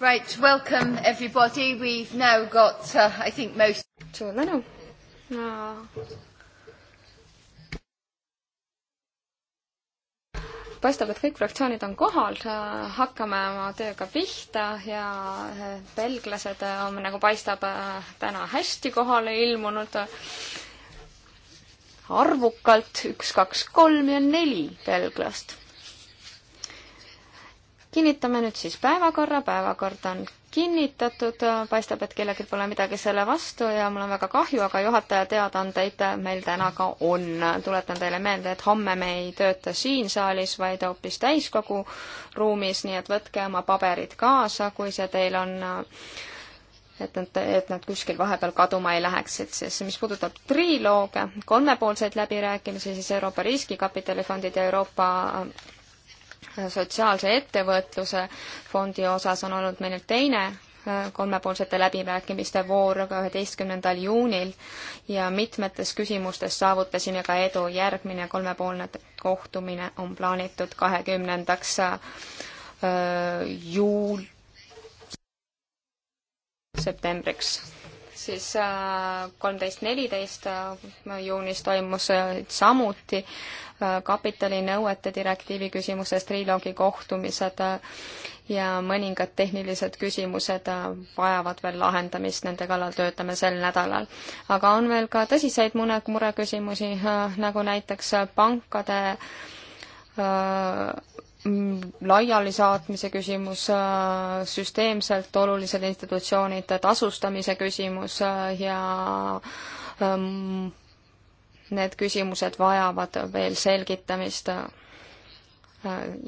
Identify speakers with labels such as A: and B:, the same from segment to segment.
A: Right, welcome everybody, we've now got uh, I think most suur tänu
B: no.. paistab, et kõik fraktsioonid on kohal, äh, hakkame oma tööga pihta ja äh, belglased äh, on nagu paistab täna hästi kohale ilmunud. arvukalt üks, kaks, kolm ja neli belglast kinnitame nüüd siis päevakorra, päevakord on kinnitatud, paistab, et kellelgi pole midagi selle vastu ja mul on väga kahju, aga juhataja teadaandeid meil täna ka on. tuletan teile meelde, et homme me ei tööta siin saalis, vaid hoopis täiskogu ruumis, nii et võtke oma paberid kaasa, kui see teil on et nad, et nad kuskil vahepeal kaduma ei läheks, et siis mis puudutab trilooge, kolmepoolseid läbirääkimisi, siis Euroopa riskikapitalifondid ja Euroopa sotsiaalse ettevõtluse fondi osas on olnud meil nüüd teine äh, kolmepoolsete läbirääkimiste voor ka üheteistkümnendal juunil ja mitmetes küsimustes saavutasime ka edu. järgmine kolmepoolne kohtumine on plaanitud kahekümnendaks äh, juul-, septembriks siis äh, kolmteist, neliteist äh, juunis toimus äh, samuti kapitalinõuete direktiivi küsimuses triloogi kohtumised ja mõningad tehnilised küsimused vajavad veel lahendamist, nende kallal töötame sel nädalal. aga on veel ka tõsiseid mure, mureküsimusi, nagu näiteks pankade Mm, laialisaatmise küsimus, äh, süsteemselt olulised institutsioonid, tasustamise küsimus äh, ja ähm, need küsimused vajavad veel selgitamist äh,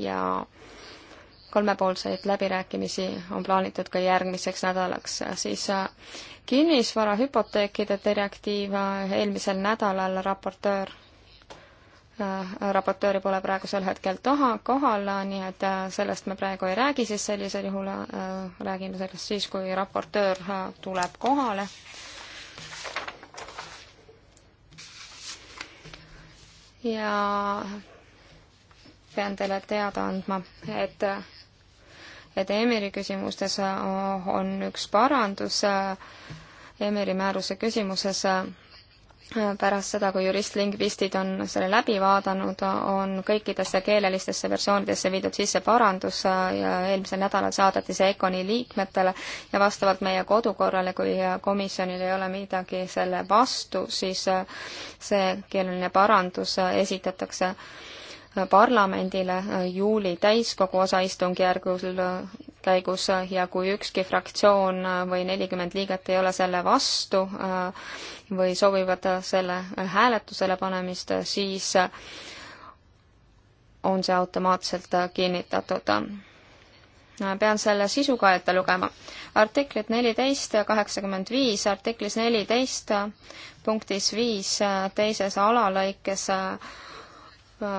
B: ja kolmepoolseid läbirääkimisi on plaanitud ka järgmiseks nädalaks, siis kinnisvarahüpoteekide direktiiv eelmisel nädalal raportöör Äh, raportööri pole praegusel hetkel taha, kohal, nii et äh, sellest me praegu ei räägi, siis sellisel juhul äh, räägime sellest siis, kui raportöör tuleb kohale. ja pean teile teada andma, et et Emiri küsimustes on üks parandus, Emiri määruse küsimuses pärast seda, kui juristlingvistid on selle läbi vaadanud, on kõikidesse keelelistesse versioonidesse viidud sisse parandus ja eelmisel nädalal saadeti see ECONi liikmetele ja vastavalt meie kodukorrale, kui komisjonil ei ole midagi selle vastu, siis see keeleline parandus esitatakse parlamendile juuli täiskogu osaistungjärgul käigus ja kui ükski fraktsioon või nelikümmend liiget ei ole selle vastu äh, või soovivad selle hääletusele panemist, siis on see automaatselt kinnitatud. pean selle sisu ka ette lugema. artiklid neliteist ja kaheksakümmend viis, artiklis neliteist punktis viis teises alalõikes äh,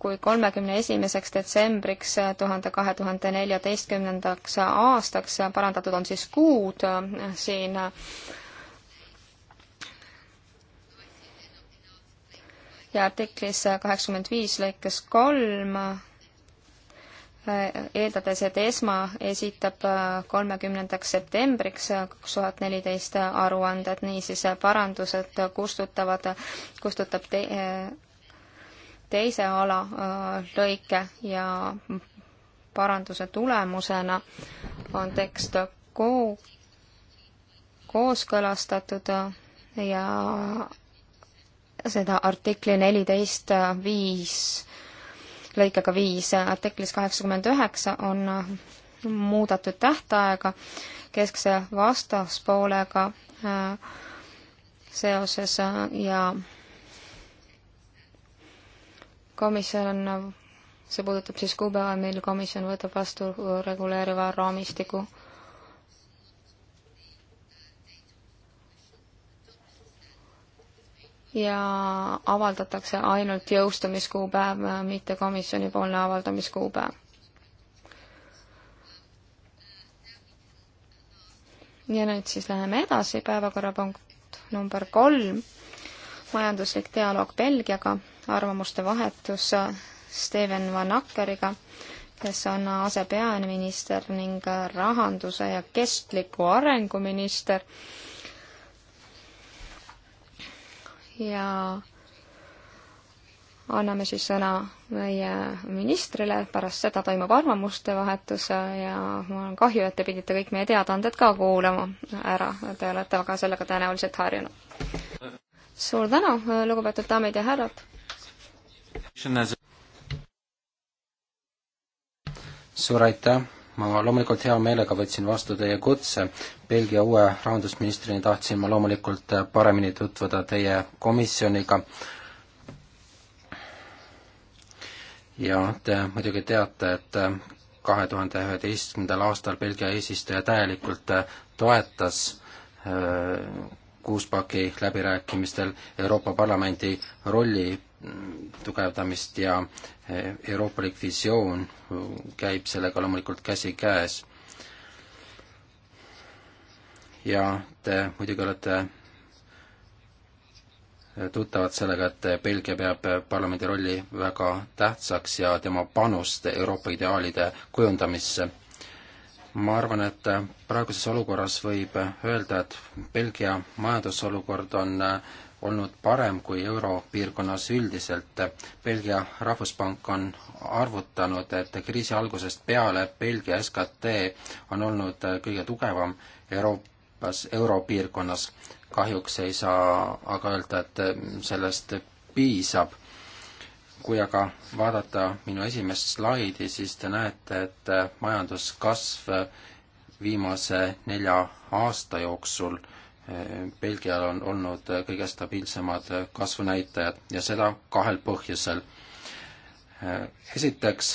B: kui kolmekümne esimeseks detsembriks äh, tuhande, kahe tuhande neljateistkümnendaks äh, aastaks, äh, parandatud on siis kuud siin ja artiklis kaheksakümmend viis lõikes kolm eeldades, et ESMA esitab kolmekümnendaks septembriks kaks tuhat neliteist aruanded, niisiis parandused kustutavad, kustutab te, teise ala äh, lõike ja paranduse tulemusena on tekst ko-, kooskõlastatud äh, ja seda artikli neliteist äh, viis, lõikega viis, artiklis kaheksakümmend üheksa on muudetud tähtaega keskse vastaspoolega seoses ja komisjon, see puudutab siis kuupäeva, mil komisjon võtab vastu reguleeriva raamistiku. ja avaldatakse ainult jõustumiskuupäev, mitte komisjonipoolne avaldamiskuupäev. ja nüüd siis läheme edasi, päevakorrapunkt number kolm, majanduslik dialoog Belgiaga arvamuste vahetus Steven Van Akkeriga, kes on asepeaminister ning rahanduse ja kestliku arengu minister. ja anname siis sõna meie ministrile, pärast seda toimub arvamuste vahetus ja mul on kahju, et te pidite kõik meie teadaanded ka kuulama ära, te olete väga sellega tõenäoliselt harjunud. suur tänu, lugupeetud daamid ja härrad!
C: suur aitäh, ma loomulikult hea meelega võtsin vastu teie kutse. Belgia uue rahandusministrini tahtsin ma loomulikult paremini tutvuda teie komisjoniga. ja te muidugi teate, et kahe tuhande üheteistkümnendal aastal Belgia eesistuja täielikult toetas äh, kuuspaki läbirääkimistel Euroopa Parlamendi rolli tugevdamist ja euroopalik visioon käib sellega loomulikult käsikäes. ja te muidugi olete tuttavad sellega, et Belgia peab parlamendi rolli väga tähtsaks ja tema panust Euroopa ideaalide kujundamisse. ma arvan, et praeguses olukorras võib öelda, et Belgia majandusolukord on äh, olnud parem kui europiirkonnas üldiselt. Belgia Rahvuspank on arvutanud, et kriisi algusest peale Belgia SKT on olnud kõige tugevam Euroopas, europiirkonnas. kahjuks ei saa aga öelda, et sellest piisab. kui aga vaadata minu esimest slaidi, siis te näete, et majanduskasv viimase nelja aasta jooksul Belgial on olnud kõige stabiilsemad kasvunäitajad ja seda kahel põhjusel. esiteks,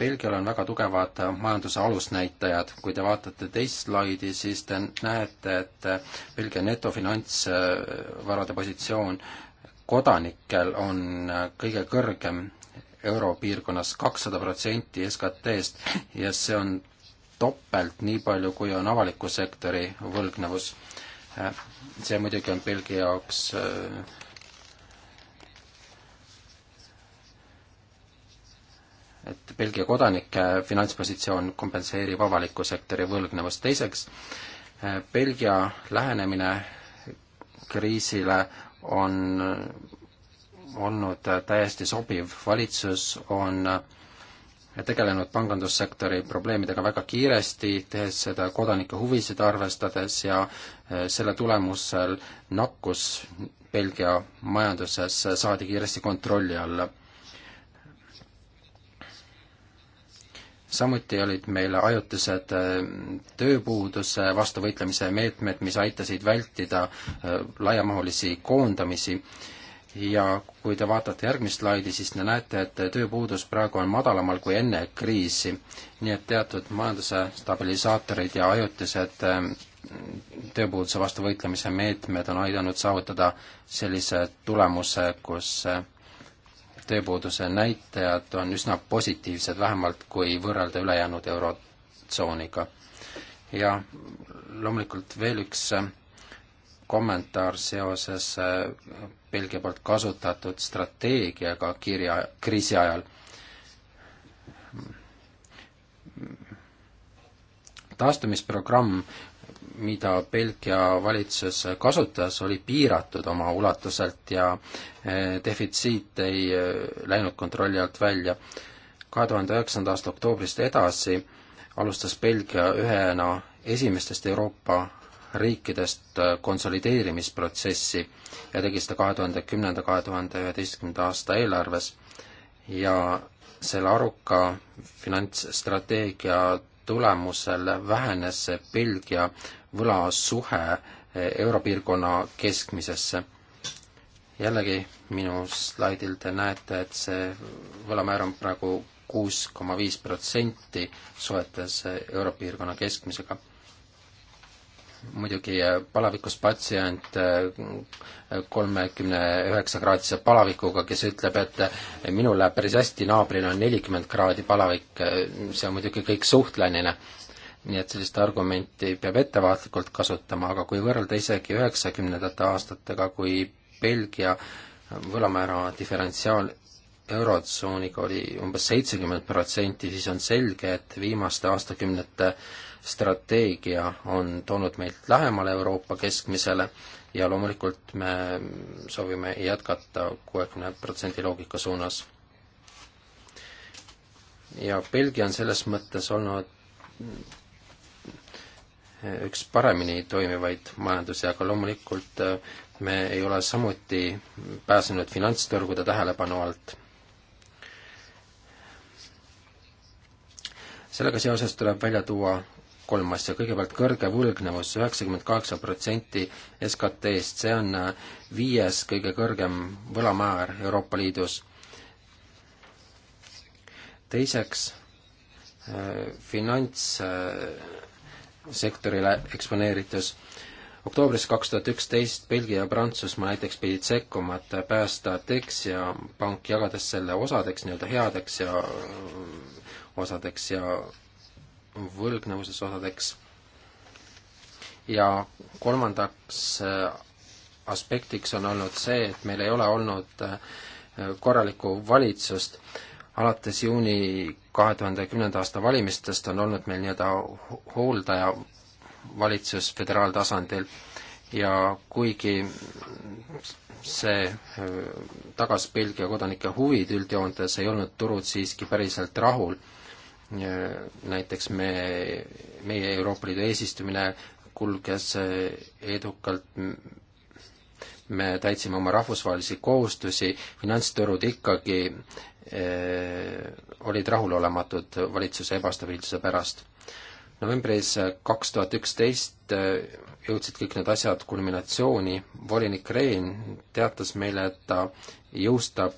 C: Belgial on väga tugevad majanduse alusnäitajad, kui te vaatate teist slaidi, siis te näete, et Belgia netofinantsvarade positsioon kodanikel on kõige kõrgem europiirkonnas kakssada protsenti SKT-st ja see on topelt nii palju, kui on avaliku sektori võlgnevus Äh, see muidugi on Belgia jaoks äh, et Belgia kodanike finantspositsioon kompenseerib avaliku sektori võlgnevust. teiseks, äh, Belgia lähenemine kriisile on olnud täiesti sobiv, valitsus on äh, tegelenud pangandussektori probleemidega väga kiiresti, tehes seda kodanike huvisid arvestades ja eh, selle tulemusel nakkus Belgia majanduses eh, saadi kiiresti kontrolli alla. samuti olid meil ajutised eh, tööpuuduse vastu võitlemise meetmed, mis aitasid vältida laiamahulisi koondamisi ja kui te vaatate järgmist slaidi, siis te näete, et tööpuudus praegu on madalamal kui enne kriisi. nii et teatud majanduse stabilisaatorid ja ajutised ähm, tööpuuduse vastu võitlemise meetmed on aidanud saavutada sellise tulemuse, kus äh, tööpuuduse näitajad on üsna positiivsed, vähemalt kui võrrelda ülejäänud eurotsooniga. ja loomulikult veel üks äh, kommentaar seoses äh, Belgia poolt kasutatud strateegiaga kirja, kriisi ajal. taastumisprogramm, mida Belgia valitsus kasutas, oli piiratud oma ulatuselt ja eh, defitsiit ei eh, läinud kontrolli alt välja. kahe tuhande üheksanda aasta oktoobrist edasi alustas Belgia ühena esimestest Euroopa riikidest äh, konsolideerimisprotsessi ja tegi seda kahe tuhande kümnenda, kahe tuhande üheteistkümnenda aasta eelarves ja selle aruka finantsstrateegia tulemusel vähenes Belgia võlasuhe äh, europiirkonna keskmisesse. jällegi minu slaidil te näete, et see võlamäär on praegu kuus koma viis protsenti suhetes äh, europiirkonna keskmisega muidugi äh, palavikus patsient äh, kolmekümne üheksa kraadise palavikuga, kes ütleb, et äh, minul läheb päris hästi, naabril on nelikümmend kraadi palavik, see on muidugi kõik suhtlenine. nii et sellist argumenti peab ettevaatlikult kasutama, aga kui võrrelda isegi üheksakümnendate aastatega, kui Belgia võlamäära diferentsiaal eurotsooniga oli umbes seitsekümmend protsenti, siis on selge, et viimaste aastakümnete äh, strateegia on toonud meid lähemale Euroopa keskmisele ja loomulikult me soovime jätkata kuuekümne protsendi loogika suunas. ja Belgia on selles mõttes olnud üks paremini toimivaid majandusi, aga loomulikult äh, me ei ole samuti pääsenud finantsturgude tähelepanu alt. sellega seoses tuleb välja tuua kolm asja, kõigepealt kõrge võlgnevus, üheksakümmend kaheksa protsenti SKT-st, see on äh, viies kõige kõrgem võlamäär Euroopa Liidus. teiseks, äh, finantssektorile äh, eksponeeritus. oktoobris kaks tuhat üksteist Belgia ja Prantsusmaa näiteks pidid sekkuma, et päästa TEX ja pank, jagades selle osadeks, nii-öelda headeks ja mm, osadeks ja võlgnevuses osadeks. ja kolmandaks äh, aspektiks on olnud see, et meil ei ole olnud äh, korralikku valitsust. alates juuni kahe tuhande kümnenda aasta valimistest on olnud meil nii-öelda hooldaja valitsus föderaaltasandil ja kuigi see äh, tagas Belgia kodanike huvid üldjoontes, ei olnud turud siiski päriselt rahul näiteks me, meie Euroopa Liidu eesistumine kulges äh, edukalt, me täitsime oma rahvusvahelisi kohustusi, finantsturud ikkagi eh, olid rahulolematud valitsuse ebastabiilsuse pärast. novembris äh, kaks tuhat üksteist jõudsid kõik need asjad kulminatsiooni, volinik Rehn teatas meile, et ta jõustab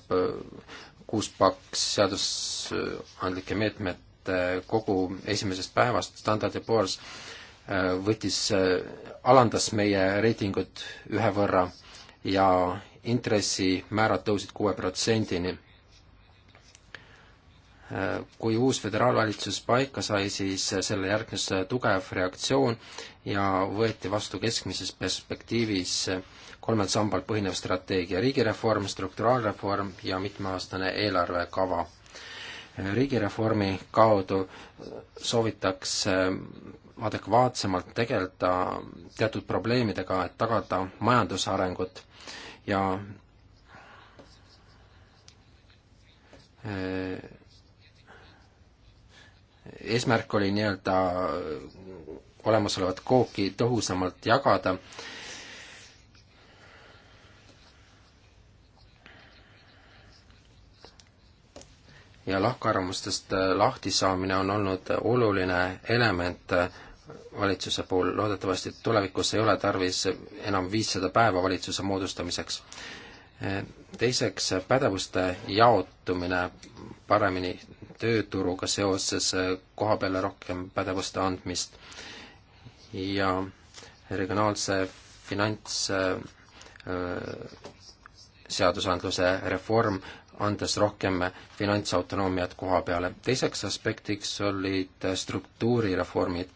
C: kuus paks seadusandlikke meetmeid et äh, kogu esimesest päevast Standard ja Poor's äh, võttis, äh, alandas meie reitingut ühe võrra ja intressimäärad tõusid kuue protsendini. Kui uus föderaalvalitsus paika sai, siis selle järgnes tugev reaktsioon ja võeti vastu keskmises perspektiivis kolmel sambal põhinev strateegia, riigireform, strukturaalreform ja mitmeaastane eelarvekava riigireformi kaudu soovitakse ähm, adekvaatsemalt tegeleda teatud probleemidega, et tagada majandusarengut ja äh, eesmärk oli nii-öelda olemasolevat kooki tõhusamalt jagada ja lahkarvamustest äh, lahti saamine on olnud oluline element äh, valitsuse puhul, loodetavasti tulevikus ei ole tarvis enam viissada päeva valitsuse moodustamiseks. Äh, teiseks, pädevuste jaotumine paremini tööturuga seoses, koha peale rohkem pädevuste andmist ja regionaalse finants seadusandluse reform andes rohkem finantsautonoomiat koha peale. teiseks aspektiks olid struktuurireformid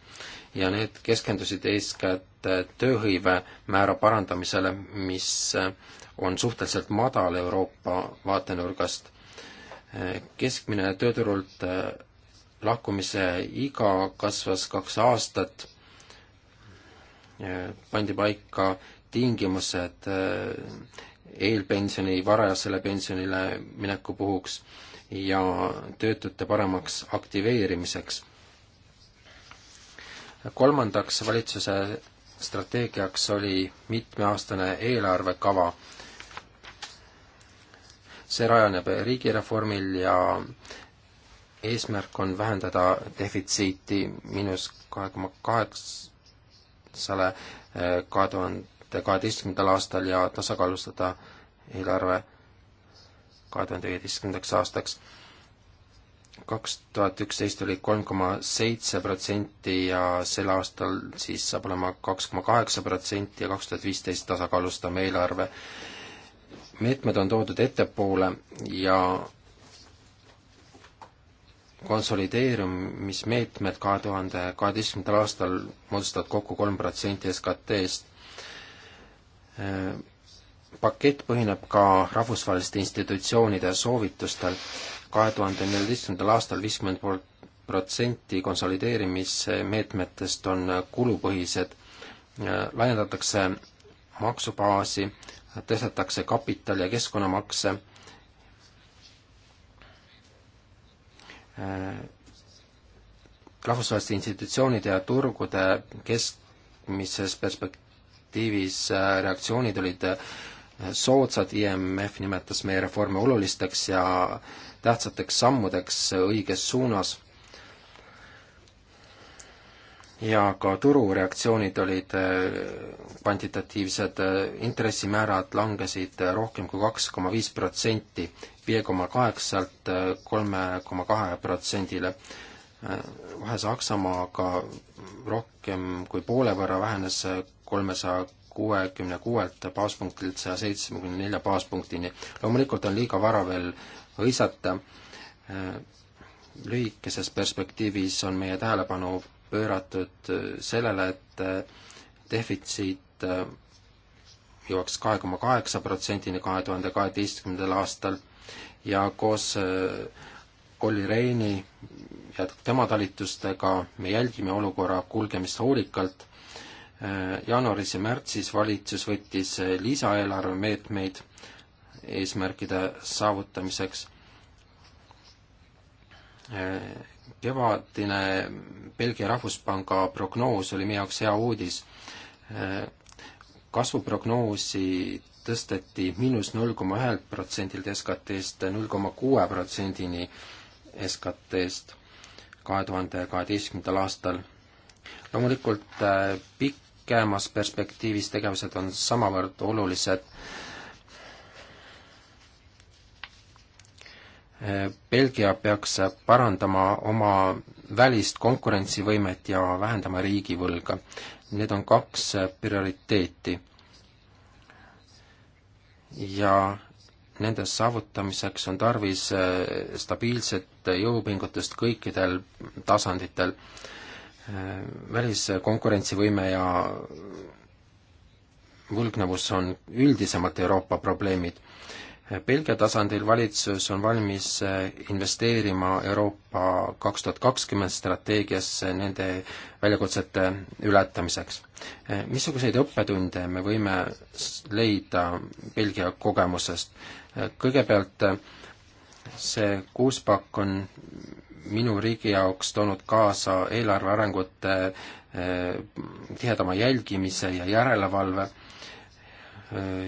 C: ja need keskendusid eeskätt tööhõive määra parandamisele, mis on suhteliselt madal Euroopa vaatenurgast. keskmine tööturult lahkumise iga kasvas kaks aastat, pandi paika tingimused eelpensioni, varajasele pensionile mineku puhuks ja töötute paremaks aktiveerimiseks. kolmandaks valitsuse strateegiaks oli mitmeaastane eelarvekava. see rajaneb riigireformil ja eesmärk on vähendada defitsiiti miinus kahe koma kaheksale eh, kahe tuhande tuhande kaheteistkümnendal aastal ja tasakaalustada eelarve kahe tuhande viieteistkümnendaks aastaks. kaks tuhat üksteist oli kolm koma seitse protsenti ja sel aastal siis saab olema kaks koma kaheksa protsenti ja kaks tuhat viisteist tasakaalustame eelarve. meetmed on toodud ettepoole ja konsolideerumismeetmed kahe tuhande kaheteistkümnendal aastal moodustavad kokku kolm protsenti SKT-st Äh, pakett põhineb ka rahvusvaheliste institutsioonide soovitustel. kahe tuhande neljateistkümnendal aastal viiskümmend protsenti konsolideerimismeetmetest on kulupõhised, äh, laiendatakse maksubaasi, tõstetakse kapital- ja keskkonnamakse, äh, rahvusvaheliste institutsioonide ja turgude keskmises perspek-, perspektiivis äh, reaktsioonid olid äh, soodsad, IMF nimetas meie reforme olulisteks ja tähtsateks sammudeks äh, õiges suunas ja ka turureaktsioonid olid kvantitatiivsed, intressimäärad langesid rohkem kui kaks koma viis protsenti, viie koma kaheksalt kolme koma kahe protsendile vahe äh, Saksamaaga rohkem kui poole võrra vähenes kolmesaja kuuekümne kuuelt baaspunktilt saja seitsmekümne nelja baaspunktini. loomulikult on liiga vara veel hõisata, äh, lühikeses perspektiivis on meie tähelepanu pööratud äh, sellele, et defitsiit jõuaks kahe koma kaheksa protsendini kahe tuhande kaheteistkümnendal aastal ja koos Olli Rehni jätkub tema talitustega, me jälgime olukorra kulgemist hoolikalt, jaanuaris ja märtsis valitsus võttis lisaeelarve meetmeid eesmärkide saavutamiseks. kevadine Belgia Rahvuspanga prognoos oli meie jaoks hea uudis. kasvuprognoosi tõsteti miinus null koma ühelt protsendilt SKT-st null koma kuue protsendini SKT-st kahe tuhande kaheteistkümnendal aastal. loomulikult äh, pikemas perspektiivis tegevused on samavõrd olulised. Äh, Belgia peaks parandama oma välist konkurentsivõimet ja vähendama riigivõlga. Need on kaks prioriteeti. ja nende saavutamiseks on tarvis eh, stabiilset jõupingutust kõikidel tasanditel. Eh, väliskonkurentsivõime ja võlgnevus on üldisemad Euroopa probleemid. Eh, Belgia tasandil valitsus on valmis investeerima Euroopa kaks tuhat kakskümmend strateegiasse nende väljakutsete ületamiseks. missuguseid õppetunde me võime leida Belgia kogemusest? kõigepealt see kuuspakk on minu riigi jaoks toonud kaasa eelarve arengute eh, tihedama jälgimise ja järelevalve, eh,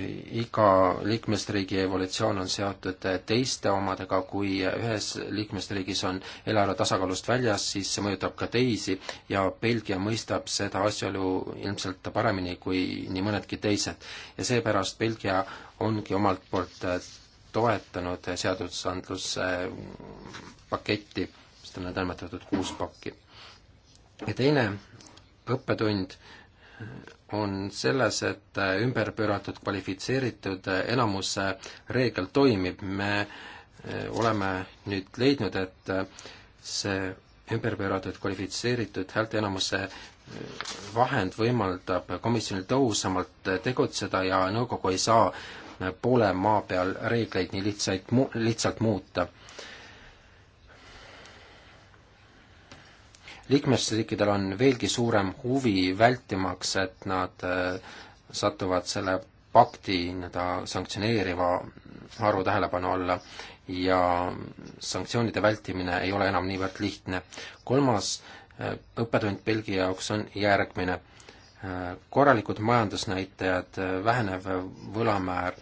C: iga liikmesriigi evolutsioon on seotud teiste omadega, kui ühes liikmesriigis on eelarve tasakaalust väljas, siis see mõjutab ka teisi ja Belgia mõistab seda asjaolu ilmselt paremini kui nii mõnedki teised. ja seepärast Belgia ongi omalt poolt eh, toetanud seadusandluse paketti, seda on nõndanimetatud kuus pakki. ja teine õppetund on selles, et ümberpööratud kvalifitseeritud enamuse reegel toimib, me e, oleme nüüd leidnud, et see ümberpööratud kvalifitseeritud häälteenamuse e, vahend võimaldab komisjonil tõhusamalt tegutseda ja nõukogu ei saa pole maa peal reegleid nii lihtsaid mu-, lihtsalt muuta. liikmesriikidel on veelgi suurem huvi vältimaks, et nad äh, satuvad selle pakti nii-öelda sanktsioneeriva haru tähelepanu alla ja sanktsioonide vältimine ei ole enam niivõrd lihtne. kolmas äh, õppetund Belgia jaoks on järgmine korralikud majandusnäitajad, vähenev võlamäär,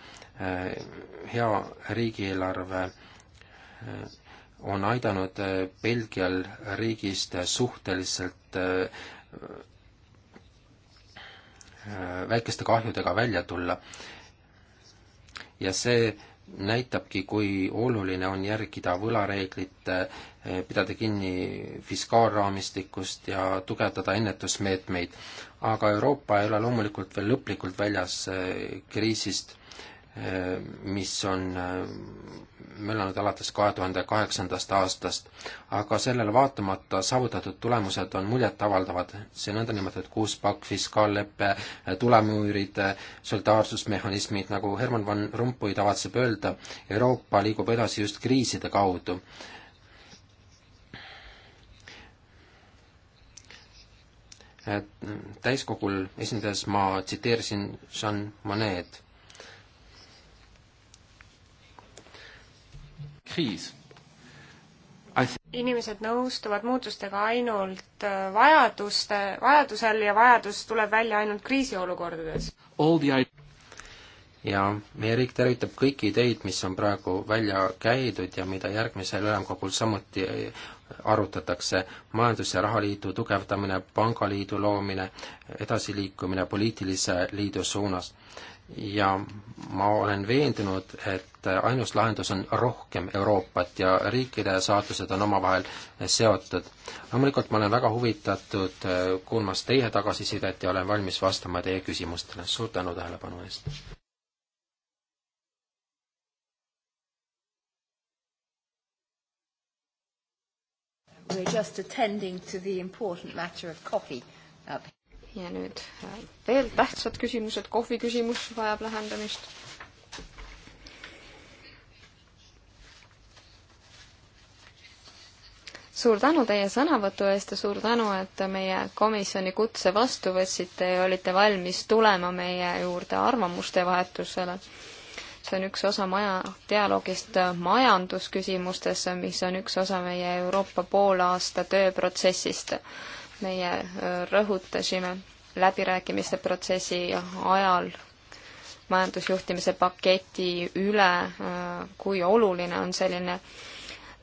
C: hea riigieelarve eh, on aidanud eh, Belgial riigist suhteliselt eh, väikeste kahjudega välja tulla. ja see näitabki, kui oluline on järgida võlareeglit, pidada kinni fiskaalraamistikust ja tugevdada ennetusmeetmeid aga Euroopa ei ole loomulikult veel lõplikult väljas eh, kriisist, eh, mis on eh, möllanud alates kahe tuhande kaheksandast aastast. aga sellele vaatamata saavutatud tulemused on muljetavaldavad, see nõndanimetatud kuus-pakk fiskaallepe, tulemüürid, solidaarsusmehhanismid, nagu Herman Van Rompuy tavatseb öelda, Euroopa liigub edasi just kriiside kaudu Mm, täiskogul esinedes ma tsiteerisin Jean Monnet. kriis.
D: inimesed nõustuvad muutustega ainult äh, vajaduste, vajadusel ja vajadus tuleb välja ainult kriisiolukordades.
C: ja meie riik tervitab kõiki ideid, mis on praegu välja käidud ja mida järgmisel ülemkogul samuti arutatakse majandus- ja rahaliidu tugevdamine, pangaliidu loomine, edasiliikumine poliitilise liidu suunas. ja ma olen veendunud, et ainus lahendus on rohkem Euroopat ja riikide saatused on omavahel seotud. loomulikult ma olen väga huvitatud eh, kuulmast teie tagasisidet ja olen valmis vastama teie küsimustele. suur tänu tähelepanu eest!
A: We're just attending to the important matter of coffee up uh,
B: ja nüüd äh, veel tähtsad küsimused, kohvi küsimus vajab lahendamist. suur tänu teie sõnavõtu eest ja suur tänu, et meie komisjoni kutse vastu võtsite ja olite valmis tulema meie juurde arvamuste vahetusele see on üks osa maja, dialoogist majandusküsimustes, mis on üks osa meie Euroopa poolaasta tööprotsessist. meie äh, rõhutasime läbirääkimiste protsessi ajal majandusjuhtimise paketi üle, äh, kui oluline on selline äh,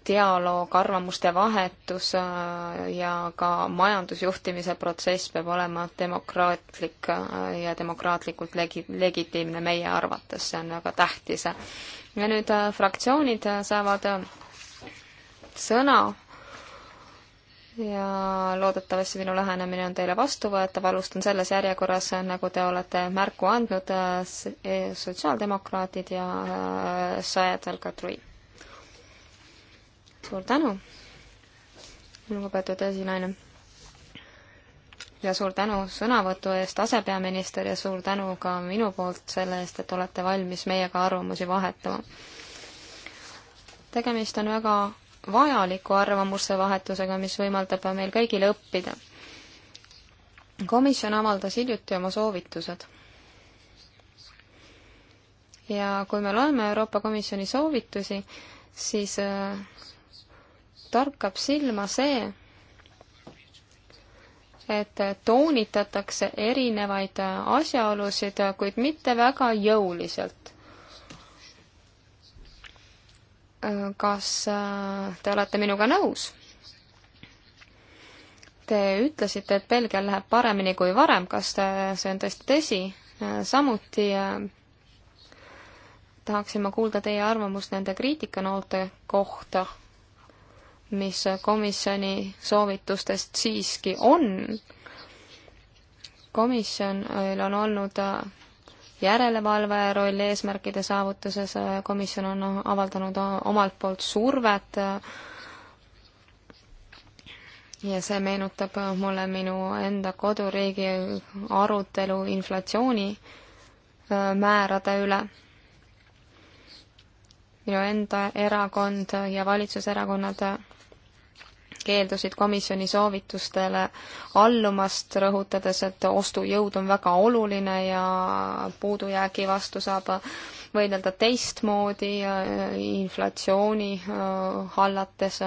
B: dialoog, arvamuste vahetus äh, ja ka majandusjuhtimise protsess peab olema demokraatlik äh, ja demokraatlikult legi-, legitiimne meie arvates, see on väga tähtis. ja nüüd äh, fraktsioonid saavad sõna ja loodetavasti minu lähenemine on teile vastuvõetav, alustan selles järjekorras, nagu te olete märku andnud, sotsiaaldemokraadid ja Saed Al-Kadri suur tänu, lugupeetud esinaine. ja suur tänu sõnavõtu eest, asepeaminister, ja suur tänu ka minu poolt selle eest, et olete valmis meiega arvamusi vahetama. tegemist on väga vajaliku arvamuse vahetusega, mis võimaldab meil kõigil õppida. komisjon avaldas hiljuti oma soovitused ja kui me loeme Euroopa Komisjoni soovitusi, siis äh, torkab silma see, et toonitatakse erinevaid asjaolusid, kuid mitte väga jõuliselt. kas te olete minuga nõus? Te ütlesite, et Belgial läheb paremini kui varem, kas te, see on tõesti tõsi? samuti eh, tahaksin ma kuulda teie arvamust nende kriitikanoote kohta mis komisjoni soovitustest siiski on. komisjonil on olnud järelevalvaja roll eesmärkide saavutuses, komisjon on avaldanud omalt poolt survet ja see meenutab mulle minu enda koduriigi arutelu inflatsiooni äh, määrade üle. minu enda erakond ja valitsuserakonnad keeldusid komisjoni soovitustele allumast, rõhutades, et ostujõud on väga oluline ja puudujäägi vastu saab võidelda teistmoodi, äh, inflatsiooni äh, hallates,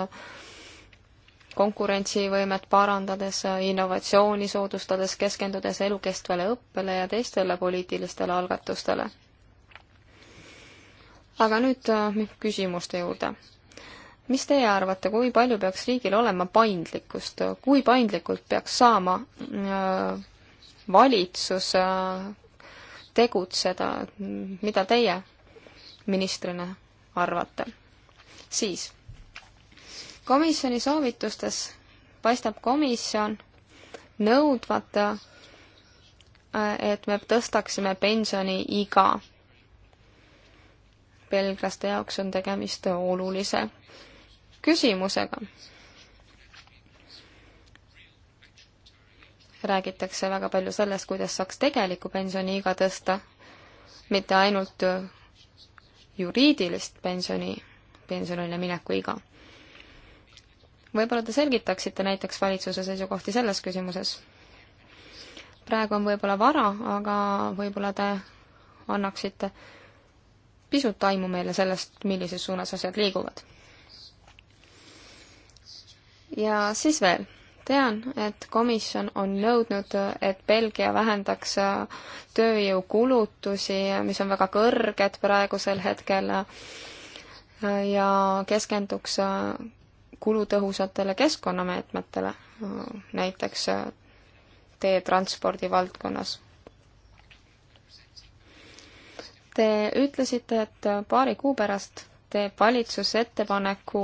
B: konkurentsivõimet parandades, innovatsiooni soodustades, keskendudes elukestvale õppele ja teistele poliitilistele algatustele. aga nüüd äh, küsimuste juurde mis teie arvate, kui palju peaks riigil olema paindlikkust, kui paindlikult peaks saama äh, valitsus äh, tegutseda, mida teie ministrina arvate? siis, komisjoni soovitustes paistab komisjon nõudvat, äh, et me tõstaksime pensioniiga. belglaste jaoks on tegemist olulise küsimusega. räägitakse väga palju sellest, kuidas saaks tegelikku pensioniiga tõsta, mitte ainult juriidilist pensioni, pensionile mineku iga. võib-olla te selgitaksite näiteks valitsuse seisukohti selles küsimuses? praegu on võib-olla vara, aga võib-olla te annaksite pisut aimu meile sellest, millises suunas asjad liiguvad ja siis veel, tean, et komisjon on nõudnud, et Belgia vähendaks äh, tööjõukulutusi, mis on väga kõrged praegusel hetkel, äh, ja keskenduks äh, kulutõhusatele keskkonnameetmetele, näiteks teetranspordi valdkonnas. Te ütlesite, et paari kuu pärast teeb valitsus ettepaneku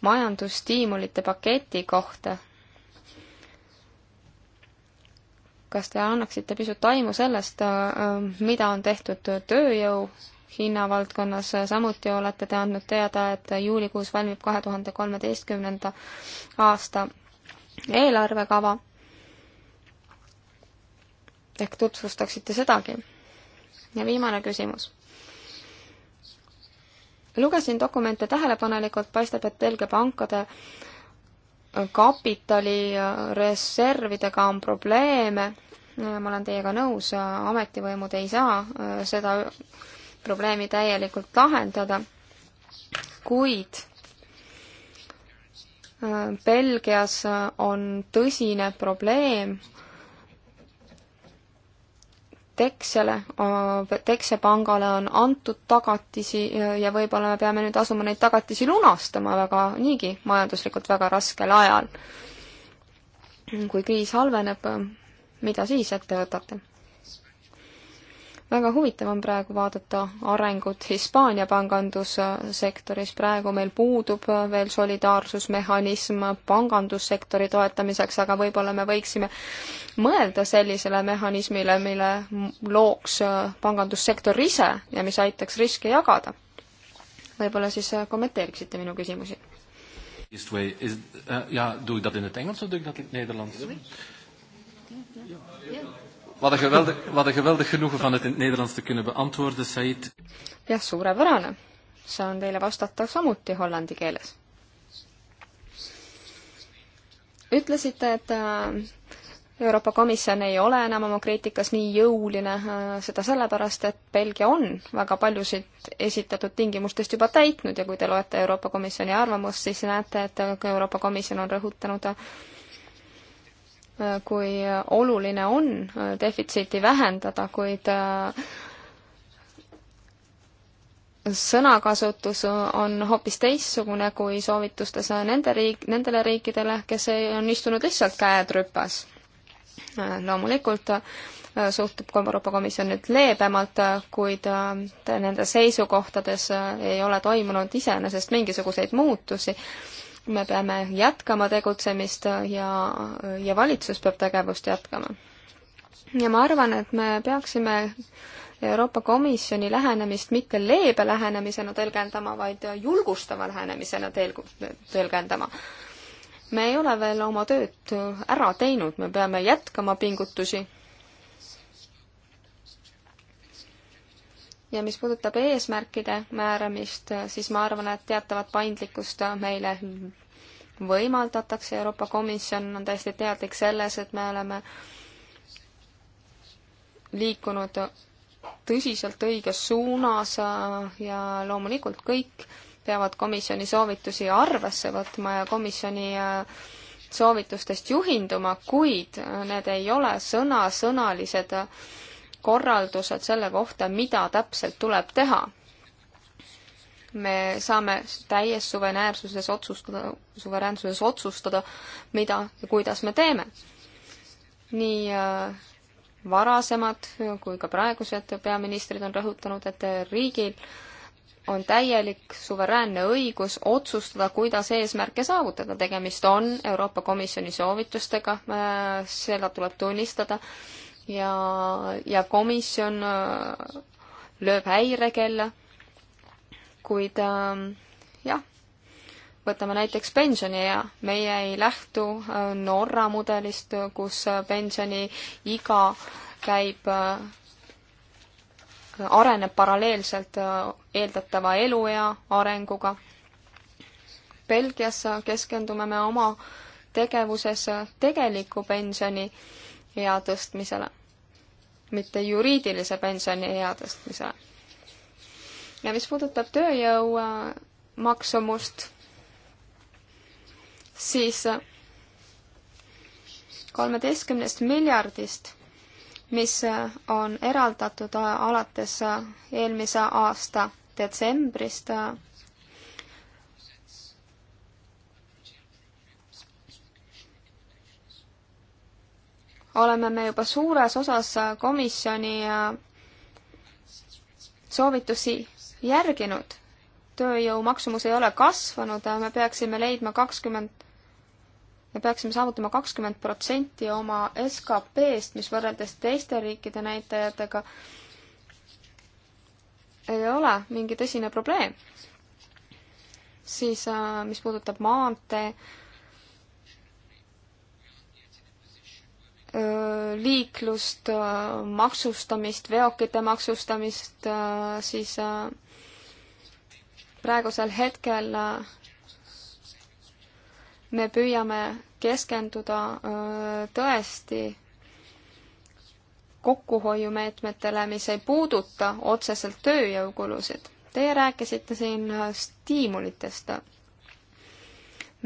B: majandusstiimulite paketi kohta. kas te annaksite pisut aimu sellest, äh, mida on tehtud tööjõu hinnavaldkonnas, samuti olete te andnud teada, et juulikuus valmib kahe tuhande kolmeteistkümnenda aasta eelarvekava. ehk tutvustaksite sedagi? ja viimane küsimus lugesin dokumente tähelepanelikult, paistab, et Belgia pankade äh, kapitalireservidega äh, on probleeme, ma olen teiega nõus, äh, ametivõimud ei saa seda probleemi täielikult lahendada, kuid Belgias on tõsine probleem Texele, Texe pangale on antud tagatisi ja võib-olla me peame nüüd asuma neid tagatisi lunastama väga, niigi majanduslikult väga raskel ajal. kui kriis halveneb, mida siis ette võtate? väga huvitav on praegu vaadata arengut Hispaania pangandussektoris, praegu meil puudub veel solidaarsusmehhanism pangandussektori toetamiseks, aga võib-olla me võiksime mõelda sellisele mehhanismile, mille looks pangandussektor ise ja mis aitaks riske jagada. võib-olla siis kommenteeriksite minu küsimusi?
E: Is, uh, ja, doe ik dat in het Engels of doe ik dat in het Nederlands? Wat een geweldig, wat een geweldig genoegen van het in het Nederlands te kunnen beantwoorden, Said.
B: jah, suurepärane. saan teile vastata samuti hollandi keeles. ütlesite, et äh, Euroopa Komisjon ei ole enam oma kriitikas nii jõuline, äh, seda sellepärast, et Belgia on väga paljusid esitatud tingimustest juba täitnud ja kui te loete Euroopa Komisjoni arvamust, siis näete, et Euroopa Komisjon on rõhutanud äh, kui oluline on äh, defitsiiti vähendada, kuid äh, sõnakasutus on hoopis teistsugune kui soovitustes nende riik, nendele riikidele, kes on istunud lihtsalt käed rüpas. Äh, loomulikult suhtub Euroopa Komisjon nüüd leebemalt, kuid nende seisukohtades ei ole toimunud iseenesest mingisuguseid muutusi me peame jätkama tegutsemist ja, ja valitsus peab tegevust jätkama. ja ma arvan, et me peaksime Euroopa Komisjoni lähenemist mitte leebe lähenemisena tõlgendama, vaid julgustava lähenemisena tel-, tõlgendama. me ei ole veel oma tööd ära teinud, me peame jätkama pingutusi. ja mis puudutab eesmärkide määramist, siis ma arvan, et teatavat paindlikkust meile võimaldatakse, Euroopa Komisjon on täiesti teadlik selles, et me oleme liikunud tõsiselt õiges suunas äh, ja loomulikult kõik peavad komisjoni soovitusi arvesse võtma ja komisjoni äh, soovitustest juhinduma, kuid äh, need ei ole sõnasõnalised korraldused selle kohta, mida täpselt tuleb teha me saame täies suveräänsuses otsustada, suveräänsuses otsustada, mida ja kuidas me teeme. nii äh, varasemad kui ka praegused peaministrid on rõhutanud, et riigil on täielik suveräänne õigus otsustada, kuidas eesmärke saavutada. tegemist on Euroopa Komisjoni soovitustega, äh, seda tuleb tunnistada, ja, ja komisjon äh, lööb häirekella kuid äh, jah, võtame näiteks pensioniea, meie ei lähtu äh, Norra mudelist, kus äh, pensioniiga käib äh,, areneb paralleelselt äh, eeldatava eluea arenguga. Belgias äh, keskendume me oma tegevuses äh, tegeliku pensioniea tõstmisele, mitte juriidilise pensioniea tõstmisele ja mis puudutab tööjõu äh, maksumust, siis äh, kolmeteistkümnest miljardist, mis äh, on eraldatud alates eelmise aasta detsembrist, oleme me juba suures osas komisjoni soovitusi järginud. tööjõu maksumus ei ole kasvanud, me peaksime leidma kakskümmend, me peaksime saavutama kakskümmend protsenti oma SKP-st, mis võrreldes teiste riikide näitajatega ei ole mingi tõsine probleem. siis, äh, mis puudutab maantee äh, liiklust, äh, maksustamist, veokite maksustamist, siis praegusel hetkel äh, me püüame keskenduda äh, tõesti kokkuhoiumeetmetele, mis ei puuduta otseselt tööjõukulusid. Teie rääkisite siin äh, stiimulitest.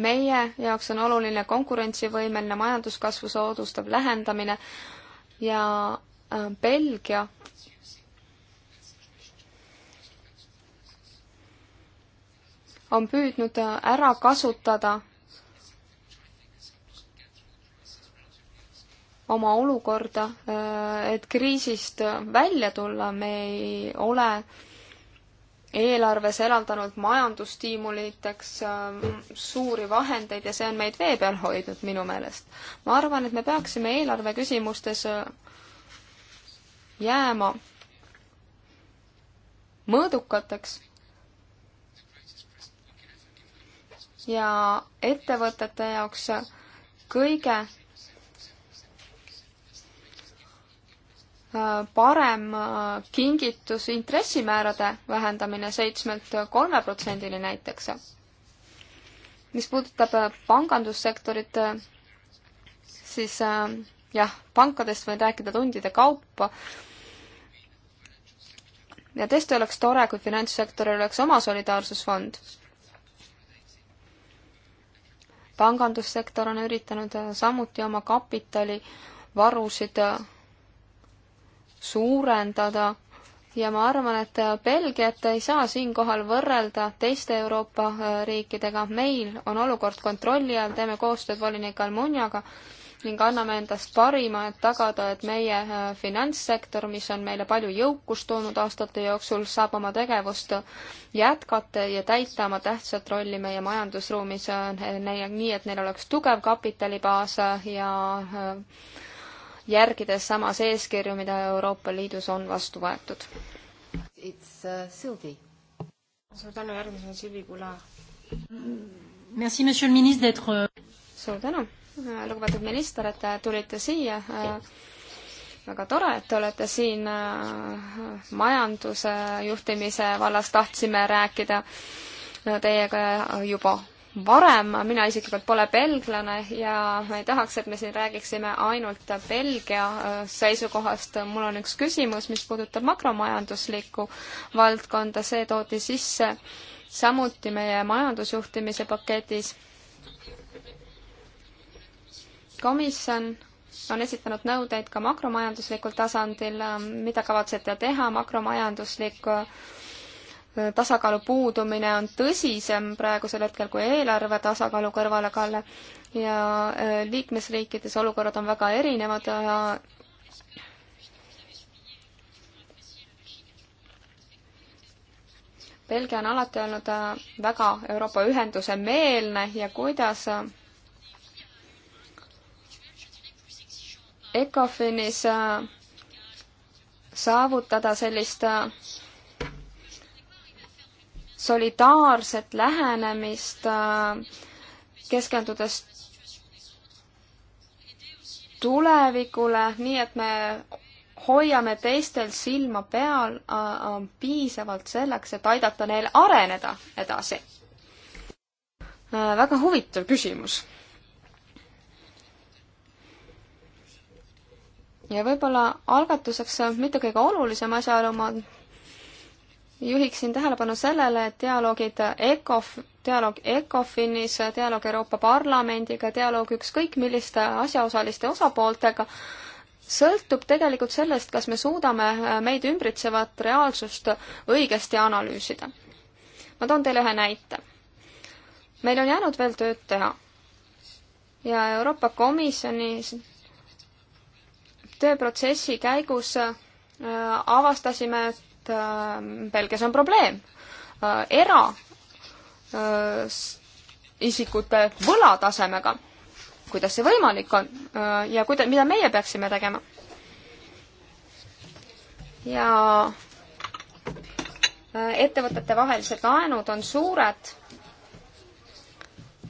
B: meie jaoks on oluline konkurentsivõimeline majanduskasvu soodustav lähendamine ja Belgia on püüdnud ära kasutada oma olukorda, et kriisist välja tulla, me ei ole eelarves eraldanud majandusstiimuliteks mm, suuri vahendeid ja see on meid vee peal hoidnud minu meelest. ma arvan, et me peaksime eelarve küsimustes jääma mõõdukateks ja ettevõtete jaoks kõige äh, parem äh, kingitus intressimäärade vähendamine seitsmelt kolme protsendini näiteks. mis puudutab äh, pangandussektorit, siis jah, pankadest võin rääkida tundide kaupa. ja tõesti oleks tore, kui finantssektoril oleks oma solidaarsusfond pangandussektor on üritanud äh, samuti oma kapitalivarusid äh, suurendada ja ma arvan, et äh, Belgiat ei saa siinkohal võrrelda teiste Euroopa riikidega. meil on olukord kontrolli all, teeme koostööd volinik Almuniaga ning anname endast parima, et tagada, et meie äh, finantssektor, mis on meile palju jõukust toonud aastate jooksul, saab oma tegevust jätkata ja täita oma tähtsat rolli meie majandusruumis, äh, nii et neil oleks tugev kapitalibaas äh, ja järgides samas eeskirju, mida Euroopa Liidus on vastu võetud. suur tänu, järgmisena Silvi Kula. suur tänu lugupeetud minister, et te tulite siia. väga tore, et te olete siin. Äh, majanduse juhtimise vallas tahtsime rääkida äh, teiega juba varem, mina isiklikult pole belglane ja ma ei tahaks, et me siin räägiksime ainult Belgia äh, seisukohast. mul on üks küsimus, mis puudutab makromajanduslikku valdkonda, see toodi sisse samuti meie majandusjuhtimise paketis komisjon on esitanud nõudeid ka makromajanduslikul tasandil, mida kavatsete teha, makromajanduslik äh, tasakaalu puudumine on tõsisem praegusel hetkel kui eelarve tasakaalu kõrvalekalle ja äh, liikmesriikides olukorrad on väga erinevad ja Belgia on alati olnud äh, väga Euroopa ühenduse meelne ja kuidas ECOFINis äh, saavutada sellist äh, solidaarset lähenemist, äh, keskendudes tulevikule, nii et me hoiame teistel silma peal piisavalt selleks, et aidata neil areneda edasi. väga huvitav küsimus ja võib-olla algatuseks mitte kõige olulisem asjaolu, ma juhiksin tähelepanu sellele, et dialoogid ECOF, dialoog ECOFinis, dialoog Euroopa Parlamendiga, dialoog ükskõik milliste asjaosaliste osapooltega, sõltub tegelikult sellest, kas me suudame meid ümbritsevat reaalsust õigesti analüüsida. ma toon teile ühe näite. meil on jäänud veel tööd teha. ja Euroopa Komisjonis tööprotsessi käigus äh, avastasime, et äh, Belgias on probleem. Äh, eraisikute võlatasemega, kuidas see võimalik on ja kuida-, mida meie peaksime tegema? ja ettevõtete vahelised laenud on suured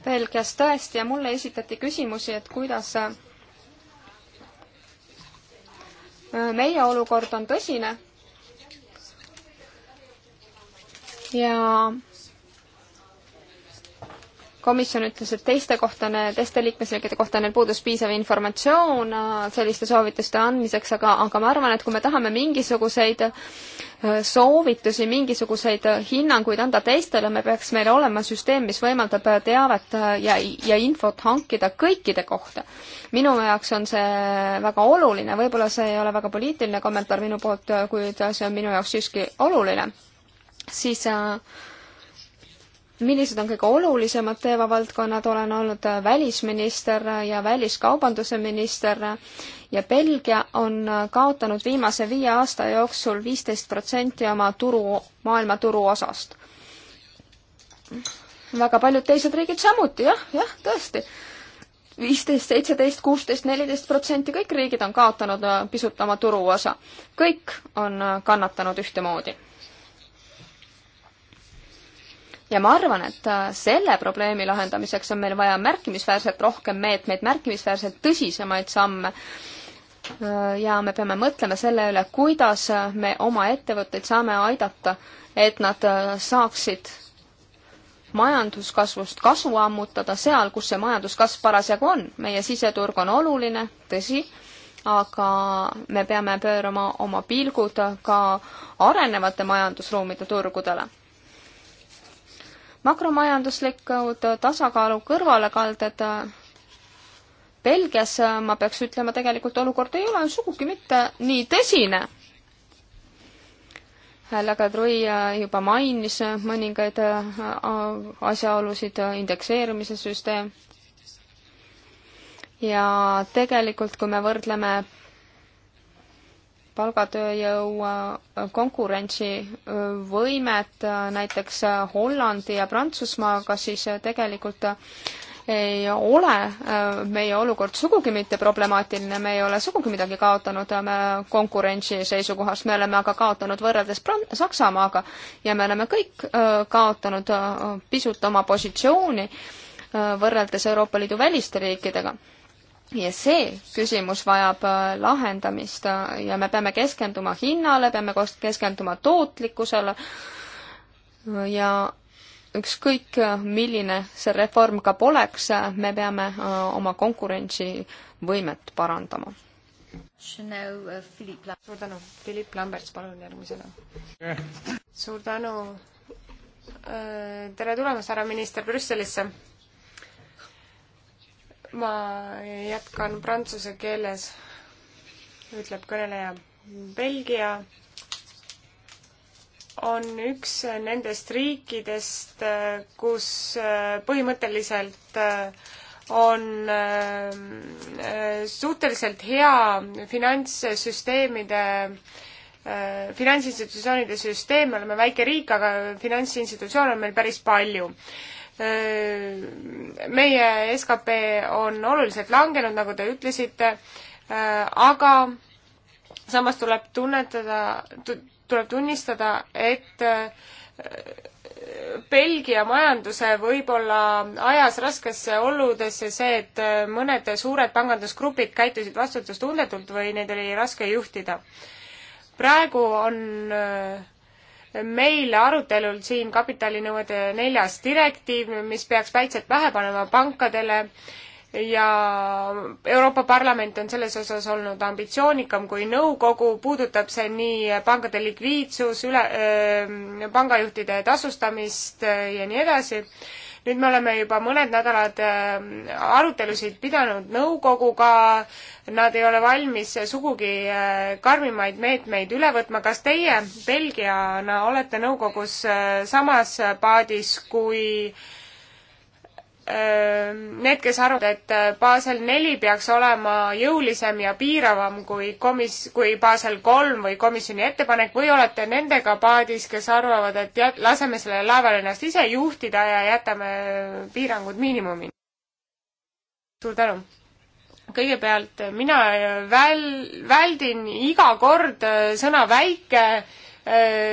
B: Belgias tõesti ja mulle esitati küsimusi, et kuidas meie olukord on tõsine ja komisjon ütles, et teiste kohta, teiste liikmesriikide kohta neil puudus piisav informatsioon äh, selliste soovituste andmiseks, aga, aga ma arvan, et kui me tahame mingisuguseid äh, soovitusi, mingisuguseid äh, hinnanguid anda teistele, me peaks meil olema süsteem, mis võimaldab teavet ja, ja infot hankida kõikide kohta. minu jaoks on see väga oluline, võib-olla see ei ole väga poliitiline kommentaar minu poolt, kuid see on minu jaoks siiski oluline. siis äh, millised on kõige olulisemad teemavaldkonnad, olen olnud äh, välisminister ja väliskaubanduse minister ja Belgia on äh, kaotanud viimase viie aasta jooksul viisteist protsenti oma turu, maailmaturu osast. väga paljud teised riigid samuti, jah, jah, tõesti. viisteist, seitseteist, kuusteist, neliteist protsenti, kõik riigid on kaotanud äh, pisut oma turuosa. kõik on kannatanud ühtemoodi ja ma arvan, et äh, selle probleemi lahendamiseks on meil vaja märkimisväärselt rohkem meetmeid, märkimisväärselt tõsisemaid samme. Äh, ja me peame mõtlema selle üle, kuidas me oma ettevõtteid saame aidata, et nad äh, saaksid majanduskasvust kasu ammutada seal, kus see majanduskasv parasjagu on. meie siseturg on oluline, tõsi, aga me peame pöörama oma pilgud ka arenevate majandusruumide turgudele makromajanduslikud tasakaalu kõrvalekalded Belgias, ma peaks ütlema, tegelikult olukord ei ole sugugi mitte nii tõsine. Läga Trui äh, juba mainis mõningaid äh, asjaolusid, äh, indekseerimise süsteem ja tegelikult, kui me võrdleme palgatööjõu äh, konkurentsivõimet äh, näiteks äh, Hollandi ja Prantsusmaaga, siis tegelikult ei ole meie olukord sugugi mitte problemaatiline, me ei ole sugugi midagi kaotanud me konkurentsi seisukohast, me oleme aga kaotanud võrreldes Prant-, Saksamaaga ja me oleme kõik kaotanud pisut oma positsiooni võrreldes Euroopa Liidu väliste riikidega ja see küsimus vajab äh, lahendamist äh, ja me peame keskenduma hinnale, peame keskenduma tootlikkusele ja ükskõik, äh, milline see reform ka poleks, me peame oma konkurentsivõimet parandama.
D: suur tänu, Philipp Lamberts, palun järgmisena. suur tänu. tere tulemast, härra minister, Brüsselisse ma jätkan prantsuse keeles, ütleb kõneleja. Belgia on üks nendest riikidest, kus äh, põhimõtteliselt äh, on äh, suhteliselt hea finantssüsteemide finantsinstitutsioonide süsteem, me oleme väike riik, aga finantsinstitutsioone on meil päris palju. Äh, meie skp on oluliselt langenud, nagu te ütlesite, äh, aga samas tuleb tunnetada, tuleb tunnistada, et äh, Belgia majanduse võib-olla ajas raskesse oludesse see, et mõned suured pangandusgrupid käitusid vastutustundetult või neid oli raske juhtida. praegu on meil arutelul siin kapitalinõuete neljas direktiiv, mis peaks väikselt pähe panema pankadele ja Euroopa Parlament on selles osas olnud ambitsioonikam kui nõukogu, puudutab see nii pankade likviidsus, üle, pangajuhtide tasustamist äh, ja nii edasi nüüd me oleme juba mõned nädalad äh, arutelusid pidanud nõukoguga, nad ei ole valmis sugugi äh, karmimaid meetmeid üle võtma. kas teie Belgiana olete nõukogus äh, samas paadis kui äh, Ehm, need, kes arvavad, et äh, Basel neli peaks olema jõulisem ja piiravam kui komis-, kui Basel kolm või komisjoni ettepanek või olete nendega paadis, kes arvavad, et jät-, laseme sellel laeval ennast ise juhtida ja jätame äh, piirangud miinimumini? suur tänu! kõigepealt äh, mina väl-, väldin iga kord sõna väike,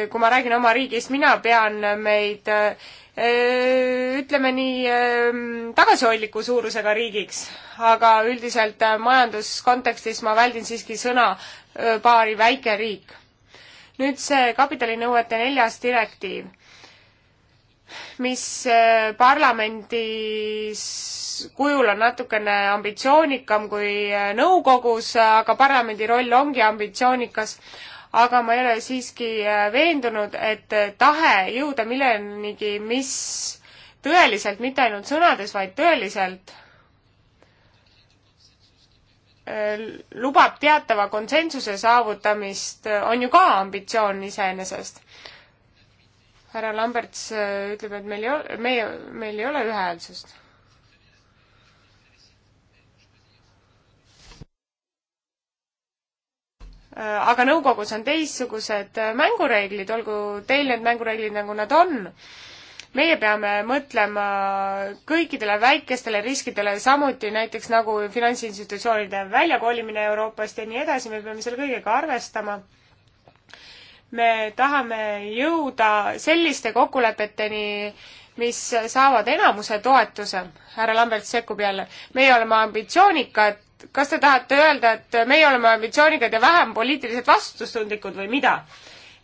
D: kui ma räägin oma riigist, mina pean meid äh, Äh, ütleme nii, ähm, tagasihoidliku suurusega riigiks, aga üldiselt äh, majanduskontekstis ma väldin siiski sõna äh, paari väike riik. nüüd see kapitalinõuete neljas direktiiv, mis parlamendis kujul on natukene ambitsioonikam kui nõukogus, aga parlamendi roll ongi ambitsioonikas, aga ma ei ole siiski äh, veendunud, et äh, tahe jõuda millenigi, mis tõeliselt, mitte ainult sõnades, vaid tõeliselt äh, lubab teatava konsensuse saavutamist, on ju ka ambitsioon iseenesest. härra Lamberts ütleb, et meil ei ole, meie, meil ei ole ühehäälsust Äh, aga nõukogus on teistsugused äh, mängureeglid, olgu teil need mängureeglid, nagu nad on. meie peame mõtlema kõikidele väikestele riskidele, samuti näiteks nagu finantsinstitutsioonide väljakolimine Euroopast ja nii edasi, me peame selle kõigega arvestama. me tahame jõuda selliste kokkulepeteni, mis saavad enamuse toetuse, härra Lambert sekkub jälle, meie oleme ambitsioonikad, kas te tahate öelda, et meie oleme ambitsioonikad ja vähem poliitiliselt vastutustundlikud või mida?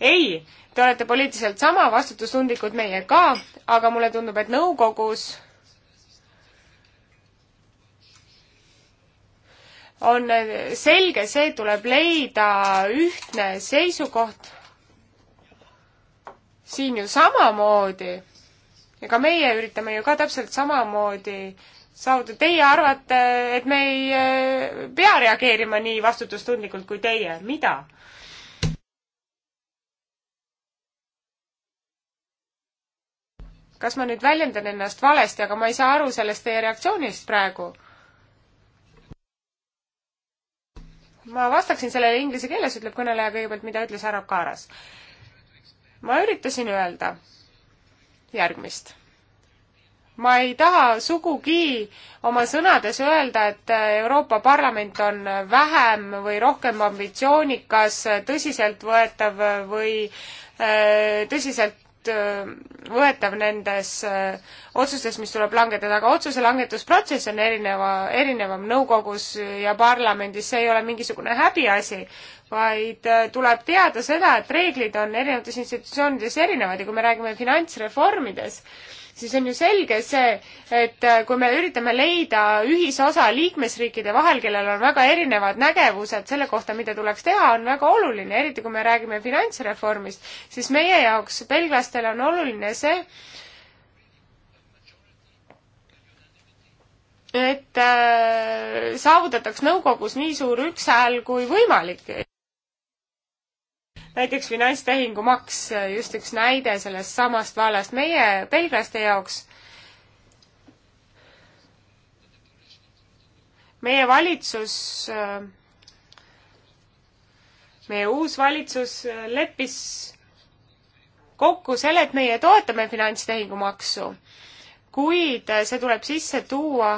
D: ei, te olete poliitiliselt sama vastutustundlikud meie ka, aga mulle tundub, et nõukogus on selge see, tuleb leida ühtne seisukoht. siin ju samamoodi, ega meie üritame ju ka täpselt samamoodi äh, saavutada. Teie arvate, et me ei eh, pea reageerima nii vastutustundlikult kui teie. mida? kas ma nüüd väljendan ennast valesti, aga ma ei saa aru sellest teie reaktsioonist praegu ma vastaksin sellele inglise keeles, ütleb kõneleja kõigepealt, mida ütles härra Kaaras. ma üritasin öelda järgmist ma ei taha sugugi oma sõnades öelda, et Euroopa Parlament on vähem või rohkem ambitsioonikas, tõsiseltvõetav või äh, tõsiseltvõetav äh, nendes äh, otsustes, mis tuleb langetada, aga otsuse langetusprotsess on erineva, erinevam nõukogus ja parlamendis, see ei ole mingisugune häbiasi, vaid tuleb teada seda, et reeglid on erinevates institutsioonides erinevad ja kui me räägime finantsreformidest, siis on ju selge see, et äh, kui me üritame leida ühisosa liikmesriikide vahel, kellel on väga erinevad nägevused selle kohta, mida tuleks teha, on väga oluline, eriti kui me räägime finantsreformist, siis meie jaoks, belglastel on oluline see, et äh, saavutataks nõukogus nii suur ükshääl kui võimalik näiteks finantstehingumaks, just üks näide sellest samast vallast meie belglaste jaoks. meie valitsus, meie uus valitsus leppis kokku selle, et meie toetame finantstehingumaksu, kuid see tuleb sisse tuua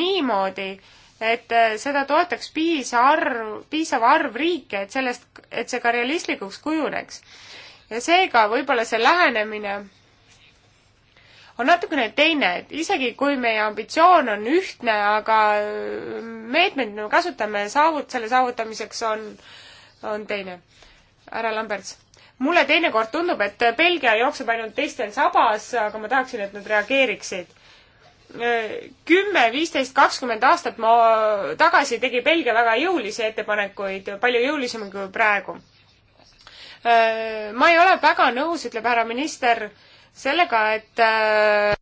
D: niimoodi, et äh, seda toetaks piisa arv, piisav arv riike, et sellest, et see ka realistlikuks kujuneks. ja seega võib-olla see lähenemine on natukene teine, et isegi kui meie ambitsioon on ühtne, aga äh, meetmed, mida me kasutame saavut-, selle saavutamiseks on, on teine. härra Lamberts, mulle teinekord tundub, et Belgia jookseb ainult teistel sabas, aga ma tahaksin, et nad reageeriksid kümme, viisteist, kakskümmend aastat ma tagasi tegi Belgia väga jõulisi ettepanekuid, palju jõulisemaid kui praegu. ma ei ole väga nõus, ütleb härra minister, sellega, et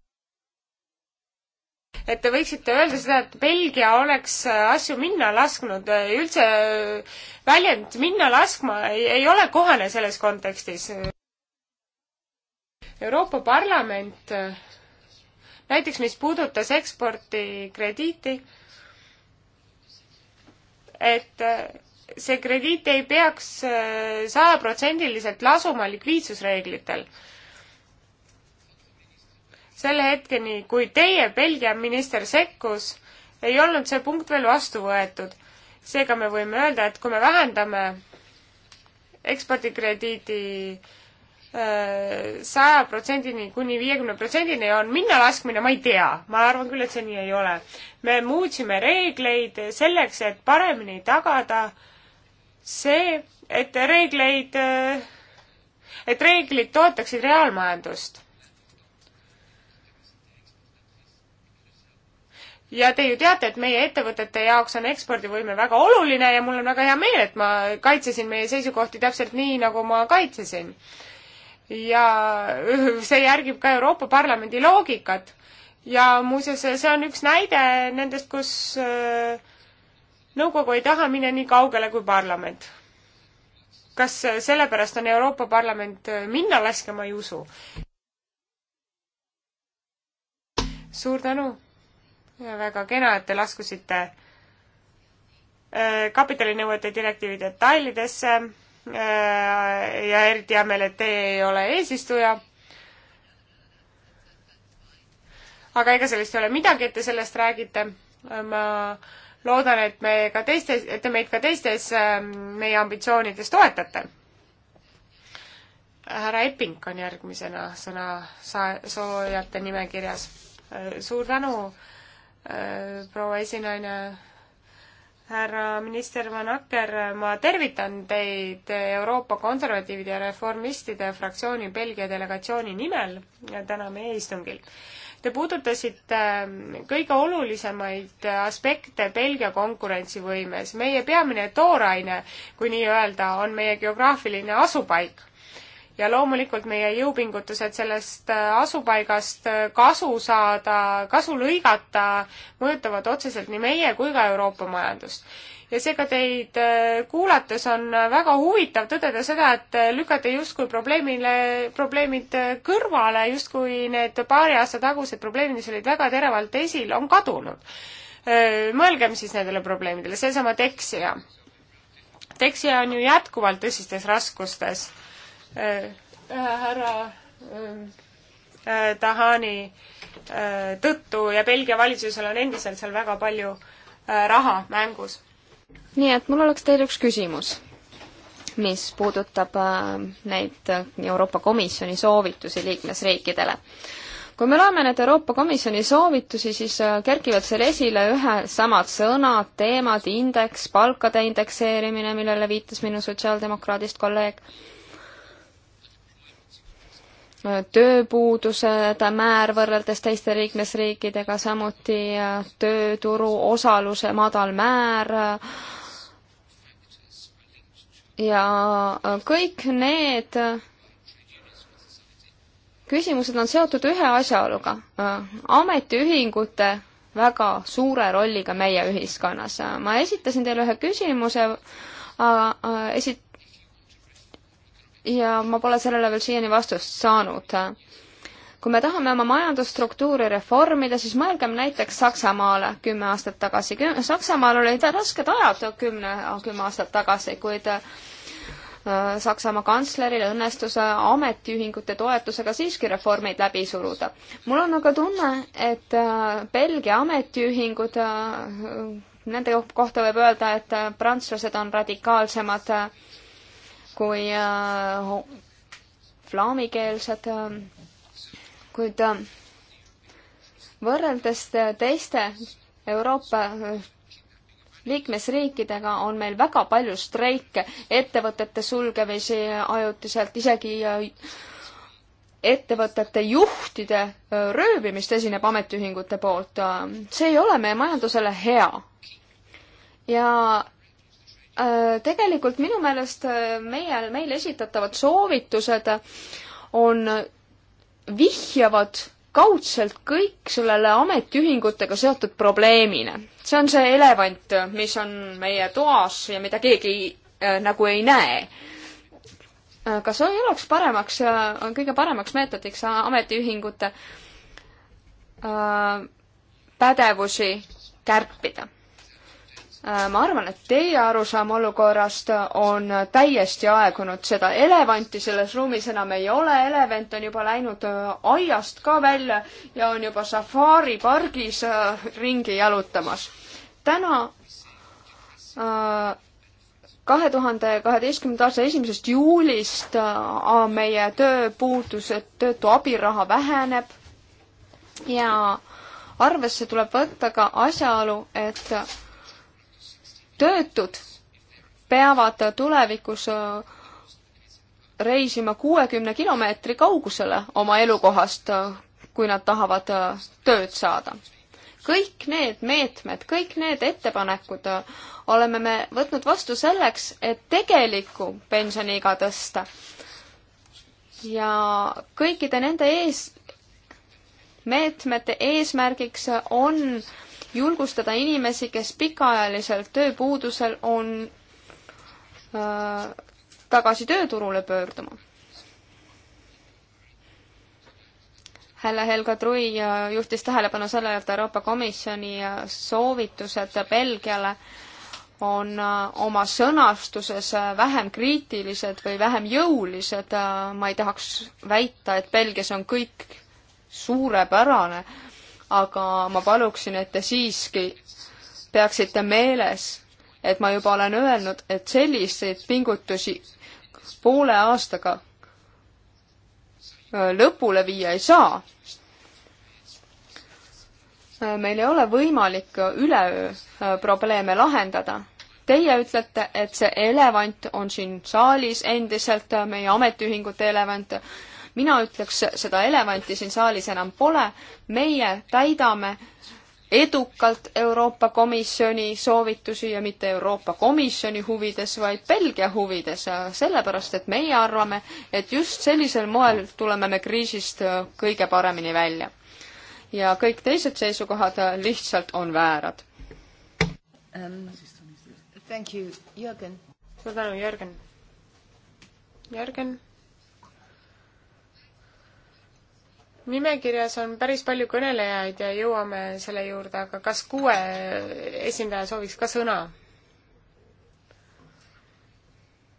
D: et te võiksite öelda seda, et Belgia oleks asju minna lasknud, üldse väljend minna laskma ei, ei ole kohane selles kontekstis. Euroopa Parlament näiteks mis puudutas ekspordikrediiti, et äh, see krediit ei peaks äh, sajaprotsendiliselt lasuma likviidsusreeglitel. selle hetkeni, kui teie, Belgia minister, sekkus, ei olnud see punkt veel vastu võetud. seega me võime öelda, et kui me vähendame ekspordikrediidi äh, saja protsendini kuni viiekümne protsendini on minna laskmine, ma ei tea, ma arvan küll, et see nii ei ole. me muutsime reegleid selleks, et paremini tagada see, et reegleid, et reeglid toetaksid reaalmajandust. ja te ju teate, et meie ettevõtete jaoks on ekspordivõime väga oluline ja mul on väga hea meel, et ma kaitsesin meie seisukohti täpselt nii, nagu ma kaitsesin ja see järgib ka Euroopa Parlamendi loogikat. ja muuseas, see on üks näide nendest, kus äh, nõukogu ei taha minna nii kaugele kui parlament. kas sellepärast on Euroopa Parlament äh, minna laske, ma ei usu. suur tänu. väga kena, et te laskusite äh, kapitalinõuete direktiivi detailidesse Äh, ja eriti hea meel, et teie ei ole eesistuja. aga ega sellest ei ole midagi, et te sellest räägite. ma loodan, et me ka teistes, et te meid ka teistes ähm, meie ambitsioonides toetate. härra Epping on järgmisena sõna saa-, soojate nimekirjas. Äh, suur tänu, äh, proua esinaine härra minister Van Akker, ma tervitan teid Euroopa Konservatiivide ja Reformistide fraktsiooni Belgia delegatsiooni nimel täna meie istungil. Te puudutasite ähm, kõige olulisemaid aspekte Belgia konkurentsivõimes. meie peamine tooraine, kui nii öelda, on meie geograafiline asupaik ja loomulikult meie jõupingutused sellest äh, asupaigast äh, kasu saada, kasu lõigata, mõjutavad otseselt nii meie kui ka Euroopa majandust. ja seega teid äh, kuulates on väga huvitav tõdeda seda, et lükati justkui probleemile, probleemid kõrvale, justkui need paari aasta tagused probleemid, mis olid väga teravalt esil, on kadunud. mõelgem siis nendele probleemidele, seesama Dexia. Dexia on ju jätkuvalt tõsistes raskustes Äh, härra ähm, äh, Tahani äh, tõttu ja Belgia valitsusel on endiselt seal väga palju raha mängus.
B: nii et mul oleks teile üks küsimus, mis puudutab neid Euroopa Komisjoni soovitusi liikmesriikidele. kui me loeme neid Euroopa Komisjoni soovitusi, siis kerkivad seal esile ühe samad sõnad, teemad, indeks, palkade indekseerimine, millele viitas minu sotsiaaldemokraadist kolleeg tööpuuduse määr võrreldes teiste liikmesriikidega, samuti äh, tööturu osaluse madal määr äh, ja äh, kõik need küsimused on seotud ühe asjaoluga, ametiühingute väga suure rolliga meie ühiskonnas. ma esitasin teile ühe küsimuse, esit-, ja ma pole sellele veel siiani vastust saanud. kui me tahame oma majandusstruktuuri reformida, siis mõelgem näiteks Saksamaale kümme aastat tagasi. Saksamaal olid rasked ajad kümne, kümme aastat tagasi, kuid äh, Saksamaa kantsleril õnnestus äh, ametiühingute toetusega siiski reformid läbi suruda. mul on aga tunne, et äh, Belgia ametiühingud, nende kohta võib öelda, et prantslased on radikaalsemad kui äh, flaamikeelsed, äh, kuid äh, võrreldes teiste Euroopa liikmesriikidega on meil väga palju streike, ettevõtete sulgemisi ajutiselt, isegi ettevõtete juhtide röövimist esineb ametiühingute poolt. see ei ole meie majandusele hea. ja Äh, tegelikult minu meelest äh, meie, meile esitatavad soovitused on, vihjavad kaudselt kõik sellele ametiühingutega seotud probleemile. see on see elevant, äh, mis on meie toas ja mida keegi äh, nagu ei näe äh,. kas ei oleks paremaks äh,, kõige paremaks meetodiks ametiühingute pädevusi kärpida? Äh, ma arvan, et teie arusaam olukorrast on täiesti aegunud, seda elevanti selles ruumis enam ei ole, elevant on juba läinud äh, aiast ka välja ja on juba safari pargis äh, ringi jalutamas. täna kahe tuhande kaheteistkümnenda aasta esimesest juulist meie tööpuudus, et töötu abiraha väheneb ja arvesse tuleb võtta ka asjaolu, et töötud peavad tulevikus äh, reisima kuuekümne kilomeetri kaugusele oma elukohast, äh, kui nad tahavad äh, tööd saada. kõik need meetmed, kõik need ettepanekud oleme me võtnud vastu selleks, et tegelikku pensioniiga tõsta. ja kõikide nende ees, meetmete eesmärgiks on julgustada inimesi, kes pikaajaliselt tööpuudusel on äh, tagasi tööturule pöörduma. Helle Helga Trui juhtis tähelepanu sellele, et Euroopa Komisjoni soovitused Belgiale on oma sõnastuses vähem kriitilised või vähem jõulised. ma ei tahaks väita, et Belgias on kõik suurepärane aga ma paluksin, et te siiski peaksite meeles, et ma juba olen öelnud, et selliseid pingutusi poole aastaga äh, lõpule viia ei saa. Äh, meil ei ole võimalik üleöö äh, probleeme lahendada. Teie ütlete, et see elevant on siin saalis endiselt, meie ametiühingute elevant mina ütleks, seda elevanti siin saalis enam pole, meie täidame edukalt Euroopa Komisjoni soovitusi ja mitte Euroopa Komisjoni huvides, vaid Belgia huvides, sellepärast et meie arvame, et just sellisel moel tuleme me kriisist kõige paremini välja. ja kõik teised seisukohad lihtsalt on väärad
D: um,. Thank you, Jürgen. suur tänu, Jürgen. Jürgen nimekirjas on päris palju kõnelejaid ja jõuame selle juurde, aga kas kuue esindaja sooviks ka sõna?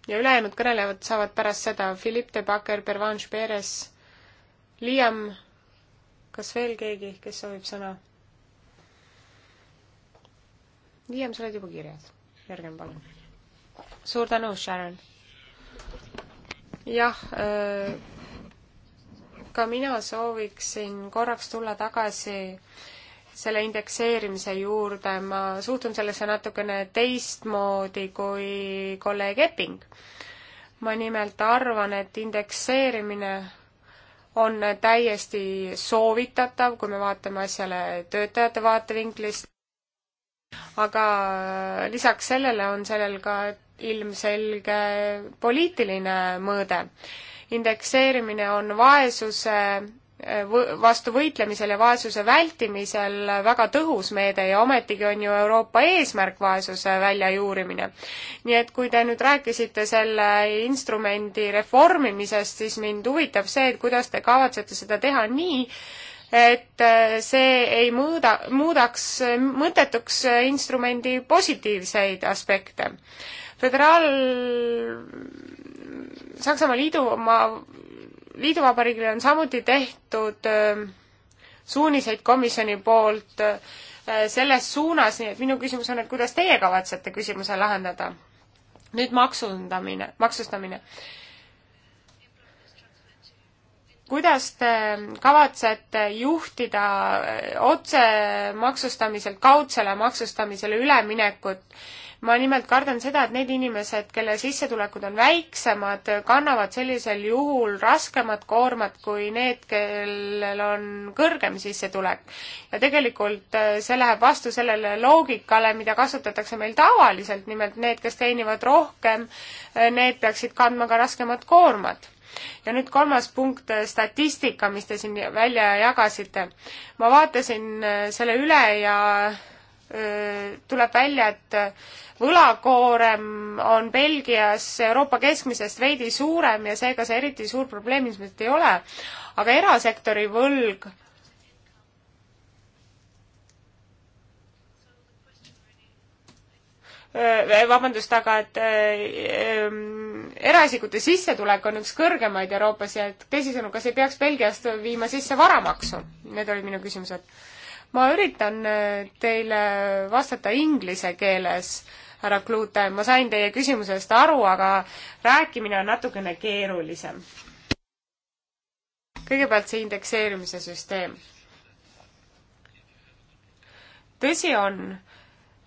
D: ja ülejäänud kõnelejad saavad pärast seda Philippe de Backer, Pervanche Perez, Liam, kas veel keegi, kes soovib sõna? Liam, sa oled juba kirjas. Jörgen, palun. suur tänu, Sharon. jah äh,, ka mina sooviksin korraks tulla tagasi selle indekseerimise juurde, ma suhtun sellesse natukene teistmoodi kui kolleeg Epping. ma nimelt arvan, et indekseerimine on täiesti soovitatav, kui me vaatame asjale töötajate vaatevinklist, aga lisaks sellele on sellel ka ilmselge poliitiline mõõde indekseerimine on vaesuse eh, vastu võitlemisel ja vaesuse vältimisel väga tõhus meede ja ometigi on ju Euroopa eesmärk vaesuse väljajuurimine. nii et kui te nüüd rääkisite selle instrumendi reformimisest, siis mind huvitab see, et kuidas te kavatsete seda teha nii, et eh, see ei mõõda, muudaks mõttetuks instrumendi positiivseid aspekte. Föderaal Saksamaa liidumaa, liiduvabariigile on samuti tehtud ähm, suuniseid komisjoni poolt äh, selles suunas, nii et minu küsimus on, et kuidas teie kavatsete küsimuse lahendada? nüüd maksundamine, maksustamine. kuidas te kavatsete juhtida äh, otse maksustamiselt kaudsele maksustamisele üleminekut ma nimelt kardan seda, et need inimesed, kelle sissetulekud on väiksemad, kannavad sellisel juhul raskemat koormat kui need, kellel on kõrgem sissetulek. ja tegelikult äh, see läheb vastu sellele loogikale, mida kasutatakse meil tavaliselt, nimelt need, kes teenivad rohkem, äh, need peaksid kandma ka raskemat koormat ja nüüd kolmas punkt, äh, statistika, mis te siin välja jagasite. ma vaatasin selle üle ja tuleb välja, et võlakoorem on Belgias Euroopa keskmisest veidi suurem ja seega see eriti suur probleem ilmselt ei ole, aga erasektori võlg vabandust, aga et eraisikute sissetulek on üks kõrgemaid Euroopas ja et teisisõnu, kas ei peaks Belgiast viima sisse varamaksu? Need olid minu küsimused ma üritan äh, teile vastata inglise keeles, härra Klute, ma sain teie küsimusest aru, aga rääkimine on natukene keerulisem. kõigepealt see indekseerimise süsteem. tõsi on,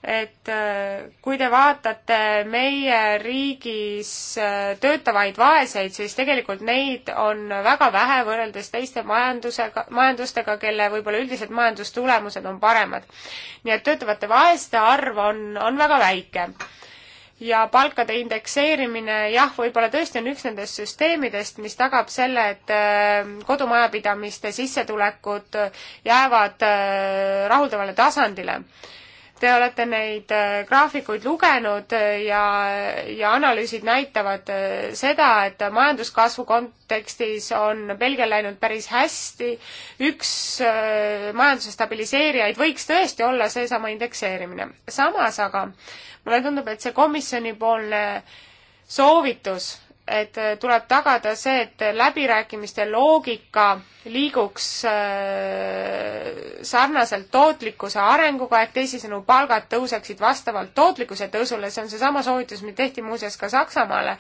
D: et äh, kui te vaatate meie riigis äh, töötavaid vaeseid, siis tegelikult neid on väga vähe võrreldes teiste majandusega, majandustega, kelle võib-olla üldised majandustulemused on paremad. nii et töötavate vaeste arv on, on väga väike. ja palkade indekseerimine, jah, võib-olla tõesti on üks nendest süsteemidest, mis tagab selle, et äh, kodumajapidamiste sissetulekud jäävad rahuldavale tasandile Te olete neid äh, graafikuid lugenud äh, ja, ja analüüsid näitavad äh, seda, et majanduskasvu kontekstis on Belgial läinud päris hästi. üks majanduse stabiliseerijaid võiks tõesti olla seesama indekseerimine. samas aga mulle tundub, et see komisjonipoolne soovitus et äh, tuleb tagada see, et läbirääkimiste loogika liiguks äh, sarnaselt tootlikkuse arenguga, ehk teisisõnu, palgad tõuseksid vastavalt tootlikkuse tõusule, see on seesama soovitus, mida tehti muuseas ka Saksamaale,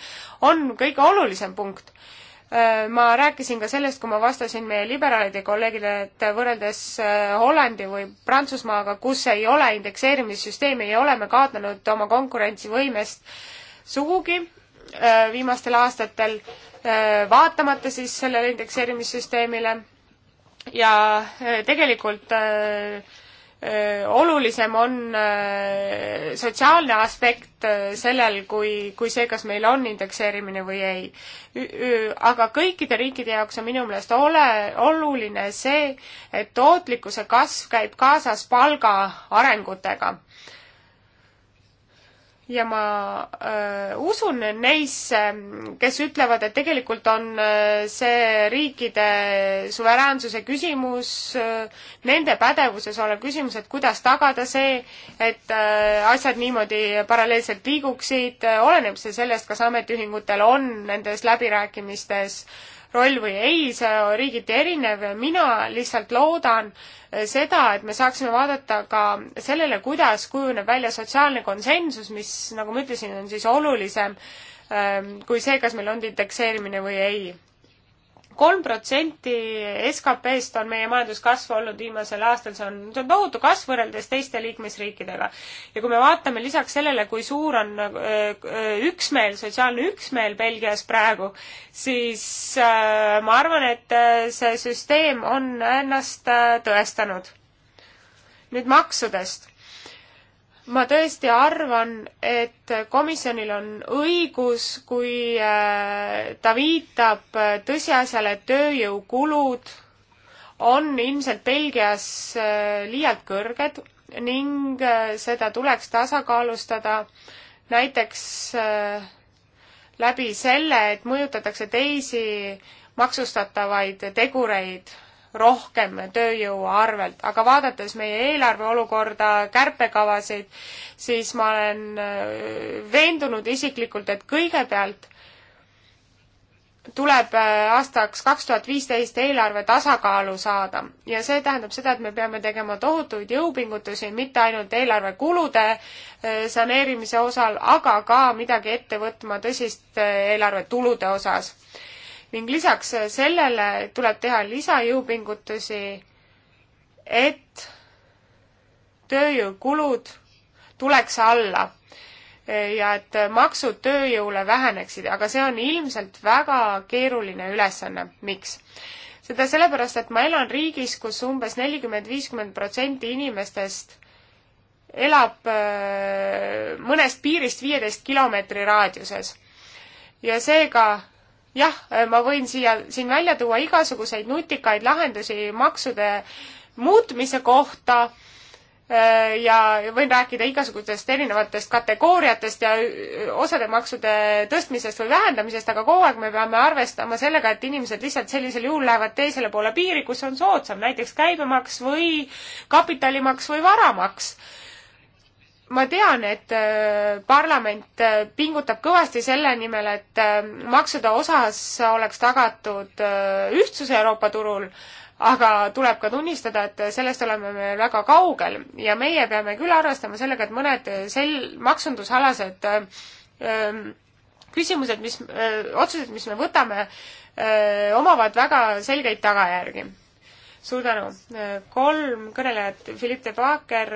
D: on kõige olulisem punkt. Äh, ma rääkisin ka sellest, kui ma vastasin meie liberaalide kolleegile, et võrreldes Hollandi või Prantsusmaaga, kus ei ole indekseerimissüsteemi, ei ole me kaotanud oma konkurentsivõimest sugugi Äh, viimastel aastatel, äh, vaatamata siis sellele indekseerimissüsteemile ja äh, tegelikult olulisem on sotsiaalne aspekt sellel, kui, kui see, kas meil on indekseerimine või ei. aga kõikide riikide jaoks on minu meelest ole, oluline see, et tootlikkuse kasv käib kaasas palga arengutega ja ma äh, usun neisse, kes ütlevad, et tegelikult on äh, see riikide suveräänsuse küsimus äh,, nende pädevuses olev küsimus, et kuidas tagada see, et äh, asjad niimoodi paralleelselt liiguksid äh,, oleneb see sellest, kas ametiühingutel on nendes läbirääkimistes äh, roll või ei, see on riigiti erinev ja mina lihtsalt loodan eh, seda, et me saaksime vaadata ka sellele, kuidas kujuneb välja sotsiaalne konsensus, mis, nagu ma ütlesin, on siis olulisem eh, kui see, kas meil on indekseerimine või ei kolm protsenti SKP-st on meie majanduskasv olnud viimasel aastal, see on, see on tohutu kasv võrreldes teiste liikmesriikidega. ja kui me vaatame lisaks sellele, kui suur on äh, äh, üksmeel, sotsiaalne üksmeel Belgias praegu, siis äh, ma arvan, et see süsteem on ennast tõestanud. nüüd maksudest ma tõesti arvan, et komisjonil on õigus, kui äh, ta viitab äh, tõsiasjale, et tööjõukulud on ilmselt Belgias äh, liialt kõrged ning seda tuleks tasakaalustada näiteks läbi selle, et mõjutatakse teisi maksustatavaid tegureid rohkem tööjõu arvelt, aga vaadates meie eelarve olukorda, kärpekavasid, siis ma olen äh, veendunud isiklikult, et kõigepealt tuleb äh, aastaks kaks tuhat viisteist eelarve tasakaalu saada ja see tähendab seda, et me peame tegema tohutuid jõupingutusi mitte ainult eelarve kulude äh, saneerimise osal, aga ka midagi ette võtma tõsist eelarve tulude osas ning lisaks sellele tuleb teha lisajõupingutusi, et tööjõukulud tuleks alla ja et maksud tööjõule väheneksid, aga see on ilmselt väga keeruline ülesanne. miks? seda sellepärast, et ma elan riigis, kus umbes nelikümmend, viiskümmend protsenti inimestest elab äh, mõnest piirist viieteist kilomeetri raadiuses. ja seega jah, äh, ma võin siia, siin välja tuua igasuguseid nutikaid lahendusi maksude muutmise kohta äh, ja võin rääkida igasugustest erinevatest kategooriatest ja äh, osade maksude tõstmisest või vähendamisest, aga kogu aeg me peame arvestama sellega, et inimesed lihtsalt sellisel juhul lähevad teisele poole piiri, kus on soodsam, näiteks käibemaks või kapitalimaks või varamaks ma tean, et äh, parlament äh, pingutab kõvasti selle nimel, et äh, maksude osas oleks tagatud ühtsus Euroopa turul, aga tuleb ka tunnistada, et sellest oleme me väga kaugel ja meie peame küll arvestama sellega, et mõned sel-, maksundusalased ähm, küsimused, mis, otsused, mis me võtame, omavad väga selgeid tagajärgi suur tänu. kolm kõnelejat, Philipp de Baaker,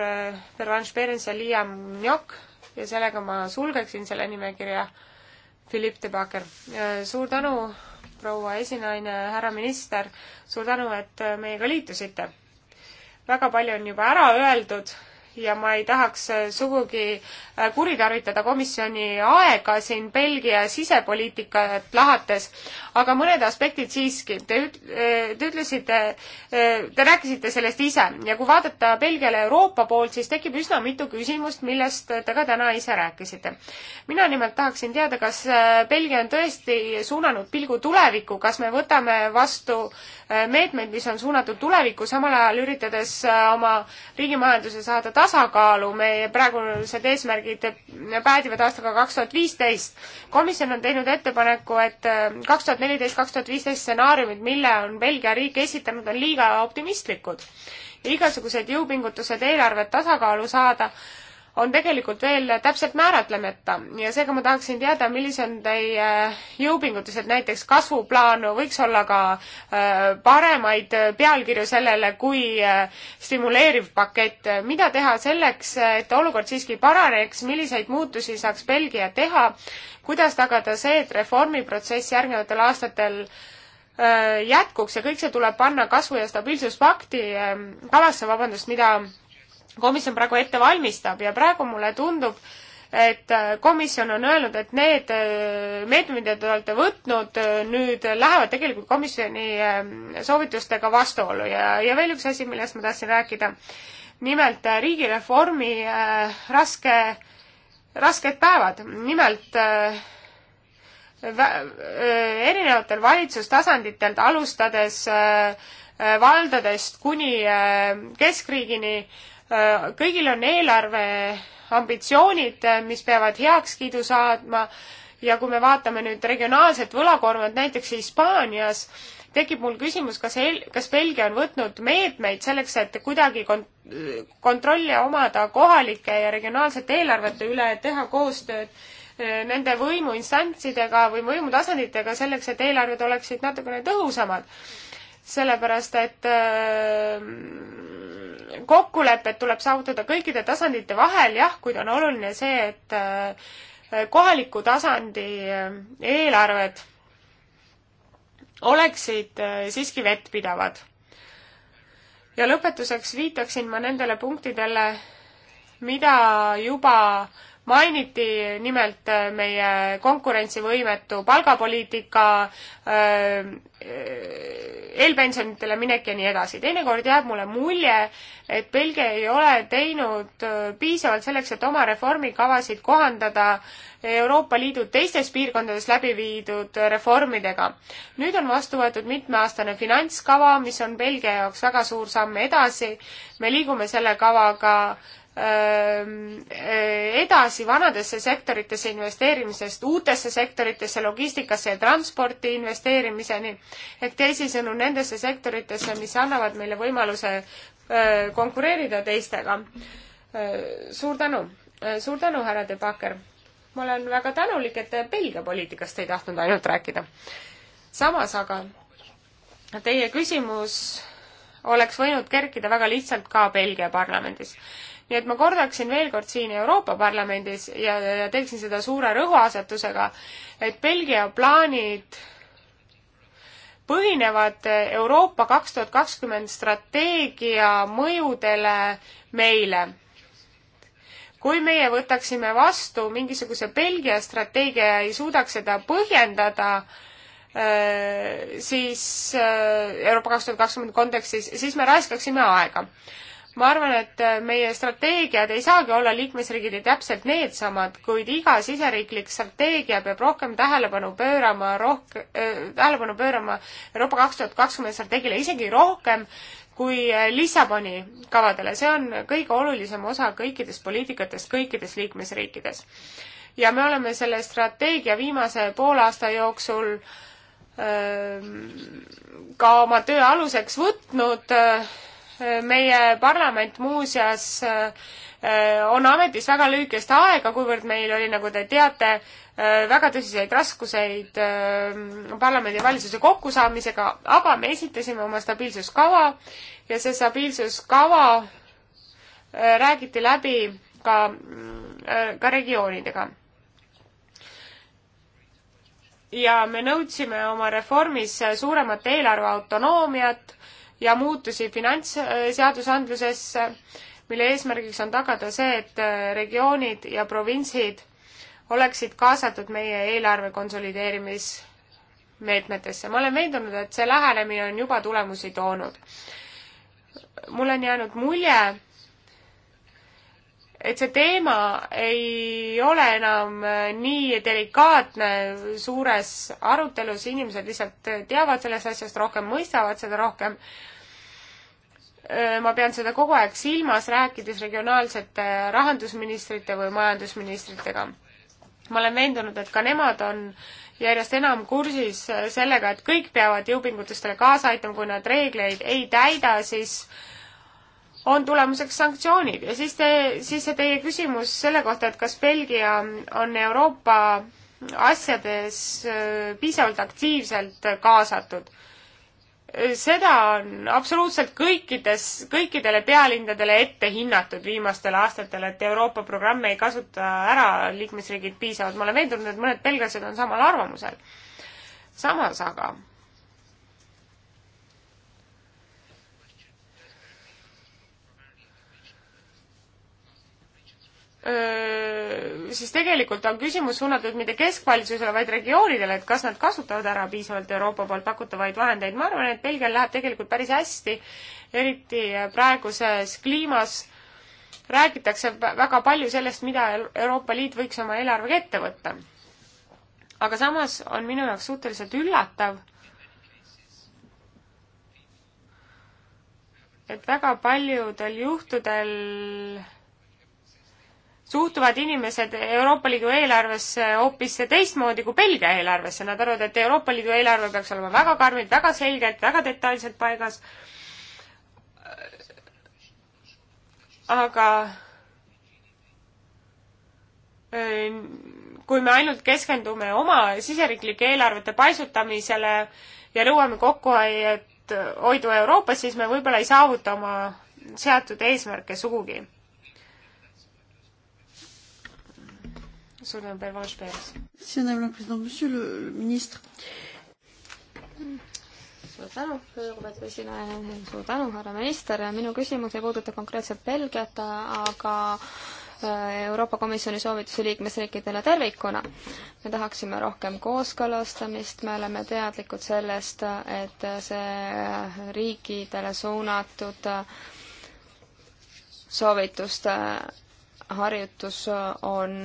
D: Pervanš Perens ja Liam Njok ja sellega ma sulgeksin selle nimekirja. Philipp de Baaker, suur tänu, proua esinaine, härra minister, suur tänu, et meiega liitusite. väga palju on juba ära öeldud ja ma ei tahaks äh, sugugi äh, kuritarvitada komisjoni aega siin Belgia sisepoliitikat lahates, aga mõned aspektid siiski. Te üt-, äh, te ütlesite, te rääkisite sellest ise ja kui vaadata Belgiale Euroopa poolt, siis tekib üsna mitu küsimust, millest te ka täna ise rääkisite. mina nimelt tahaksin teada, kas Belgia on tõesti suunanud pilgu tulevikku, kas me võtame vastu meetmeid, mis on suunatud tulevikku, samal ajal üritades oma riigimajanduse saada tagasi, tasakaalu, meie praegused eesmärgid päädivad aastaga kaks tuhat viisteist. komisjon on teinud ettepaneku, et äh, kaks tuhat neliteist, kaks tuhat viisteist stsenaariumid, mille on Belgia riik esitanud, on liiga optimistlikud. igasugused jõupingutused eelarvet tasakaalu saada on tegelikult veel täpselt määratlemata ja seega ma tahaksin teada, millised on teie äh, jõupingutused, näiteks kasvuplaan võiks olla ka äh, paremaid äh, pealkirju sellele kui stimuleeriv pakett. mida teha selleks, et olukord siiski paraneks, milliseid muutusi saaks Belgia teha, kuidas tagada see, et reformiprotsess järgnevatel aastatel jätkuks ja kõik see tuleb panna kasvu- ja stabiilsuspakti kavasse, vabandust, mida komisjon praegu ette valmistab ja praegu mulle tundub, et äh, komisjon on öelnud, et need äh, meetmed, mida te olete võtnud, äh, nüüd lähevad tegelikult komisjoni ähm, soovitustega vastuollu ja, ja veel üks asi, millest ma tahtsin rääkida. nimelt riigireformi raske, rasked päevad. nimelt erinevatel valitsustasanditelt alustades valdadest kuni keskriigini Äh, kõigil on eelarve ambitsioonid, äh, mis peavad heakskiidu saadma ja kui me vaatame nüüd regionaalset võlakoormat näiteks Hispaanias, tekib mul küsimus, kas, kas Belgia on võtnud meetmeid selleks, et kuidagi kont-, kontrolli omada kohalike ja regionaalsete eelarvete üle, teha koostööd äh, nende võimuinstantsidega või võimutasanditega selleks, et eelarved oleksid natukene tõhusamad. sellepärast, et äh, kokkulepped tuleb saavutada kõikide tasandite vahel, jah, kuid on oluline see, et äh, kohaliku tasandi äh, eelarved oleksid äh, siiski vettpidavad. ja lõpetuseks viitaksin ma nendele punktidele, mida juba äh, mainiti nimelt äh, meie konkurentsivõimetu palgapoliitika, äh, äh, eelpensionitele minek ja nii edasi. teinekord jääb mulle mulje, et Belgia ei ole teinud piisavalt selleks, et oma reformikavasid kohandada Euroopa Liidu teistes piirkondades läbi viidud reformidega. nüüd on vastu võetud mitmeaastane finantskava, mis on Belgia jaoks väga suur samm edasi. me liigume selle kavaga ka edasi vanadesse sektoritesse investeerimisest uutesse sektoritesse, logistikasse ja transporti investeerimiseni, ehk teisisõnu nendesse sektoritesse, mis annavad meile võimaluse konkureerida teistega. suur tänu, suur tänu, härra De Backer. ma olen väga tänulik, et te Belgia poliitikast ei tahtnud ainult rääkida. samas aga teie küsimus oleks võinud kerkida väga lihtsalt ka Belgia parlamendis nii et ma kordaksin veel kord siin Euroopa Parlamendis ja, ja teeksin seda suure rõhuasetusega, et Belgia plaanid põhinevad Euroopa kaks tuhat kakskümmend strateegia mõjudele meile. kui meie võtaksime vastu mingisuguse Belgia strateegia ja ei suudaks seda põhjendada, äh, siis äh, Euroopa kaks tuhat kakskümmend kontekstis, siis me raiskaksime aega ma arvan, et äh, meie strateegiad ei saagi olla liikmesriigid täpselt needsamad, kuid iga siseriiklik strateegia peab rohkem tähelepanu pöörama rohk- äh,, tähelepanu pöörama Euroopa kaks tuhat kakskümmend strateegiale isegi rohkem kui äh, Lissaboni kavadele, see on kõige olulisem osa kõikidest poliitikatest kõikides liikmesriikides. ja me oleme selle strateegia viimase poole aasta jooksul öö, äh, ka oma töö aluseks võtnud öö, äh, meie parlament muuseas äh, on ametis väga lühikest aega, kuivõrd meil oli, nagu te teate, äh, väga tõsiseid raskuseid äh, parlamendi ja valitsuse kokkusaamisega, aga me esitasime oma stabiilsuskava ja see stabiilsuskava räägiti läbi ka, ka regioonidega. ja me nõudsime oma reformis suuremat eelarveautonoomiat ja muutusi finantsseadusandlusesse, mille eesmärgiks on tagada see, et äh, regioonid ja provintsid oleksid kaasatud meie eelarve konsolideerimismeetmetesse. ma olen veendunud, et see lähenemine on juba tulemusi toonud. mul on jäänud mulje, et see teema ei ole enam äh, nii delikaatne suures arutelus, inimesed lihtsalt äh, teavad sellest asjast rohkem, mõistavad seda rohkem. Äh, ma pean seda kogu aeg silmas, rääkides regionaalsete rahandusministrite või majandusministritega. ma olen veendunud, et ka nemad on järjest enam kursis sellega, et kõik peavad jõupingutustele kaasa aitama, kui nad reegleid ei täida, siis äh, on tulemuseks sanktsioonid ja siis te, siis see teie küsimus selle kohta, et kas Belgia on Euroopa asjades äh, piisavalt aktiivselt kaasatud. seda on absoluutselt kõikides, kõikidele pealinnadele ette hinnatud viimastel aastatel, et Euroopa programme ei kasuta ära liikmesriigid piisavalt. ma olen veendunud, et mõned belglased on samal arvamusel. samas aga siis tegelikult on küsimus suunatud mitte keskvalitsusele, vaid regioonidele, et kas nad kasutavad ära piisavalt Euroopa poolt pakutavaid vahendeid. ma arvan, et Belgial läheb tegelikult päris hästi, eriti praeguses kliimas räägitakse väga palju sellest, mida Euroopa Liit võiks oma eelarvega ette võtta. aga samas on minu jaoks suhteliselt üllatav, et väga paljudel juhtudel suhtuvad inimesed Euroopa Liidu eelarvesse hoopis teistmoodi kui Belgia eelarvesse, nad arvavad, et Euroopa Liidu eelarve peaks olema väga karmilt, väga selgelt, väga detailselt paigas. aga äh, kui me ainult keskendume oma siseriiklike eelarvete paisutamisele ja lõuame kokkuhoidu Euroopas, siis me võib-olla ei saavuta oma seatud eesmärke sugugi
B: suur tänu, Pervanš Peres.
D: suur tänu,
F: lugupeetud
B: esineja, suur tänu, härra minister, minu küsimus ei puuduta konkreetselt Belgiat, aga äh, Euroopa Komisjoni soovitusi liikmesriikidele tervikuna. me tahaksime rohkem kooskõlastamist, me oleme teadlikud sellest, et see äh, riikidele suunatud äh, soovituste harjutus on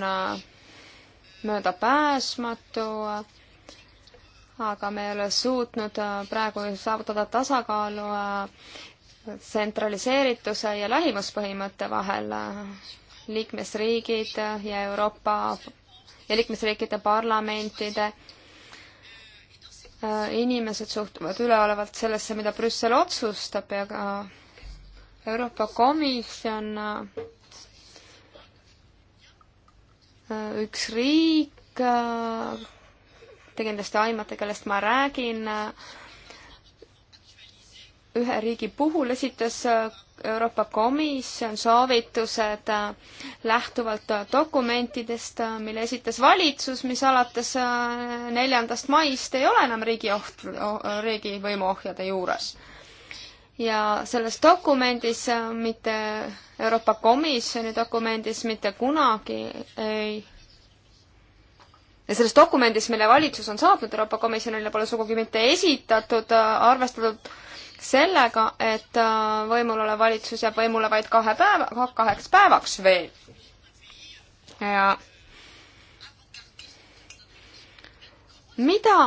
B: möödapääsmatu, aga me ei ole suutnud äh, praegu saavutada tasakaalu äh, tsentraliseerituse ja lähimuspõhimõtte vahel. liikmesriigid ja Euroopa ja liikmesriikide parlamentide äh, inimesed suhtuvad üleolevalt sellesse, mida Brüssel otsustab ja ka Euroopa Komisjon Äh, üks riik, äh, te kindlasti aimate, kellest ma räägin, äh, ühe riigi puhul esitas Euroopa Komisjon soovitused lähtuvalt dokumentidest, mille esitas valitsus, mis alates neljandast maist ei ole enam riigi oht-, riigivõimu ohjade juures ja selles dokumendis, mitte Euroopa Komisjoni dokumendis mitte kunagi ei ja selles dokumendis, mille valitsus on saatnud Euroopa Komisjonile, pole sugugi mitte esitatud, arvestatud sellega, et äh, võimul olev valitsus jääb võimule vaid kahe päeva, kaheks päevaks veel. ja mida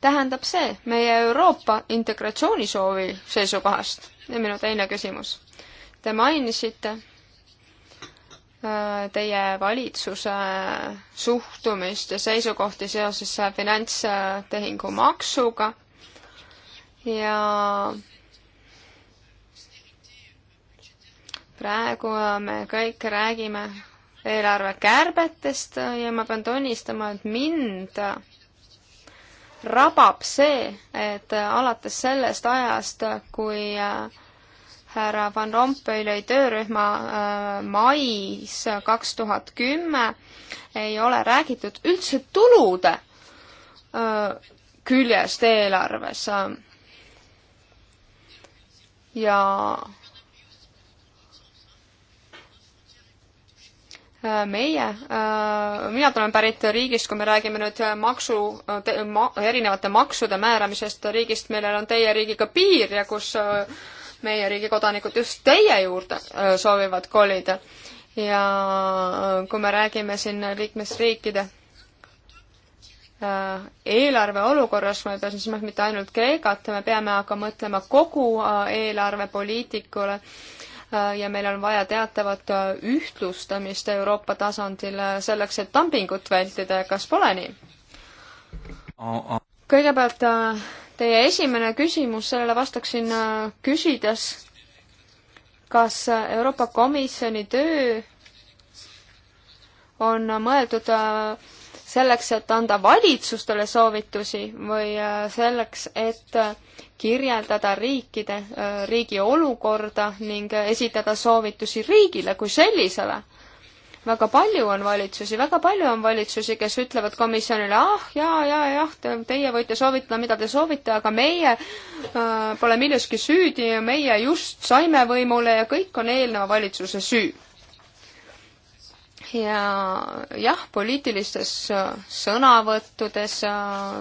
B: tähendab see meie Euroopa integratsioonisoovi seisukohast? ja minu teine küsimus. Te mainisite äh, teie valitsuse suhtumist ja seisukohti seoses finantstehingu maksuga ja praegu me kõik räägime eelarvekärbetest ja ma pean tunnistama, et mind rabab see, et alates sellest ajast, kui äh, härra Van Rompuy lõi töörühma äh, mais kaks tuhat kümme, ei ole räägitud üldse tulude äh, küljest eelarves. ja meie, äh, mina tulen pärit riigist, kui me räägime nüüd maksu, ma, erinevate maksude määramisest riigist, millel on teie riigiga piir ja kus äh, meie riigi kodanikud just teie juurde äh, soovivad kolida. ja kui me räägime siin liikmesriikide eelarve olukorras, ma ei pea silmas mitte ainult Kreekat, me peame aga mõtlema kogu eelarvepoliitikule ja meil on vaja teatavat ühtlustamist Euroopa tasandil selleks, et dumpingut vältida, kas pole nii? kõigepealt äh, teie esimene küsimus, sellele vastaksin äh, küsides, kas Euroopa Komisjoni töö on mõeldud äh, selleks, et anda valitsustele soovitusi või äh, selleks, et äh, kirjeldada riikide, äh, riigi olukorda ning esitada soovitusi riigile kui sellisele väga palju on valitsusi, väga palju on valitsusi, kes ütlevad komisjonile, ah jaa, jaa, jah, teie võite soovitada, mida te soovite, aga meie äh, pole milleski süüdi ja meie just saime võimule ja kõik on eelneva valitsuse süü ja jah, poliitilistes äh, sõnavõttudes, äh,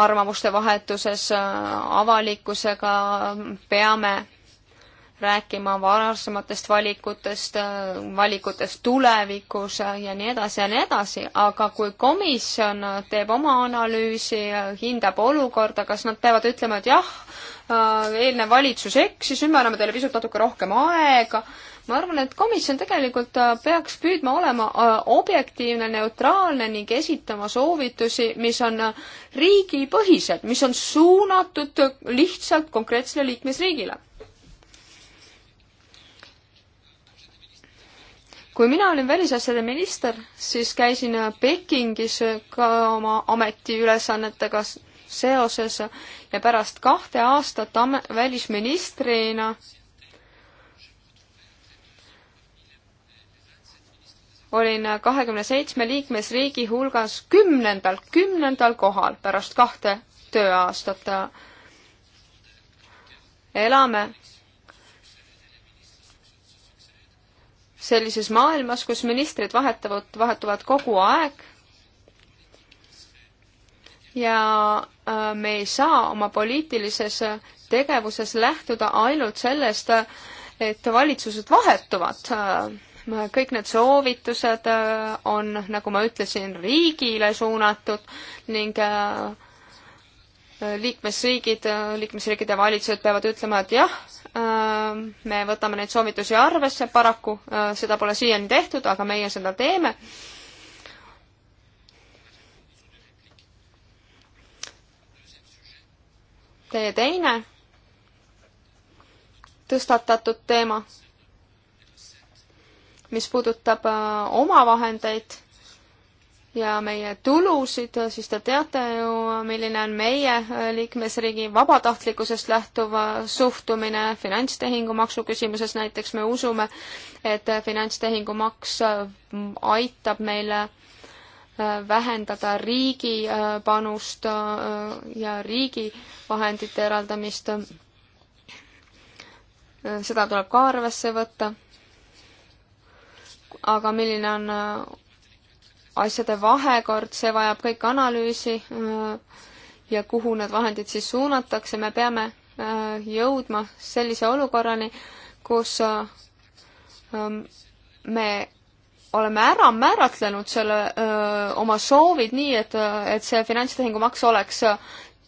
B: arvamuste vahetuses äh, avalikkusega peame rääkima varasematest valikutest, valikutest tulevikus ja nii edasi ja nii edasi, aga kui komisjon teeb oma analüüsi, hindab olukorda, kas nad peavad ütlema, et jah, Äh, eelnev valitsus eksis, nüüd me anname teile pisut natuke rohkem aega. ma arvan, et komisjon tegelikult äh, peaks püüdma olema äh, objektiivne, neutraalne ning esitama soovitusi, mis on riigipõhised, mis on suunatud lihtsalt konkreetsele liikmesriigile. kui mina olin välisasjade minister, siis käisin Pekingis ka oma ametiülesannetega seoses ja pärast kahte aastat välisministrina olin kahekümne seitsme liikmesriigi hulgas kümnendal, kümnendal kohal pärast kahte tööaastat. elame sellises maailmas, kus ministrid vahetavad, vahetuvad kogu aeg ja äh, me ei saa oma poliitilises tegevuses lähtuda ainult sellest, et valitsused vahetuvad. Äh, kõik need soovitused äh, on, nagu ma ütlesin, riigile suunatud ning liikmesriigid, liikmesriikide valitsused peavad ütlema, et jah, me võtame neid soovitusi arvesse, paraku seda pole siiani tehtud, aga meie seda teeme Teie teine tõstatatud teema, mis puudutab äh, omavahendeid ja meie tulusid, äh, siis te teate ju, milline on meie äh, liikmesriigi vabatahtlikkusest lähtuv suhtumine finantstehingu maksu küsimuses, näiteks me usume, et finantstehingu maks aitab meile vähendada riigi äh, panust äh, ja riigi vahendite eraldamist. Äh, seda tuleb ka arvesse võtta. aga milline on asjade vahekord, see vajab kõik analüüsi ja kuhu need vahendid siis suunatakse, me peame jõudma sellise olukorrani, kus ähm, me oleme ära määratlenud selle, oma soovid nii, et, et see finantstehingumaks oleks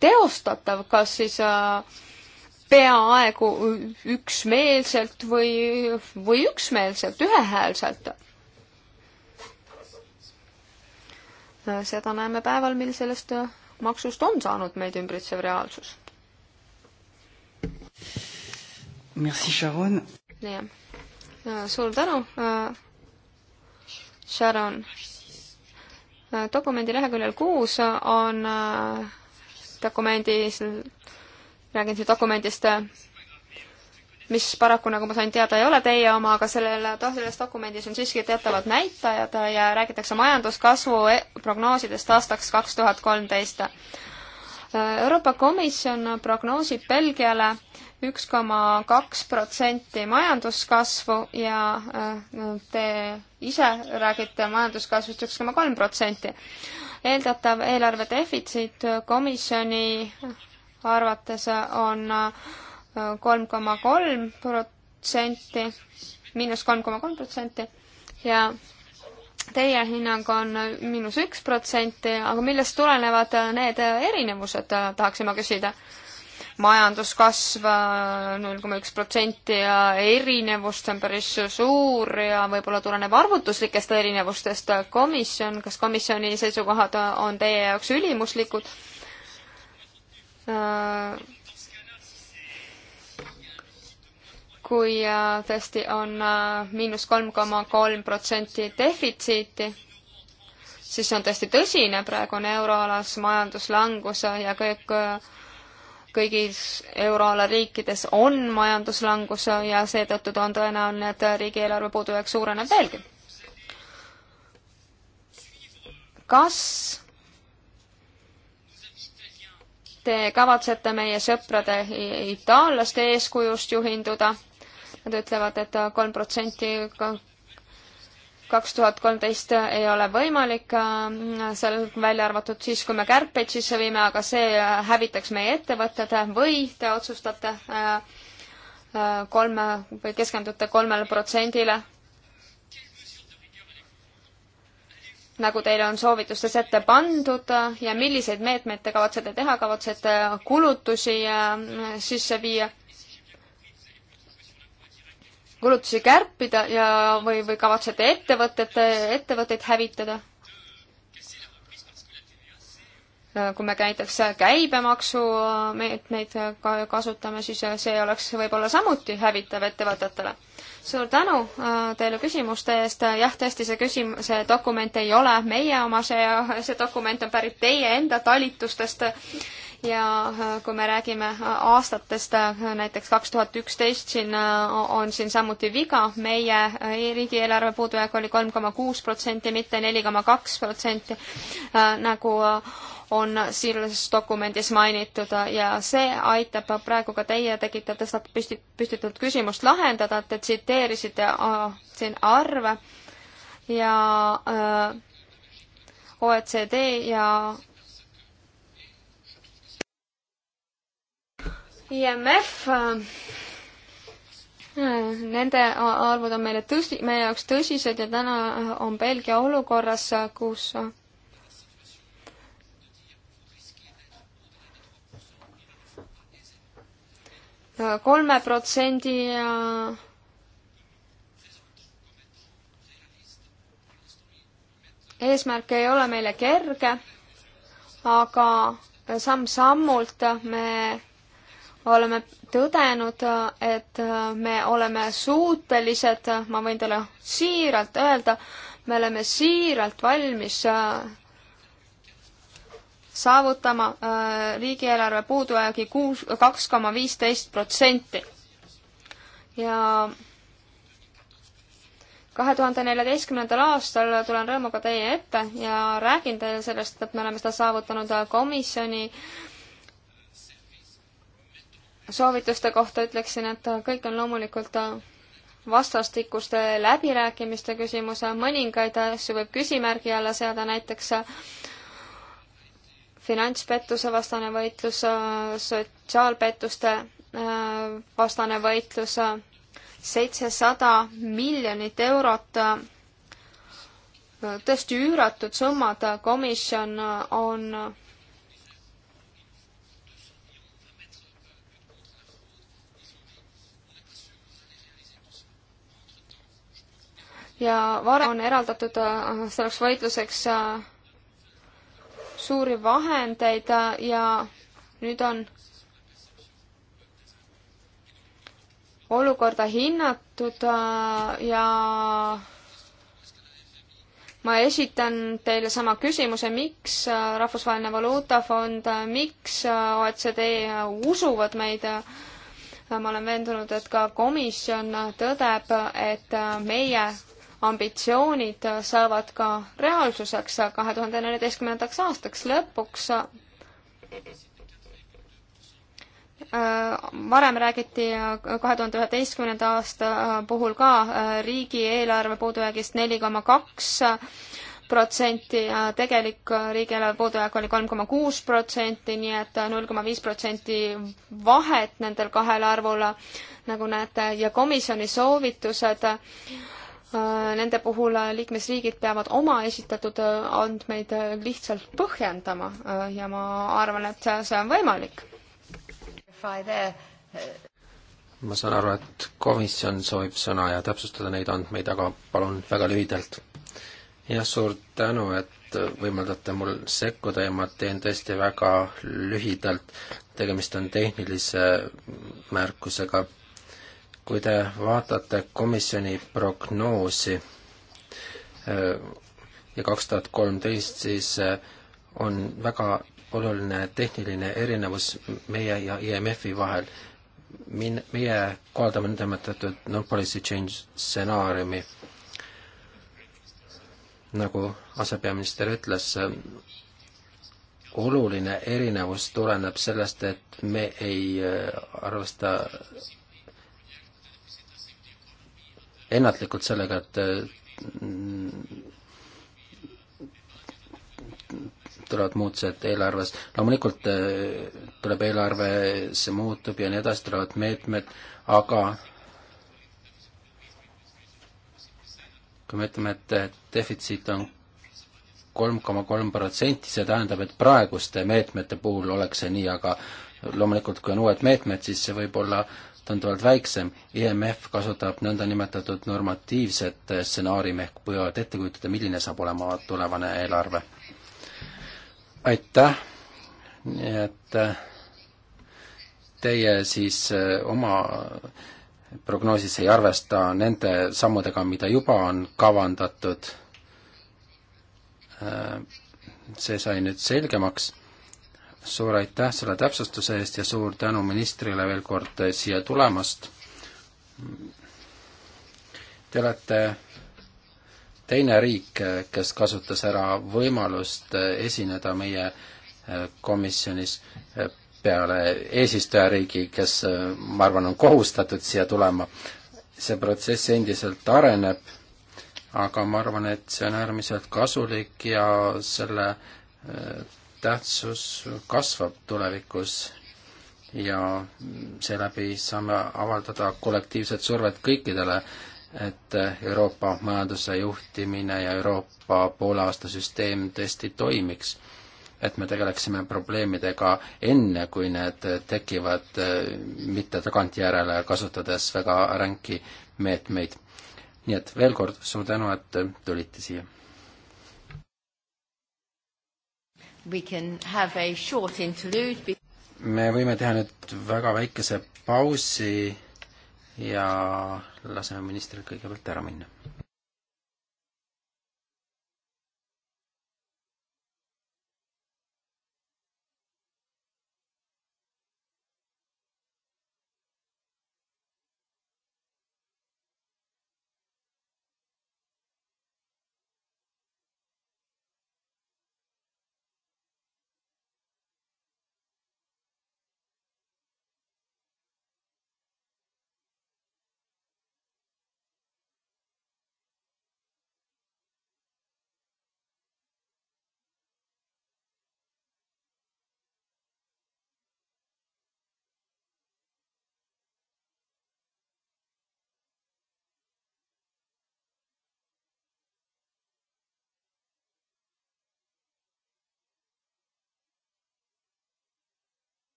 B: teostatav, kas siis öö, peaaegu üksmeelselt või, või üksmeelselt, ühehäälselt. seda näeme päeval, mil sellest maksust on saanud meid ümbritsev reaalsus.
F: Merci, Sharon.
B: jah, suur tänu Sharon. Äh, dokumendi leheküljel kuus on äh, dokumendis, räägin siin dokumendist, äh, mis paraku, nagu ma sain teada, ei ole teie oma, aga sellel, selles dokumendis on siiski teatavad näitajad ja räägitakse majanduskasvu e-, prognoosidest aastaks kaks tuhat kolmteist. Euroopa Komisjon prognoosib Belgiale üks koma kaks protsenti majanduskasvu ja äh, te ise räägite majanduskasvust üks koma kolm protsenti. eeldatav eelarve defitsiit komisjoni arvates on äh, kolm koma kolm protsenti, miinus kolm koma kolm protsenti ja teie hinnang on äh, miinus üks protsenti, aga millest tulenevad need erinevused, tahaksime küsida majanduskasv null koma üks protsenti ja erinevus on päris suur ja võib-olla tuleneb arvutuslikest erinevustest komisjon, kas komisjoni seisukohad on teie jaoks ülimuslikud? kui äh, tõesti on äh, miinus kolm koma kolm protsenti defitsiiti, siis see on tõesti tõsine, praegu on euroalas majanduslangus ja kõik äh, kõigis euroala riikides on majanduslangus ja seetõttu on tõenäoline, et riigieelarve puudujääk suureneb veelgi. kas te kavatsete meie sõprade itaallaste eeskujust juhinduda? Nad ütlevad et, et kolm protsenti kaks tuhat kolmteist ei ole võimalik, äh, seal välja arvatud siis, kui me kärpeid sisse viime, aga see äh, hävitaks meie ettevõtted või te otsustate äh, kolme või keskendute kolmele protsendile nagu teile on soovitustes ette pandud ja milliseid meetmeid te kavatsete teha, kavatsete kulutusi sisse viia kulutusi kärpida ja, või, või kavatsete ettevõtete, ettevõtteid hävitada? kui me näiteks käibemaksumeetmeid kasutame, siis see oleks võib-olla samuti hävitav ettevõtetele. suur tänu äh, teile küsimuste eest, jah, tõesti see küsim-, see dokument ei ole meie oma, see, see dokument on pärit teie enda talitustest ja äh, kui me räägime äh, aastatest, äh, näiteks kaks tuhat üksteist, siin on siin samuti viga, meie riigieelarve puudujääk oli kolm koma kuus protsenti, mitte neli koma kaks protsenti, nagu on selles dokumendis mainitud ja see aitab praegu ka teie tegite tõstat-, püsti-, püstitatud küsimust lahendada, te tsiteerisite siin arve ja öö, OECD ja IMF, äh, nende arvud on meile tõsi, meie jaoks tõsised ja täna äh, on Belgia olukorras, äh, kus kolme protsendi ja eesmärk ei ole meile kerge, aga samm-sammult me oleme tõdenud, et me oleme suutelised, ma võin teile siiralt öelda, me oleme siiralt valmis äh, saavutama äh, riigieelarve puudujäägi kuus, kaks koma viisteist protsenti. ja kahe tuhande neljateistkümnendal aastal tulen rõõmuga teie ette ja räägin teile sellest, et me oleme seda saavutanud äh, komisjoni äh, soovituste kohta ütleksin, et kõik on loomulikult vastastikuste läbirääkimiste küsimus, mõningaid asju võib küsimärgi alla seada, näiteks finantspettuse vastane võitlus, sotsiaalpettuste äh, vastane võitlus, seitsesada miljonit eurot, äh, tõesti üüratud summad, komisjon on ja varem on eraldatud äh, selleks võitluseks äh, suuri vahendeid äh, ja nüüd on olukorda hinnatud ja ma esitan teile sama küsimuse, miks Rahvusvaheline Valuutafond, miks OECD usuvad meid? ma olen veendunud, et ka komisjon tõdeb, et meie ambitsioonid saavad ka reaalsuseks kahe tuhande neljateistkümnendaks aastaks lõpuks. varem räägiti kahe tuhande üheteistkümnenda aasta puhul ka riigieelarve puudujäägist neli koma kaks protsenti ja tegelik riigieelarve puudujääk oli kolm koma kuus protsenti, nii et null koma viis protsenti vahet nendel kahel arvul, nagu näete, ja komisjoni soovitused Äh, nende puhul äh, liikmesriigid peavad oma esitatud äh, andmeid lihtsalt põhjendama ja ma arvan, et see on võimalik.
C: ma saan aru, et komisjon soovib sõna ja täpsustada neid andmeid, aga palun väga lühidalt. jah, suur tänu, et võimaldate mul sekkuda ja ma teen tõesti väga lühidalt. tegemist on tehnilise märkusega kui te vaatate komisjoni prognoosi äh, ja kaks tuhat kolmteist, siis äh, on väga oluline tehniline erinevus meie ja IMF-i vahel. Min-, meie kohaldame nõndanimetatud non-policy change stsenaariumi. nagu asepeaminister ütles, oluline erinevus tuleneb sellest, et me ei äh, arvesta ennatlikult sellega, et mm, tulevad muutused eelarves, loomulikult eh, tuleb eelarve, see muutub ja nii edasi, tulevad meetmed, aga kui me ütleme, et defitsiit on kolm koma kolm protsenti, see tähendab, et praeguste meetmete puhul oleks see nii, aga loomulikult, kui on uued meetmed, siis see võib olla tunduvalt väiksem. IMF e kasutab nõndanimetatud normatiivset stsenaariumi ehk püüavad ette kujutada, milline saab olema tulevane eelarve. aitäh, nii et äh, teie siis äh, oma prognoosis ei arvesta nende sammudega, mida juba on kavandatud. Äh, see sai nüüd selgemaks suur aitäh selle täpsustuse eest ja suur tänu ministrile veel kord siia tulemast. Te olete teine riik, kes kasutas ära võimalust esineda meie komisjonis peale eesistujariigi, kes ma arvan, on kohustatud siia tulema. see protsess endiselt areneb, aga ma arvan, et see on äärmiselt kasulik ja selle tähtsus kasvab tulevikus ja seeläbi saame avaldada kollektiivset survet kõikidele, et Euroopa majanduse juhtimine ja Euroopa pooleaastasüsteem tõesti toimiks. et me tegeleksime probleemidega enne, kui need tekivad, mitte tagantjärele, kasutades väga ränki meetmeid. nii et veel kord suur tänu, et tulite siia
A: We can have a short interlude.
C: me võime teha nüüd väga väikese pausi ja laseme ministril kõigepealt ära minna.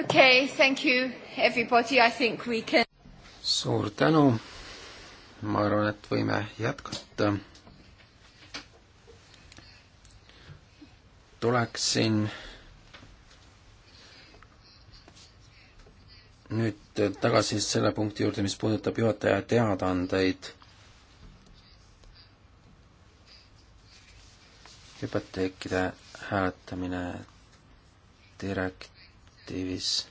A: okay, thank you everybody, I think we can.
C: suur tänu. ma arvan, et võime jätkata. tuleksin nüüd tagasi selle punkti juurde, mis puudutab juhataja teadaandeid. hüpoteekide hääletamine direkt-, direktiivis.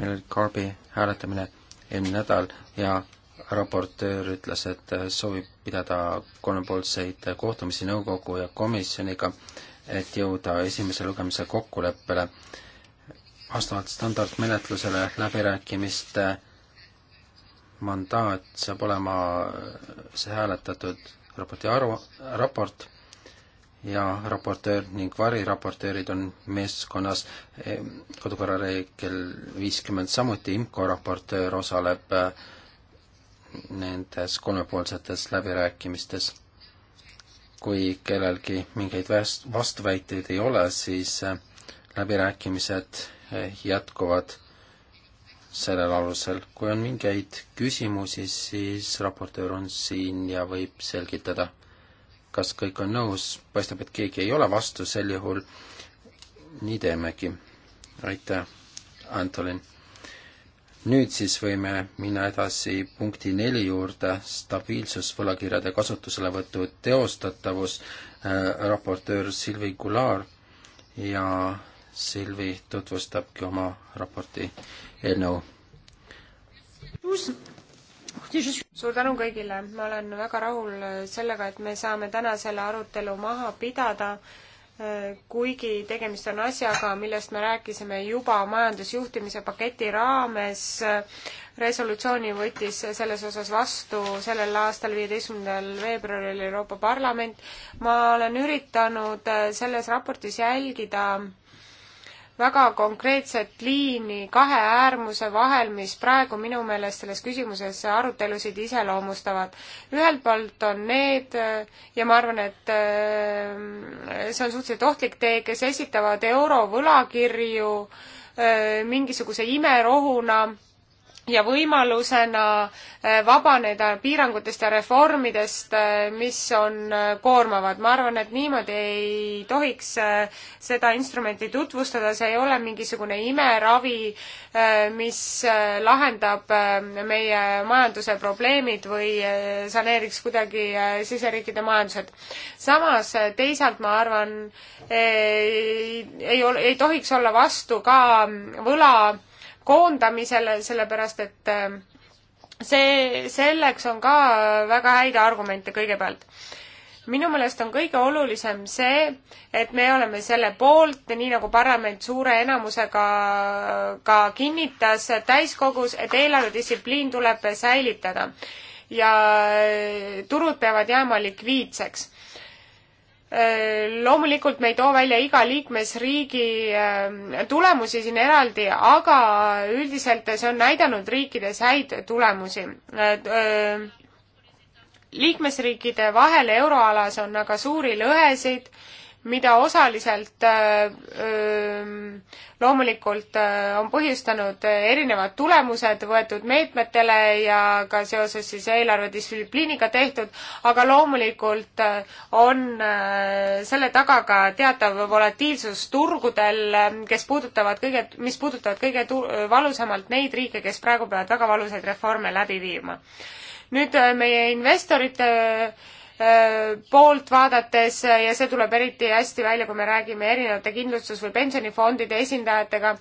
C: meil oli Carbi hääletamine eelmine nädal ja raportöör ütles, et soovib pidada kolmepoolseid kohtumisi nõukogu ja komisjoniga, et jõuda esimese lugemise kokkuleppele vastavalt standardmenetlusele läbirääkimiste mandaat saab olema see hääletatud raporti arv, raport ja raportöör ning variraportöörid on meeskonnas eh, kodukorra reegel viiskümmend, samuti IMCO raportöör osaleb eh, nendes kolmepoolsetes läbirääkimistes. kui kellelgi mingeid vastuväiteid ei ole, siis eh, läbirääkimised jätkuvad sellel alusel. kui on mingeid küsimusi, siis raportöör on siin ja võib selgitada, kas kõik on nõus. paistab, et keegi ei ole vastu, sel juhul nii teemegi. aitäh, Antolin. nüüd siis võime minna edasi punkti neli juurde, stabiilsus, võlakirjade kasutuselevõtu teostatavus äh,, raportöör Silvi Kular ja Silvi tutvustabki oma raporti eelnõu.
D: suur tänu kõigile, ma olen väga rahul sellega, et me saame täna selle arutelu maha pidada, kuigi tegemist on asjaga, millest me rääkisime juba majandusjuhtimise paketi raames, resolutsiooni võttis selles osas vastu sellel aastal, viieteistkümnendal veebruaril Euroopa Parlament. ma olen üritanud selles raportis jälgida väga konkreetset liini kahe äärmuse vahel, mis praegu minu meelest selles küsimuses arutelusid iseloomustavad. ühelt poolt on need äh, ja ma arvan, et äh, see on suhteliselt ohtlik tee, kes esitavad eurovõlakirju äh, mingisuguse imerohuna ja võimalusena äh, vabaneda piirangutest ja reformidest, äh, mis on äh, koormavad. ma arvan, et niimoodi ei tohiks seda instrumenti tutvustada, see ei ole mingisugune imeravi, mis lahendab meie majanduse probleemid või saneeriks kuidagi siseriikide majandused. samas teisalt ma arvan, ei, ei, ei tohiks olla vastu ka võla koondamisele, sellepärast et äh, see, selleks on ka väga häid argumente kõigepealt minu meelest on kõige olulisem see, et me oleme selle poolt, nii nagu parlament suure enamusega ka kinnitas täiskogus, et eelarvedistsipliin tuleb säilitada ja äh, turud peavad jääma likviidseks. Äh, loomulikult me ei too välja iga liikmesriigi äh, tulemusi siin eraldi, aga üldiselt see on näidanud riikides häid tulemusi. Äh, liikmesriikide vahel euroalas on aga suuri lõhesid mida osaliselt öö, äh, ähm, loomulikult öö, äh, on põhjustanud erinevad tulemused võetud meetmetele ja ka seoses siis eelarvedistsipliiniga tehtud, aga loomulikult äh, on öö, selle taga ka teatav volatiilsus turgudel, kes puudutavad kõige, mis puudutavad kõige tu-, valusamalt neid riike, kes praegu peavad väga valusaid reforme läbi viima. nüüd meie investorite öö, poolt vaadates äh, ja see tuleb eriti hästi välja, kui me räägime erinevate kindlustus- või pensionifondide esindajatega,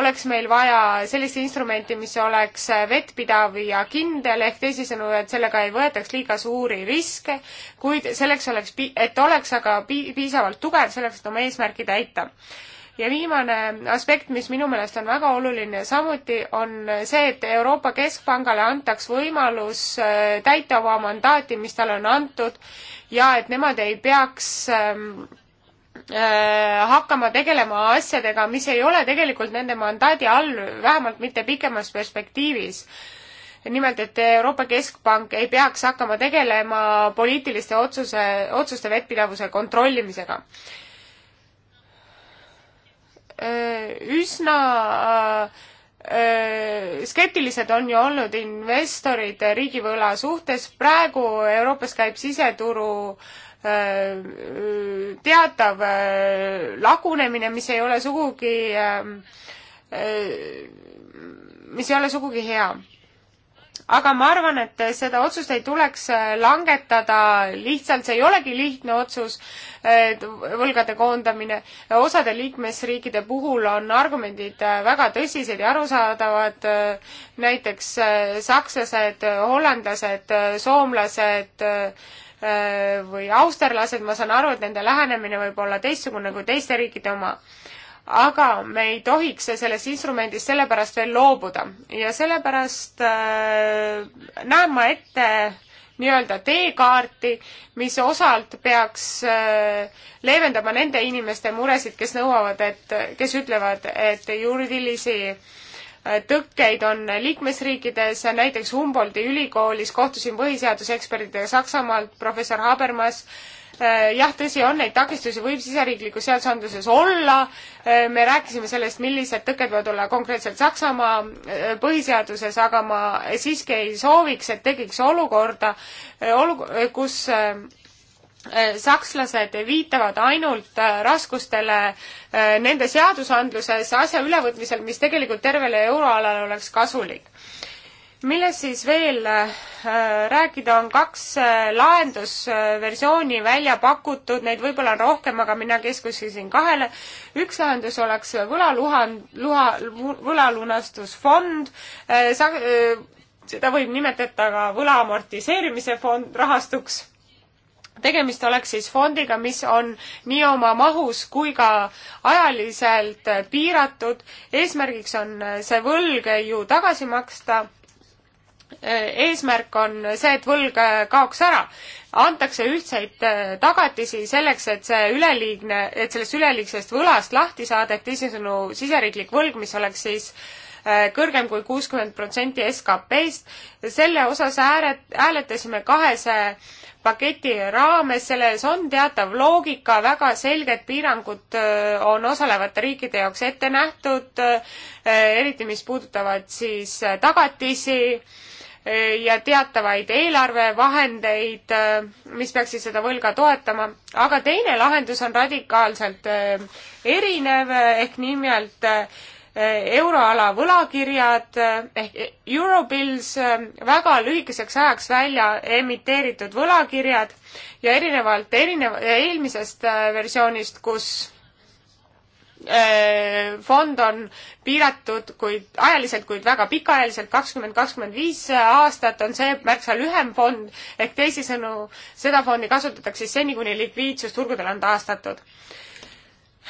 D: oleks meil vaja sellist instrumenti, mis oleks äh, vettpidav ja kindel, ehk teisisõnu, et sellega ei võetaks liiga suuri riske, kuid selleks oleks, et oleks aga piisavalt tugev selleks, et oma eesmärki täita ja viimane aspekt, mis minu meelest on väga oluline samuti, on see, et Euroopa Keskpangale antaks võimalus äh, täita oma mandaati, mis talle on antud ja et nemad ei peaks ähm, äh, hakkama tegelema asjadega, mis ei ole tegelikult nende mandaadi all, vähemalt mitte pikemas perspektiivis nimelt, et Euroopa Keskpank ei peaks hakkama tegelema poliitiliste otsuse, otsuste vettpidavuse kontrollimisega. Äh, üsna äh, skeptilised on ju olnud investorid riigivõla suhtes, praegu Euroopas käib siseturu äh, teatav lagunemine, mis ei ole sugugi, mis ei ole sugugi hea aga ma arvan, et seda otsust ei tuleks äh, langetada lihtsalt, see ei olegi lihtne otsus, võlgade koondamine. osade liikmesriikide puhul on argumendid äh, väga tõsised ja arusaadavad, äh, näiteks sakslased, hollandlased, soomlased, või austerlased, ma saan aru, et nende lähenemine võib olla teistsugune kui teiste riikide oma aga me ei tohiks sellest instrumendist sellepärast veel loobuda ja sellepärast äh, näen ma ette nii-öelda teekaarti, mis osalt peaks äh, leevendama nende inimeste muresid, kes nõuavad, et, kes ütlevad, et juriidilisi äh, tõkkeid on liikmesriikides, näiteks Humboldti ülikoolis kohtusin põhiseaduseksperdidega Saksamaalt, professor Habermas äh, Äh, jah, tõsi on, neid takistusi võib siseriiklikus seadusandluses olla, äh, me rääkisime sellest, millised tõkked võivad olla konkreetselt Saksamaa äh, põhiseaduses, aga ma siiski ei sooviks, et tekiks olukorda, oluk-, kus sakslased viitavad ainult raskustele nende seadusandluses asja ülevõtmisel, mis tegelikult tervele euroalale oleks kasulik millest siis veel äh, rääkida, on kaks äh, lahendusversiooni välja pakutud, neid võib-olla on rohkem, aga mina keskusin kahele. üks lahendus oleks võlaluhan-, luha, võlalunastusfond, äh, seda võib nimetada ka võla amortiseerimise fond, rahastuks tegemist oleks siis fondiga, mis on nii oma mahus kui ka ajaliselt piiratud. eesmärgiks on see võlg ju tagasi maksta eesmärk on see, et võlg äh, kaoks ära. antakse ühtseid äh, tagatisi selleks, et see üleliigne, et sellest üleliigsest võlast lahti saada, et teisisõnu siseriiklik võlg, mis oleks siis äh, kõrgem kui kuuskümmend protsenti SKP-st. SKP selle osas ääret-, hääletasime kahese paketi raames, selles on teatav loogika, väga selged piirangud on osalevate riikide jaoks ette nähtud, eriti mis puudutavad siis tagatisi ja teatavaid eelarvevahendeid, mis peaks siis seda võlga toetama, aga teine lahendus on radikaalselt äh, erinev äh, ehk nimelt äh, euroala võlakirjad ehk Eurobills, väga lühikeseks ajaks välja emiteeritud võlakirjad ja erinevalt erinev, eelmisest versioonist, kus Äh, fond on piiratud, kuid ajaliselt, kuid väga pikaajaliselt, kakskümmend, kakskümmend viis aastat on see märksa lühem fond, ehk teisisõnu, seda fondi kasutatakse siis seni, kuni likviidsus turgudel on taastatud.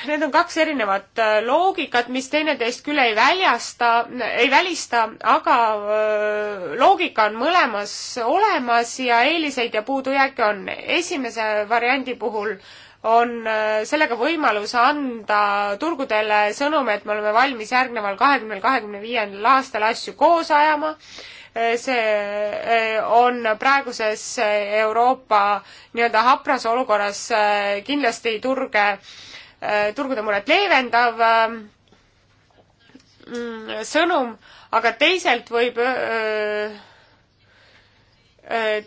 D: Need on kaks erinevat äh, loogikat, mis teineteist küll ei väljasta, ei välista, aga äh, loogika on mõlemas olemas ja eeliseid ja puudujääke on. esimese variandi puhul äh, on äh, sellega võimalus anda turgudele sõnum, et me oleme valmis järgneval kahekümnel, kahekümne viiendal aastal asju koos ajama. Äh, see äh, on praeguses Euroopa nii-öelda hapras olukorras kindlasti turge, turgude muret leevendav mm, sõnum, aga teisalt võib öö,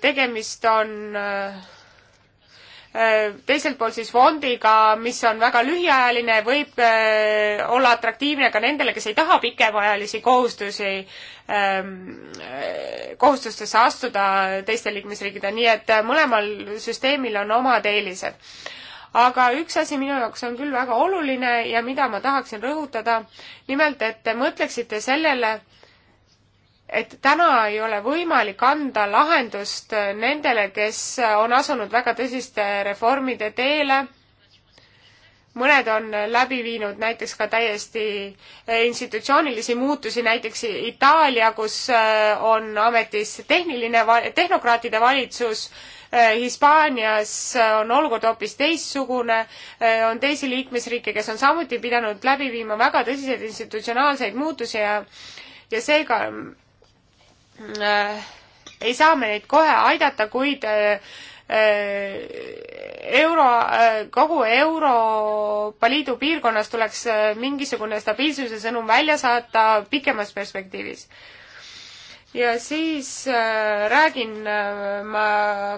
D: tegemist on öö, Äh, teiselt poolt siis fondiga, mis on väga lühiajaline, võib äh, olla atraktiivne ka nendele, kes ei taha pikemaajalisi kohustusi, ähm, äh, kohustustesse astuda teistel liikmesriikidel, nii et mõlemal süsteemil on omad eelised. aga üks asi minu jaoks on küll väga oluline ja mida ma tahaksin rõhutada, nimelt et te mõtleksite sellele, et täna ei ole võimalik anda lahendust äh, nendele, kes äh, on asunud väga tõsiste reformide teele. mõned on äh, läbi viinud näiteks ka täiesti institutsioonilisi muutusi, näiteks Itaalia, kus on ametis tehniline, tehnokraatide valitsus Hispaanias on olukord hoopis teistsugune, on teisi liikmesriike, kes on samuti pidanud läbi viima väga tõsiseid institutsionaalseid muutusi ja ja seega Äh, ei saa me neid kohe aidata, kuid äh, äh, euro, kogu Euroopa Liidu piirkonnas tuleks mingisugune stabiilsuse sõnum välja saata pikemas perspektiivis. ja siis räägin ma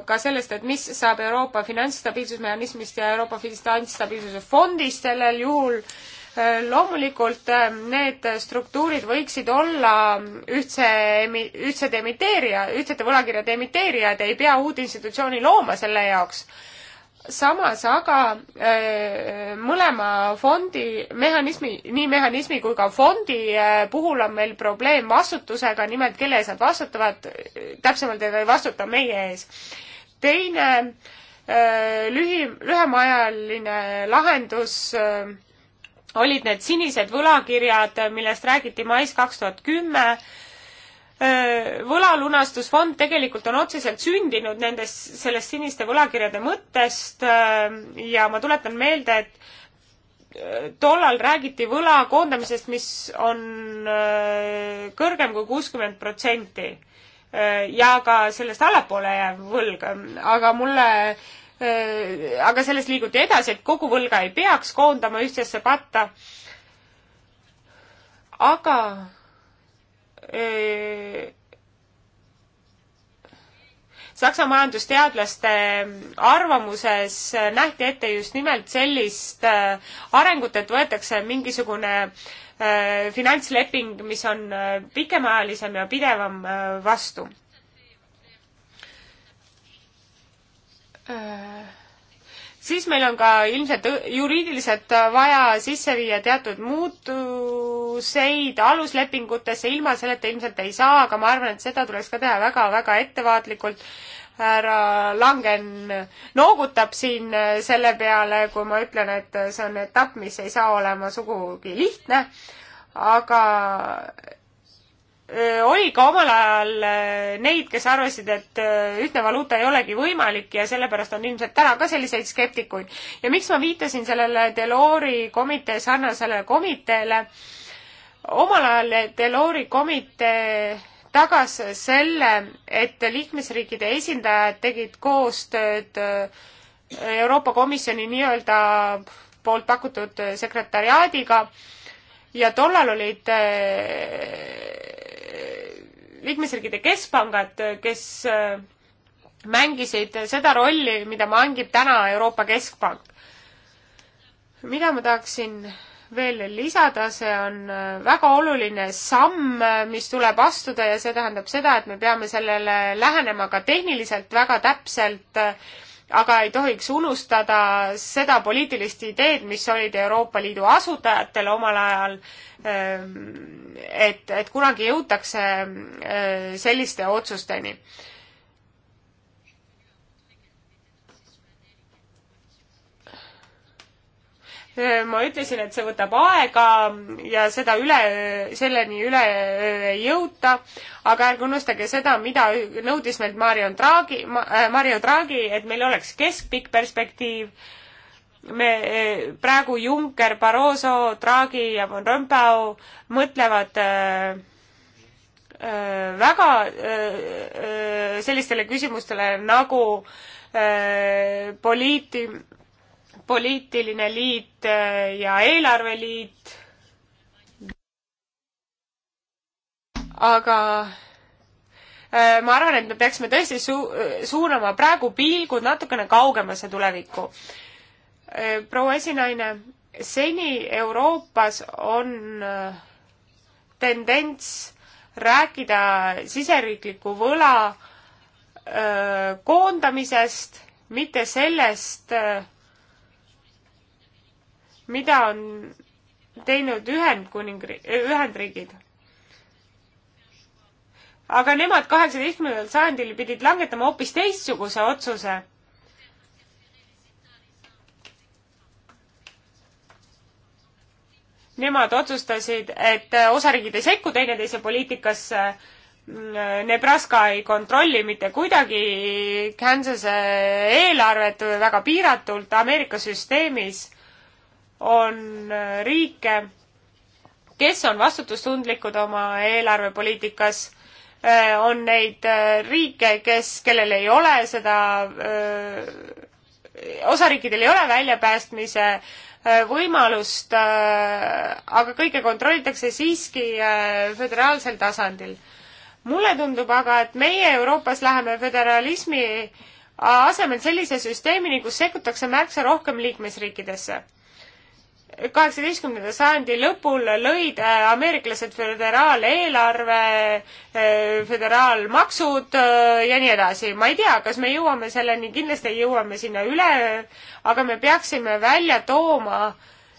D: ka sellest, et mis saab Euroopa finantsstabiilsusmehhanismist ja Euroopa finantsstabiilsuse fondist sellel juhul loomulikult äh, need struktuurid võiksid olla ühtse, ühtsed emiteerija, ühtsete võlakirjade emiteerijad, ei pea uut institutsiooni looma selle jaoks. samas aga öö, äh, mõlema fondi mehhanismi, nii mehhanismi kui ka fondi äh, puhul on meil probleem vastutusega, nimelt kelle ees nad vastutavad, täpsemalt nad ei vastuta meie ees. teine öö, lühi, lühemaajaline lahendus öö, olid need sinised võlakirjad, millest räägiti mais kaks tuhat kümme. võlalunastusfond tegelikult on otseselt sündinud nendest, sellest siniste võlakirjade mõttest ja ma tuletan meelde, et tollal räägiti võla koondamisest, mis on kõrgem kui kuuskümmend protsenti ja ka sellest allapoole jääv võlg, aga mulle Äh, aga sellest liiguti edasi, et kogu võlga ei peaks koondama ühtsesse patta. aga öö, äh, Saksa majandusteadlaste arvamuses nähti ette just nimelt sellist äh, arengut, et võetakse mingisugune finantsleping, mis on pikemaajalisem ja pidevam vastu siis meil on ka ilmselt juriidiliselt vaja sisse viia teatud muutuseid aluslepingutesse, ilma selleta ilmselt ei saa, aga ma arvan, et seda tuleks ka teha väga-väga ettevaatlikult. härra Langen noogutab siin äh, selle peale, kui ma ütlen, et äh, see on etapp, mis ei saa olema sugugi lihtne, aga oli ka omal ajal neid, kes arvasid, et ühtne valuuta ei olegi võimalik ja sellepärast on ilmselt täna ka selliseid skeptikuid. ja miks ma viitasin sellele Delori komitee sarnasele komiteele, omal ajal Delori komitee tagas selle, et liikmesriikide esindajad tegid koostööd Euroopa Komisjoni nii-öelda poolt pakutud sekretariaadiga ja tollal olid liikmesriikide keskpangad, kes äh, mängisid seda rolli, mida mängib täna Euroopa Keskpank. mida ma tahaksin veel lisada, see on äh, väga oluline samm, äh, mis tuleb astuda ja see tähendab seda, et me peame sellele lähenema ka tehniliselt väga täpselt äh, aga ei tohiks unustada seda poliitilist ideed, mis olid Euroopa Liidu asutajatel omal ajal, ehm, et, et kunagi jõutakse ehm, selliste otsusteni. ma ütlesin, et see võtab aega ja seda üle, selleni üle ei äh, jõuta, aga ärge unustage seda, mida nõudis meilt Mario Draghi, äh, Mario Draghi, et meil oleks keskpikk perspektiiv. me äh, praegu Juncker, Barroso, Draghi ja Von Rompau mõtlevad äh, väga sellistele küsimustele nagu poliiti-, poliitiline liit eh, ja eelarveliit. aga eh, ma arvan, et me peaksime tõesti su-, suunama praegu pilgud natukene kaugemasse tulevikku. Eh, proua esinaine, seni Euroopas on tendents rääkida siseriikliku võla öö, koondamisest, mitte sellest öö, mida on teinud Ühendkuningri-, eh, Ühendriigid. aga nemad kaheksateistkümnendal sajandil pidid langetama hoopis teistsuguse otsuse. Nemad otsustasid, et eh, osariigid ei sekku teineteise poliitikasse, mm, Nebraska ei kontrolli mitte kuidagi Kansase eelarvet väga piiratult Ameerika süsteemis on riike, kes on vastutustundlikud oma eelarvepoliitikas, äh, on neid äh, riike, kes, kellel ei ole seda, äh, osariikidel ei ole väljapäästmise võimalust, aga kõike kontrollitakse siiski föderaalsel tasandil. mulle tundub aga, et meie Euroopas läheme föderalismi asemel sellise süsteemini, kus sekkutakse märksa rohkem liikmesriikidesse kaheksateistkümnenda sajandi lõpul lõid äh, ameeriklased föderaaleelarve, äh, föderaalmaksud äh, ja nii edasi. ma ei tea, kas me jõuame selleni, kindlasti jõuame sinna üle, aga me peaksime välja tooma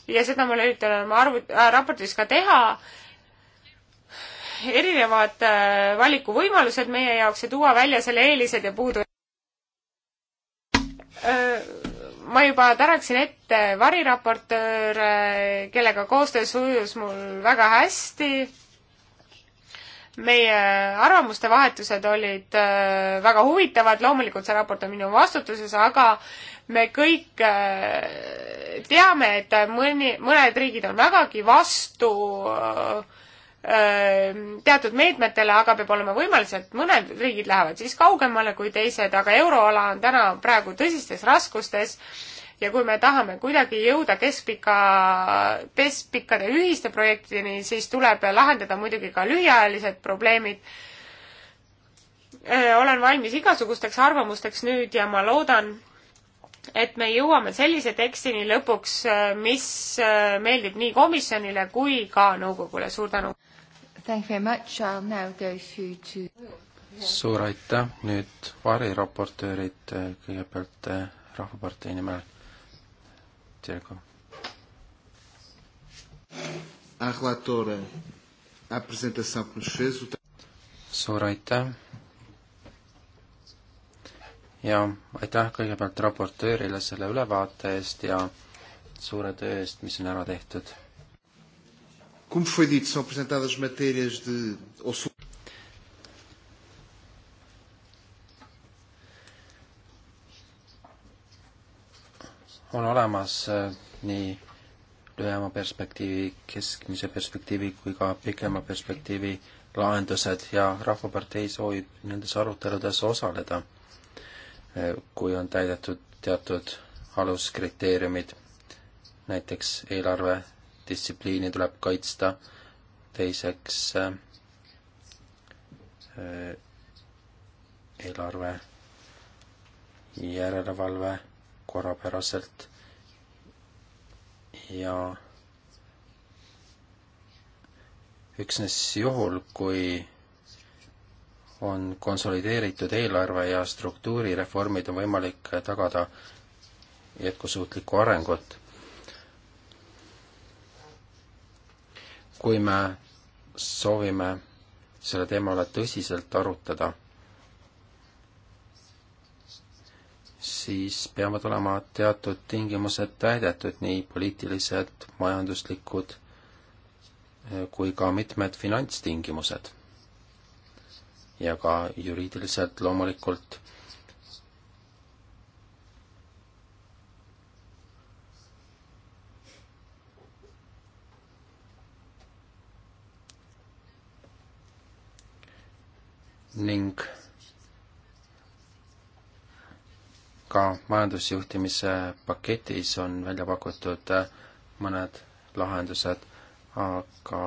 D: ja seda me üritame arvut- äh,, raportis ka teha, erinevad äh, valikuvõimalused meie jaoks ja tuua välja selle eelised ja puudu- äh, ma juba täraksin ette variraportööre, kellega koostöö sujus mul väga hästi. meie arvamuste vahetused olid äh, väga huvitavad, loomulikult see raport on minu vastutuses, aga me kõik äh, teame, et mõni, mõned riigid on vägagi vastu äh, Äh, teatud meetmetele, aga peab olema võimaliselt, mõned riigid lähevad siis kaugemale kui teised, aga euroala on täna praegu tõsistes raskustes ja kui me tahame kuidagi jõuda keskpika, keskpikkade ühiste projektideni, siis tuleb lahendada muidugi ka lühiajalised probleemid. Äh, olen valmis igasugusteks arvamusteks nüüd ja ma loodan, et me jõuame sellise tekstini lõpuks, äh, mis meeldib nii komisjonile kui ka nõukogule. suur tänu!
A: Thank you very much. I'll now go through to
C: suur aitäh, nüüd variraportöörid eh, kõigepealt eh, Rahvapartei nimel. Diego. suur aitäh ja aitäh kõigepealt raportöörile selle ülevaate eest ja suure töö eest, mis on ära tehtud
E: Como foi dito, são apresentadas matérias de.
C: on olemas äh, nii lühema perspektiivi, keskmise perspektiivi kui ka pikema perspektiivi lahendused ja Rahvapartei soovib nendes aruteludes osaleda, äh, kui on täidetud teatud aluskriteeriumid, näiteks eelarve distsipliini tuleb kaitsta, teiseks äh, eelarve järelevalve korrapäraselt ja üksnes juhul, kui on konsolideeritud eelarve ja struktuurireformid, on võimalik tagada jätkusuutlikku arengut kui me soovime selle teema üle tõsiselt arutada, siis peavad olema teatud tingimused täidetud, nii poliitilised, majanduslikud eh, kui ka mitmed finantstingimused. ja ka juriidiliselt loomulikult ning ka majandusjuhtimise paketis on välja pakutud äh, mõned lahendused, aga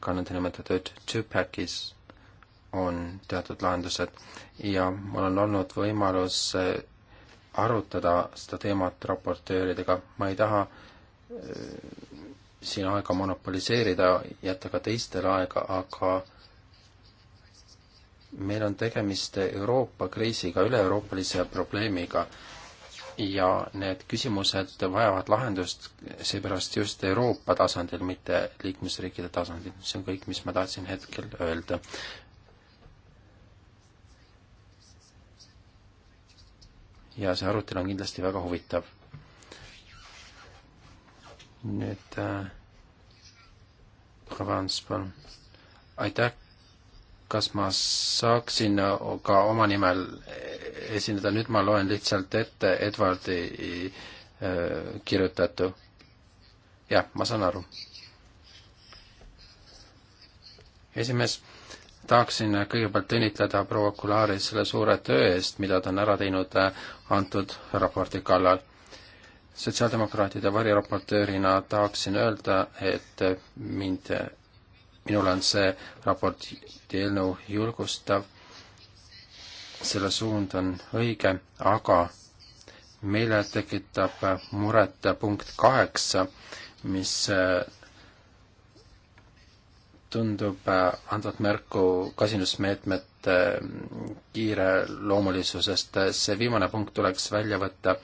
C: ka nõndanimetatud two-pack'is on teatud lahendused ja mul on olnud võimalus äh, arutada seda teemat raportööridega, ma ei taha äh, siin aega monopoliseerida, jätta ka teistele aega, aga meil on tegemist Euroopa kriisiga, üle-euroopalise probleemiga ja need küsimused vajavad lahendust seepärast just Euroopa tasandil, mitte liikmesriikide tasandil. see on kõik, mis ma tahtsin hetkel öelda. ja see arutelu on kindlasti väga huvitav. nüüd äh, Provence, palun. aitäh kas ma saaksin ka oma nimel esineda, nüüd ma loen lihtsalt ette Edwardi äh, kirjutatu. jah, ma saan aru. esimees, tahaksin kõigepealt õnnitleda proua Kulaari selle suure töö eest, mida ta on ära teinud äh, antud raporti kallal. sotsiaaldemokraatide variraportöörina tahaksin öelda, et mind minul on see raporti eelnõu julgustav, selle suund on õige, aga meile tekitab muret punkt kaheksa, mis äh, tundub äh, andvat märku kasinusmeetmete äh, kiireloomulisusest. see viimane punkt tuleks välja võtta.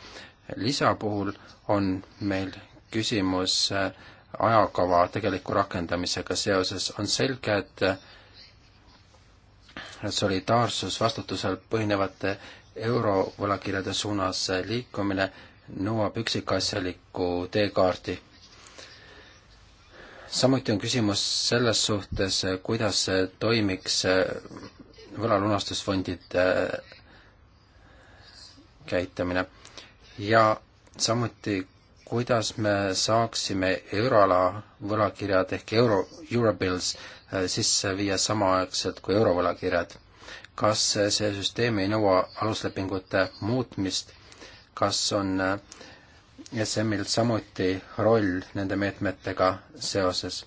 C: lisa puhul on meil küsimus äh, ajakava tegeliku rakendamisega seoses, on selge, et solidaarsus vastutusel põhinevate eurovõlakirjade suunas liikumine nõuab üksikasjalikku teekaardi. samuti on küsimus selles suhtes, kuidas toimiks võlalunastusfondide käitamine ja samuti kuidas me saaksime euroala võlakirjad ehk euro, eurobills äh, sisse viia samaaegselt kui eurovõlakirjad. kas äh, see süsteem ei nõua aluslepingute muutmist, kas on äh, SM-il samuti roll nende meetmetega seoses?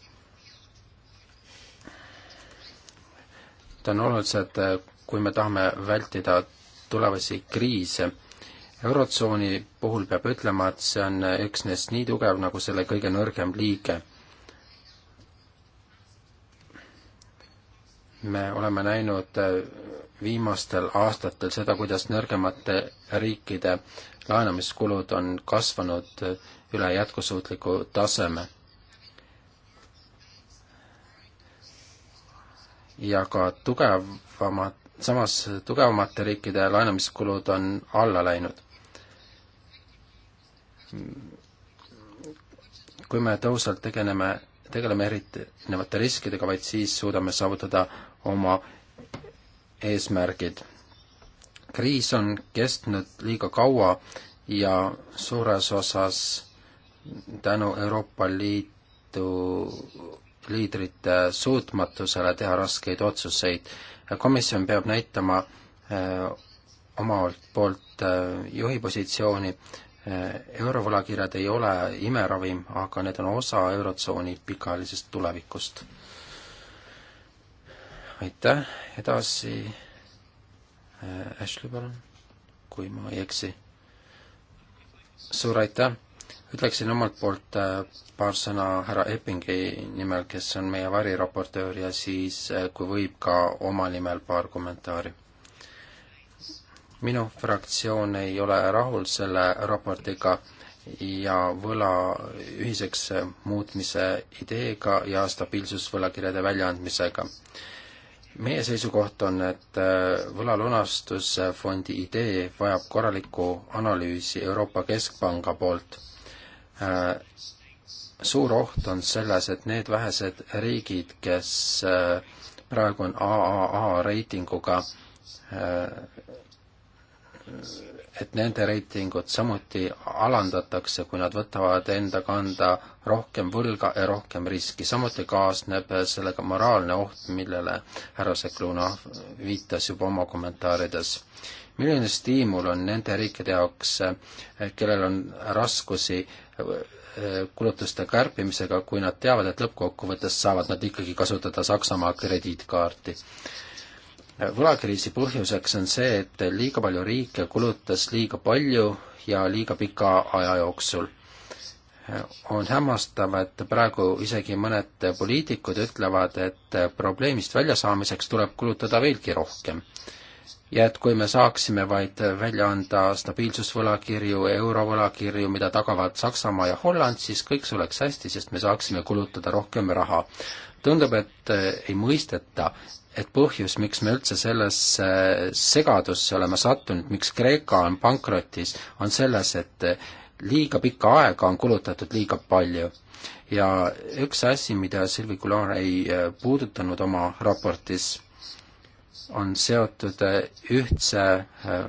C: Need on olulised, kui me tahame vältida tulevasi kriise eurotsooni puhul peab ütlema, et see on üksnes nii tugev nagu selle kõige nõrgem liige. me oleme näinud viimastel aastatel seda, kuidas nõrgemate riikide laenamiskulud on kasvanud üle jätkusuutliku taseme. ja ka tugevamad, samas tugevamate riikide laenamiskulud on alla läinud kui me tõhusalt tegeleme, tegeleme erinevate riskidega, vaid siis suudame saavutada oma eesmärgid. kriis on kestnud liiga kaua ja suures osas tänu Euroopa Liidu liidrite suutmatusele teha raskeid otsuseid. komisjon peab näitama eh, omalt poolt eh, juhi positsiooni Äh, eurovõlakirjad ei ole imeravim, aga need on osa Eurotsooni pikaajalisest tulevikust. aitäh, edasi äh, Ashley, palun, kui ma ei eksi. suur aitäh, ütleksin omalt poolt äh, paar sõna härra Eppingi nimel, kes on meie variraportöör ja siis, kui võib, ka oma nimel paar kommentaari minu fraktsioon ei ole rahul selle raportiga ja võla ühiseks muutmise ideega ja stabiilsusvõlakirjade väljaandmisega. meie seisukoht on, et äh, võlalunastusfondi idee vajab korralikku analüüsi Euroopa Keskpanga poolt. Äh, suur oht on selles, et need vähesed riigid, kes äh, praegu on AAA reitinguga, et nende reitingut samuti alandatakse, kui nad võtavad enda kanda rohkem võlga ja rohkem riski. samuti kaasneb sellega moraalne oht, millele härra Sekluna viitas juba oma kommentaarides. milline stiimul on nende riikide jaoks, kellel on raskusi eh, kulutuste kärpimisega, kui nad teavad, et lõppkokkuvõttes saavad nad ikkagi kasutada Saksamaa krediitkaarti? võlakriisi põhjuseks on see, et liiga palju riike kulutas liiga palju ja liiga pika aja jooksul. on hämmastav, et praegu isegi mõned poliitikud ütlevad, et probleemist väljasaamiseks tuleb kulutada veelgi rohkem. ja et kui me saaksime vaid välja anda stabiilsusvõlakirju, eurovõlakirju, mida tagavad Saksamaa ja Holland, siis kõik see oleks hästi, sest me saaksime kulutada rohkem raha tundub, et ei mõisteta, et põhjus, miks me üldse sellesse segadusse oleme sattunud, miks Kreeka on pankrotis, on selles, et liiga pikka aega on kulutatud liiga palju. ja üks asi, mida Silvi Kular ei äh, puudutanud oma raportis, on seotud äh, ühtse äh,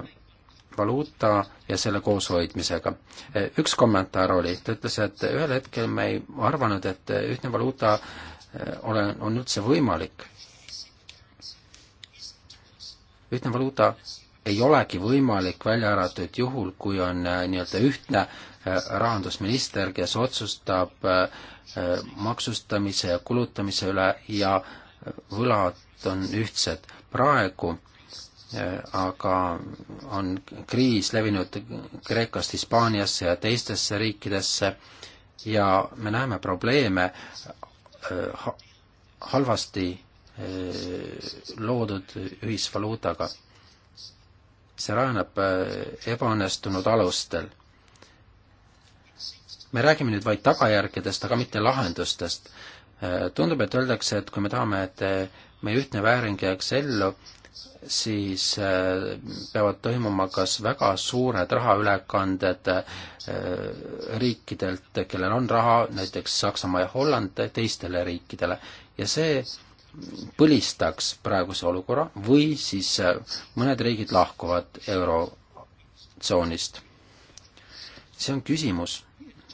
C: valuuta ja selle kooshoidmisega. üks kommentaar oli, ta ütles, et ühel hetkel me ei arvanud, et ühtne valuuta ole, on üldse võimalik ühtne valuuta ei olegi võimalik välja arvatud juhul, kui on äh, nii-öelda ühtne äh, rahandusminister, kes otsustab äh, maksustamise ja kulutamise üle ja võlad on ühtsed. praegu aga on kriis levinud Kreekast Hispaaniasse ja teistesse riikidesse ja me näeme probleeme halvasti Eh, loodud ühisvaluutaga. see rajaneb eh, ebaõnnestunud alustel. me räägime nüüd vaid tagajärgedest, aga mitte lahendustest. Eh, tundub, et öeldakse, et kui me tahame, et meie ühtne vääring jääks ellu, siis peavad toimuma kas väga suured rahaülekanded riikidelt, kellel on raha, näiteks Saksamaa ja Holland, teistele riikidele. ja see põlistaks praeguse olukorra või siis äh, mõned riigid lahkuvad eurotsoonist. see on küsimus,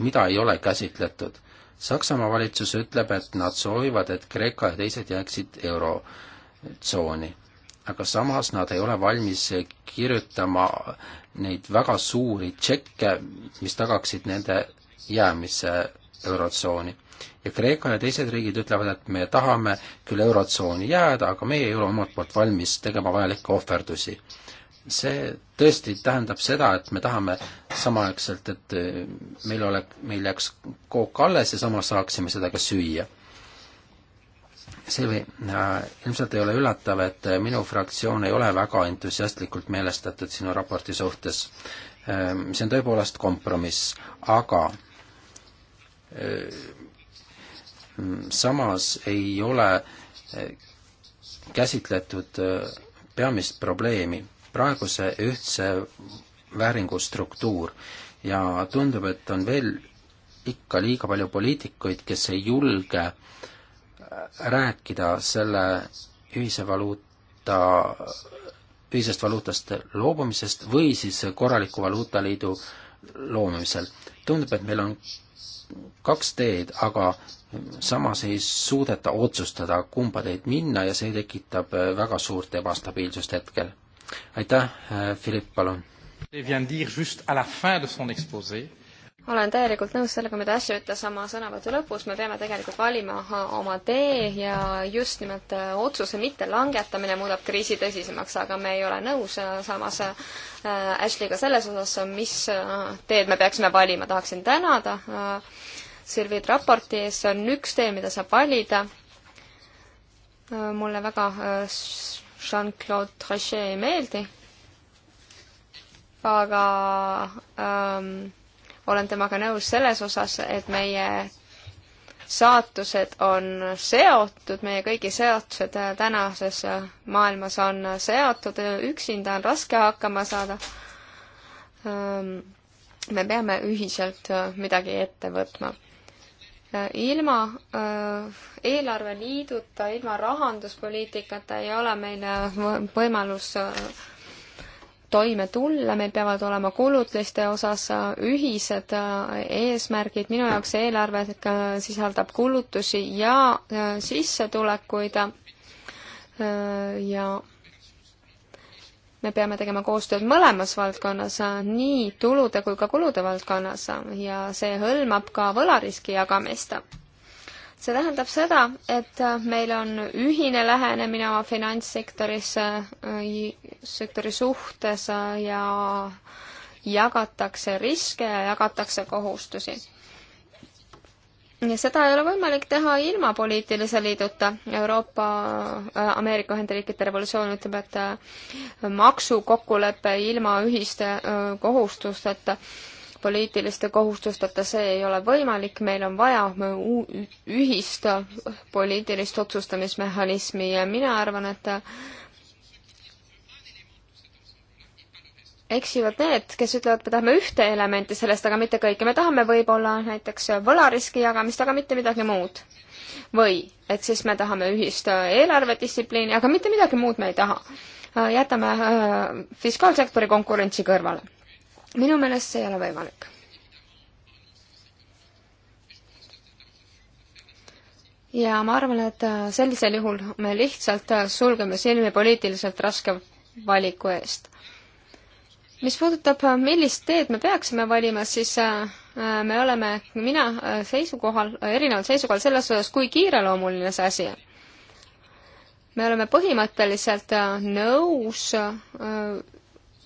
C: mida ei ole käsitletud. Saksamaa valitsus ütleb, et nad soovivad, et Kreeka ja teised jääksid eurotsooni. aga samas nad ei ole valmis kirjutama neid väga suuri tšekke, mis tagaksid nende jäämise eurotsooni ja Kreeka ja teised riigid ütlevad, et me tahame küll Eurotsooni jääda, aga meie ei ole omalt poolt valmis tegema vajalikke ohverdusi. see tõesti tähendab seda, et me tahame samaaegselt, et eh, meil ole, meil jääks kook alles ja samas saaksime seda ka süüa. Silvi, äh, ilmselt ei ole üllatav, et äh, minu fraktsioon ei ole väga entusiastlikult meelestatud sinu raporti suhtes. Äh, see on tõepoolest kompromiss, aga Mm, samas ei ole eh, käsitletud eh, peamist probleemi, praeguse ühtse vääringu struktuur ja tundub, et on veel ikka liiga palju poliitikuid, kes ei julge eh, rääkida selle ühise valuuta, ühisest valuutast loobumisest või siis korraliku valuutaliidu loomimisel. tundub, et meil on kaks teed, aga samas ei suudeta otsustada, kumba teed minna ja see tekitab äh, väga suurt ebastabiilsust hetkel. aitäh, äh, Philipp, palun!
B: olen täielikult nõus sellega, mida Ash ütles oma sõnavõtu lõpus, me peame tegelikult valima oma tee ja just nimelt äh, otsuse mittelangetamine muudab kriisi tõsisemaks, aga me ei ole nõus samas Ashleyga selles osas, mis teed me peaksime valima, tahaksin tänada äh, Silvid raporti ees, see on üks tee, mida saab valida. mulle väga äh, Jean-Claude Trichet ei meeldi, aga ähm, olen temaga nõus selles osas, et meie saatused on seotud, meie kõigi seotused äh, tänases äh, maailmas on seotud, üksinda on raske hakkama saada. Ähm, me peame ühiselt midagi ette võtma ilma äh, eelarveliiduta, ilma rahanduspoliitikata ei ole meil äh, võimalus äh, toime tulla, meil peavad olema kulutiste osas ühised eesmärgid, minu jaoks eelarve sisaldab kulutusi ja sissetulekuid ja me peame tegema koostööd mõlemas valdkonnas, nii tulude kui ka kulude valdkonnas ja see hõlmab ka võlariski jagamist. see tähendab seda, et meil on ühine lähenemine oma finantssektoris, sektori suhtes ja jagatakse riske ja jagatakse kohustusi ja seda ei ole võimalik teha ilma poliitilise liiduta. Euroopa äh,, Ameerika Ühendriikide revolutsioon ütleb, et äh, maksukokkulepe ilma ühiste äh, kohustusteta, poliitiliste kohustusteta, see ei ole võimalik, meil on vaja äh, ühist äh, poliitilist otsustamismehhanismi ja mina arvan, et äh, eksivad need, kes ütlevad, me tahame ühte elementi sellest, aga mitte kõike. me tahame võib-olla näiteks võlariski jagamist, aga mitte midagi muud. või et siis me tahame ühist eelarvedistsipliini, aga mitte midagi muud me ei taha. jätame äh, fiskaalsektori konkurentsi kõrvale. minu meelest see ei ole võimalik. ja ma arvan, et äh, sellisel juhul me lihtsalt äh, sulgeme silmi poliitiliselt raske valiku eest mis puudutab, äh, millist teed me peaksime valima, siis äh, äh, me oleme, mina seisukohal, erineval seisukohal selles osas, kui kiireloomuline see asi on. me oleme põhimõtteliselt nõus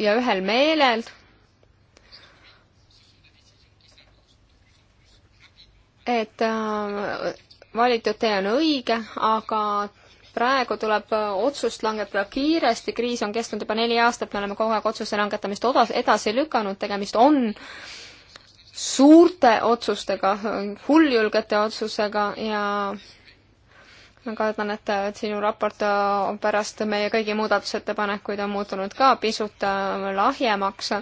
B: ja ühel meelel et valitud tee on õige, aga praegu tuleb äh, otsust langetada kiiresti, kriis on kestnud juba neli aastat, me oleme kogu aeg otsuse langetamist odas-, edasi lükanud, tegemist on suurte otsustega, hulljulgete otsusega ja ma kardan, et, et sinu raport äh, pärast meie kõigi muudatusettepanekuid on muutunud ka pisut äh, lahjemaks,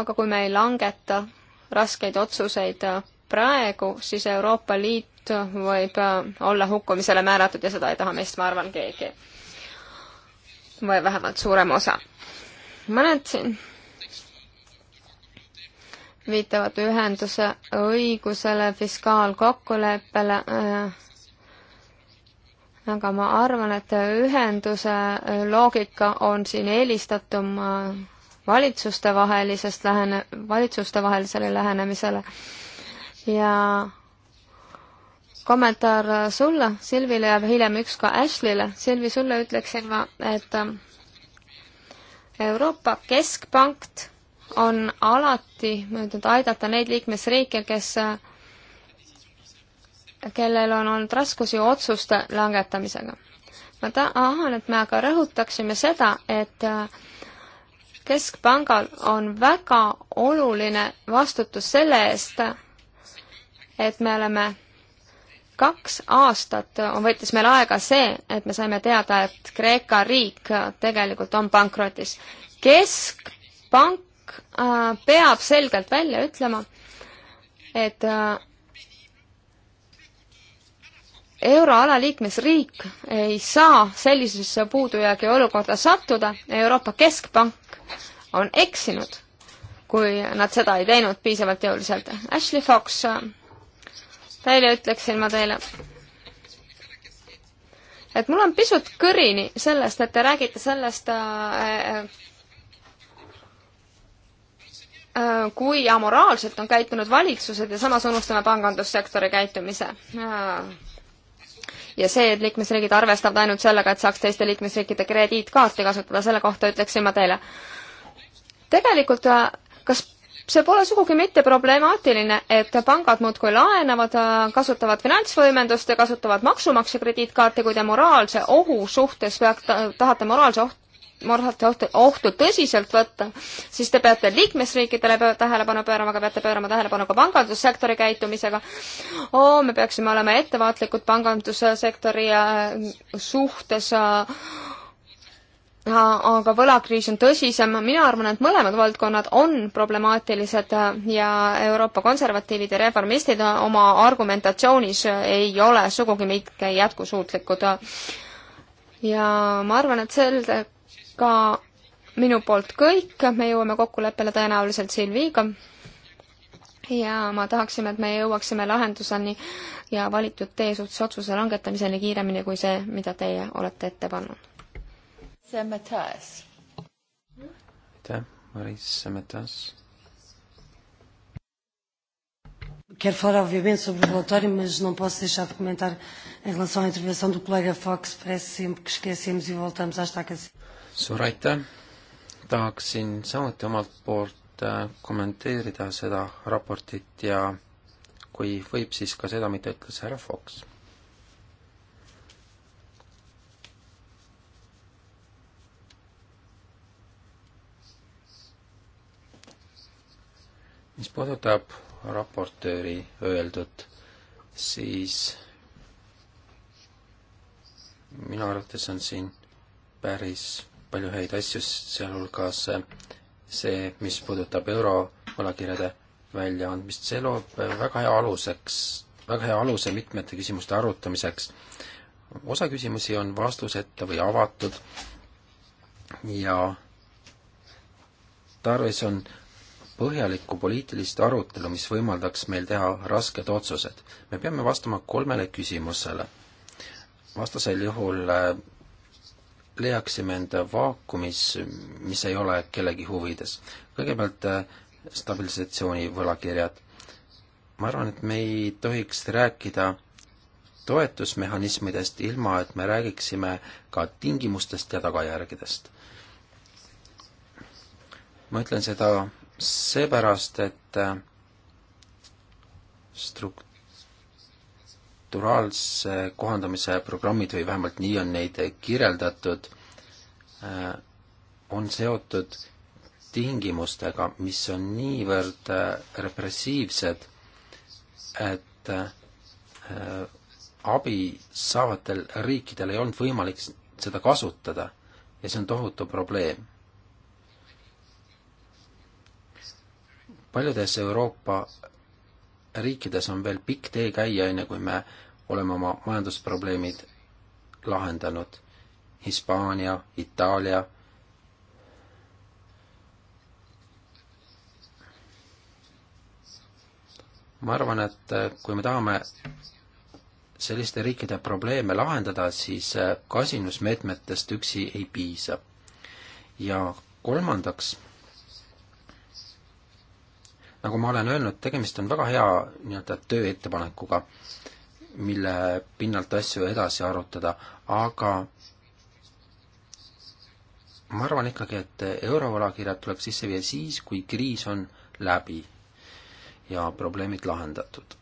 B: aga kui me ei langeta raskeid otsuseid praegu, siis Euroopa Liit võib äh, olla hukkumisele määratud ja seda ei taha meist, ma arvan, keegi. või vähemalt suurem osa. mõned siin viitavad ühenduse õigusele, fiskaalkokkuleppele äh, aga ma arvan, et ühenduse loogika on siin eelistatum äh, valitsustevahelisest lähene, valitsustevahelisele lähenemisele ja kommentaar sulle, Silvile ja hiljem üks ka Ashley'le. Silvi, sulle ütleksin ma, et ähm, Euroopa Keskpank on alati mõeldud aidata neid liikmesriike, kes, äh, kellel on olnud raskusi otsuste langetamisega. ma tahan, et me aga rõhutaksime seda, et äh, keskpangal on väga oluline vastutus selle eest, et me oleme kaks aastat võttis meil aega see, et me saime teada, et Kreeka riik tegelikult on pankrotis. keskpank äh, peab selgelt välja ütlema, et äh, euroala liikmesriik ei saa sellisesse puudujäägi olukorda sattuda, Euroopa Keskpank on eksinud, kui nad seda ei teinud piisavalt jõuliselt. Ashley Fox äh, välja ütleksin ma teile, et mul on pisut kõrini sellest, et te räägite sellest äh, äh, äh, kui amoraalselt on käitunud valitsused ja samas unustame pangandussektori käitumise äh ja see, et liikmesriigid arvestavad ainult sellega, et saaks teiste liikmesriikide krediitkaarti kasutada, selle kohta ütleksin ma teile. tegelikult äh, kas see pole sugugi mitte problemaatiline, et pangad muudkui laenavad, kasutavad finantsvõimendust ja kasutavad maksumaksja krediitkaarte, kui te moraalse ohu suhtes peaks, tahate moraalse oht-, moraalset ohtu, ohtu tõsiselt võtta, siis te peate liikmesriikidele pöö, tähelepanu pöörama, aga peate pöörama tähelepanu ka pangandussektori käitumisega oh,. me peaksime olema ettevaatlikud pangandussektori äh, suhtes äh, aga võlakriis on tõsisem, mina arvan, et mõlemad valdkonnad on problemaatilised ja Euroopa konservatiivid ja reformistid oma argumentatsioonis ei ole sugugi mitte jätkusuutlikud. ja ma arvan, et sellega minu poolt kõik, me jõuame kokkuleppele tõenäoliselt Silviga ja ma tahaksime, et me jõuaksime lahenduseni ja valitud tee suhtes otsuse langetamiseni kiiremini kui see, mida teie olete ette pannud
A: Mattias.
C: aitäh, Maris Mattias.
F: Quero falar, obviamente, sobre o relatório, mas não posso deixar de comentar em relação à intervenção do colega Fox. Parece sempre que esquecemos e voltamos à estaca.
C: suur aitäh, tahaksin samuti omalt poolt kommenteerida seda raportit ja kui võib, siis ka seda, mida ütles härra Fox mis puudutab raportööri öeldut, siis minu arvates on siin päris palju häid asju, sealhulgas see, mis puudutab eurovõlakirjade väljaandmist, see loob väga hea aluseks, väga hea aluse mitmete küsimuste arutamiseks. osa küsimusi on vastuseta või avatud ja tarvis on põhjalikku poliitilist arutelu, mis võimaldaks meil teha rasked otsused. me peame vastama kolmele küsimusele. vastasel juhul äh, leiaksime enda vaakumis, mis ei ole kellegi huvides. kõigepealt äh, stabilisatsiooni võlakirjad. ma arvan, et me ei tohiks rääkida toetusmehhanismidest, ilma et me räägiksime ka tingimustest ja tagajärgedest. ma ütlen seda seepärast, et äh, strukturaalse kohandamise programmid või vähemalt nii on neid kirjeldatud, äh, on seotud tingimustega, mis on niivõrd äh, repressiivsed, et abi saavatel riikidel ei olnud võimalik seda kasutada ja see on tohutu probleem. paljudes Euroopa riikides on veel pikk tee käia, enne kui me oleme oma majandusprobleemid lahendanud. Hispaania, Itaalia, ma arvan, et äh, kui me tahame selliste riikide probleeme lahendada, siis äh, kasinusmeetmetest üksi ei piisa. ja kolmandaks nagu ma olen öelnud, tegemist on väga hea nii-öelda tööettepanekuga, mille pinnalt asju edasi arutada, aga ma arvan ikkagi, et eurovõlakirjad tuleb sisse viia siis, kui kriis on läbi ja probleemid lahendatud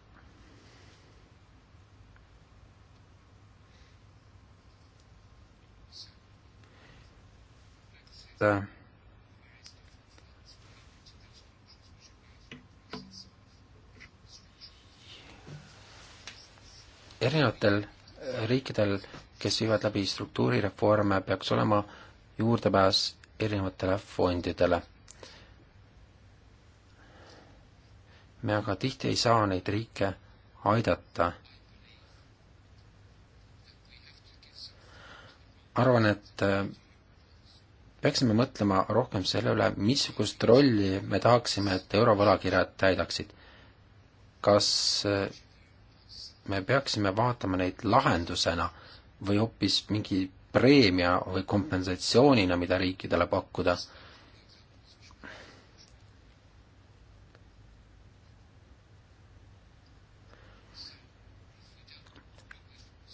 C: äh,. erinevatel riikidel, kes viivad läbi struktuurireforme, peaks olema juurdepääs erinevatele fondidele. me aga tihti ei saa neid riike aidata. arvan, et äh, peaksime mõtlema rohkem selle üle, missugust rolli me tahaksime, et eurovõlakirjad täidaksid. kas äh, me peaksime vaatama neid lahendusena või hoopis mingi preemia või kompensatsioonina, mida riikidele pakkuda.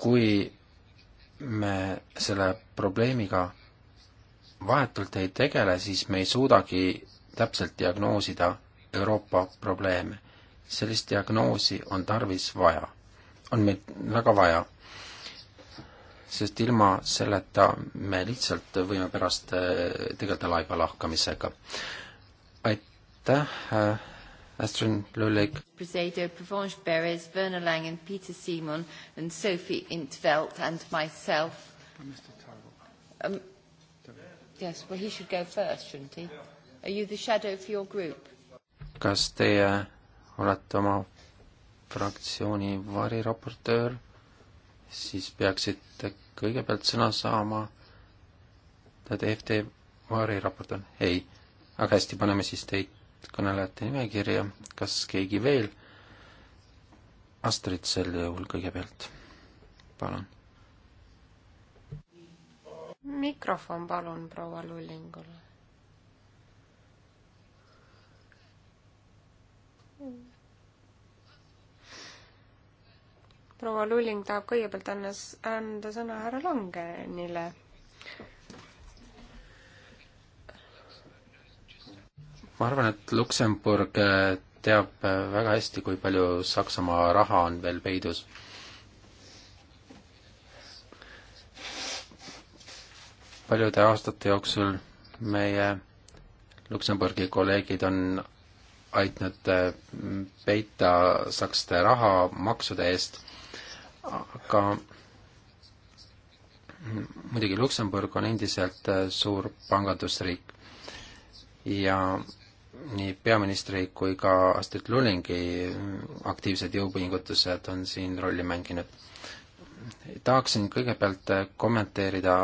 C: kui me selle probleemiga vahetult ei tegele, siis me ei suudagi täpselt diagnoosida Euroopa probleeme. sellist diagnoosi on tarvis vaja on meid väga vaja. sest ilma selleta me lihtsalt võime pärast äh, tegeleda laiba lahkamisega. aitäh, äh, Astrid Lullik.
A: Presedo, Provence Beres, Werner Langen, Peter Simon and Sophie Intveld and myself. Um, yes, well he should go first, shouldn't he? Are you the shadow for your group?
C: kas teie olete oma fraktsiooni variraportöör, siis peaksite kõigepealt sõna saama. teate, FD variraportöör, ei. aga hästi, paneme siis teid kõnelejate nimekirja, kas keegi veel? Astrid sel juhul kõigepealt, palun.
D: mikrofon palun proua Lullingule. proua Lulling tahab kõigepealt anda, anda sõna härra Langenile.
C: ma arvan, et Luksemburg äh, teab äh, väga hästi, kui palju Saksamaa raha on veel peidus paljude aastate jooksul meie Luksemburgi kolleegid on aitnud äh, peita sakslaste raha maksude eest aga muidugi Luksemburg on endiselt äh, suur pangandusriik ja nii peaministri kui ka Astrid Lullingi äh, aktiivsed jõupingutused on siin rolli mänginud. tahaksin kõigepealt äh, kommenteerida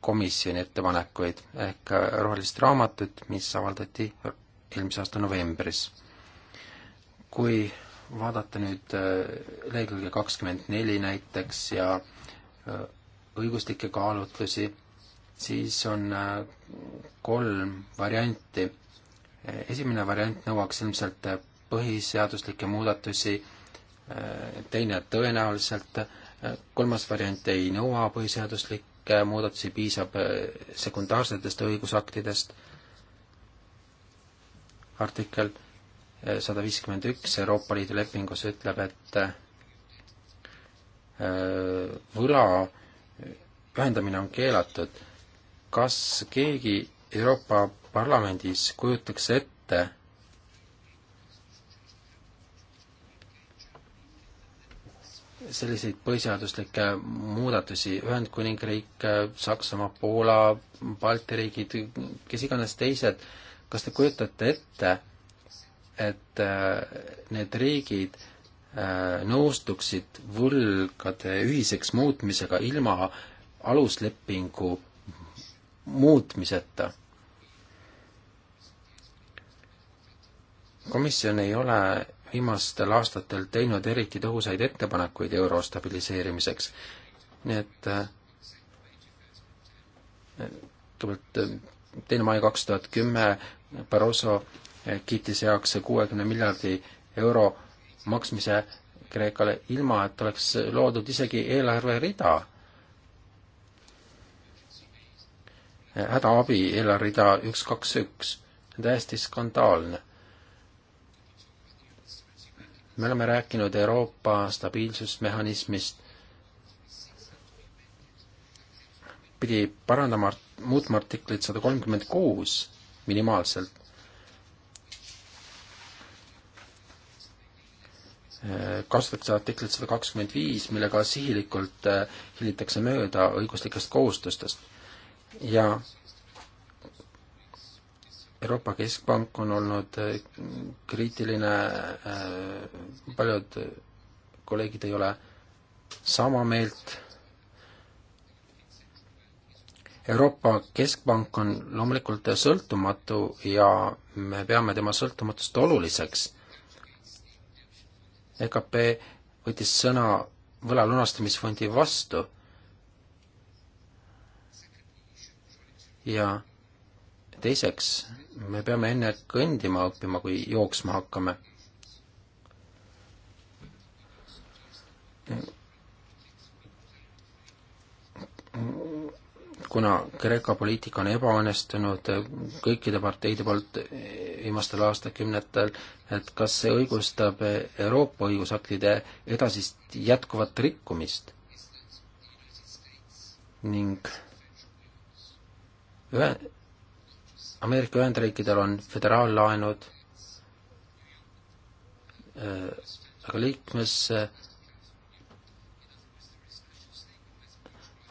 C: komisjoni ettepanekuid ehk rohelist raamatut, mis avaldati eelmise aasta novembris. kui vaadata nüüd äh, lehekülge kakskümmend neli näiteks ja äh, õiguslikke kaalutlusi, siis on äh, kolm varianti. esimene variant nõuaks ilmselt põhiseaduslikke muudatusi, teine tõenäoliselt, kolmas variant ei nõua põhiseaduslikke muudatusi, piisab sekundaarsetest õigusaktidest. artikkel sada viiskümmend üks Euroopa Liidu lepingus ütleb, et äh, võla ühendamine on keelatud. kas keegi Euroopa Parlamendis kujutaks ette, selliseid põhiseaduslikke muudatusi, Ühendkuningriik, Saksamaa, Poola, Balti riigid, kes iganes teised, kas te kujutate ette, et äh, need riigid äh, nõustuksid võlgade ühiseks muutmisega ilma aluslepingu muutmiseta. komisjon ei ole viimastel aastatel teinud eriti tõhusaid ettepanekuid euro stabiliseerimiseks, nii et kõigepealt äh, teine mai kaks tuhat kümme Barroso kiitis heaks kuuekümne miljardi euro maksmise Kreekale, ilma et oleks loodud isegi eelarverida. hädaabi eelarverida üks, kaks, üks, täiesti skandaalne. me oleme rääkinud Euroopa stabiilsusmehhanismist, pidi parandama, muutma artiklit sada kolmkümmend kuus minimaalselt, Eh, kasutatakse artiklit sada kakskümmend viis, millega sihilikult eh, hilitakse mööda õiguslikest kohustustest. ja Euroopa Keskpank on olnud eh, kriitiline, paljud kolleegid ei ole sama meelt. Euroopa Keskpank on loomulikult sõltumatu ja me peame tema sõltumatust oluliseks EKP võttis sõna võla lunastamisfondi vastu ja teiseks, me peame enne kõndima õppima, kui jooksma hakkame kuna Kreeka poliitika on ebaõnnestunud kõikide parteide poolt viimastel aastakümnetel, et kas see õigustab Euroopa õigusaktide edasist jätkuvat rikkumist? ning ühe, Ameerika Ühendriikidel on föderaallaenud, äh, aga liikmes äh,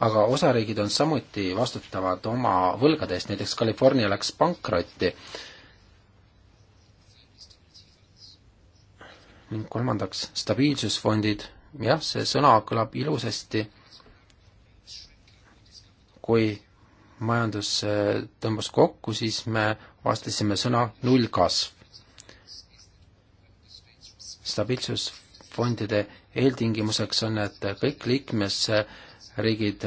C: aga osariigid on samuti vastutavad oma võlgade eest, näiteks California läks pankrotti. ning kolmandaks, stabiilsusfondid, jah, see sõna kõlab ilusasti, kui majandus äh, tõmbas kokku, siis me vastasime sõna nullkasv. stabiilsusfondide eeltingimuseks on, et kõik liikmes äh, riigid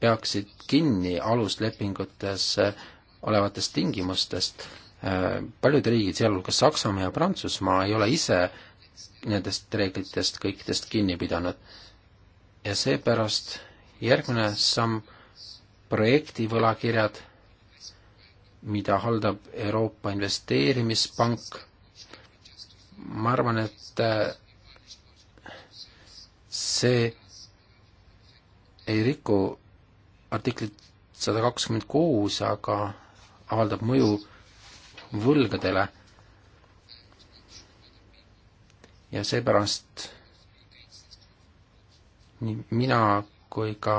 C: peaksid kinni aluslepingutes olevatest tingimustest. paljud riigid, sealhulgas Saksamaa ja Prantsusmaa, ei ole ise nendest reeglitest kõikidest kinni pidanud. ja seepärast järgmine samm, projektivõlakirjad, mida haldab Euroopa Investeerimispank, ma arvan, et see ei riku artiklit sada kakskümmend kuus, aga avaldab mõju võlgadele. ja seepärast nii mina kui ka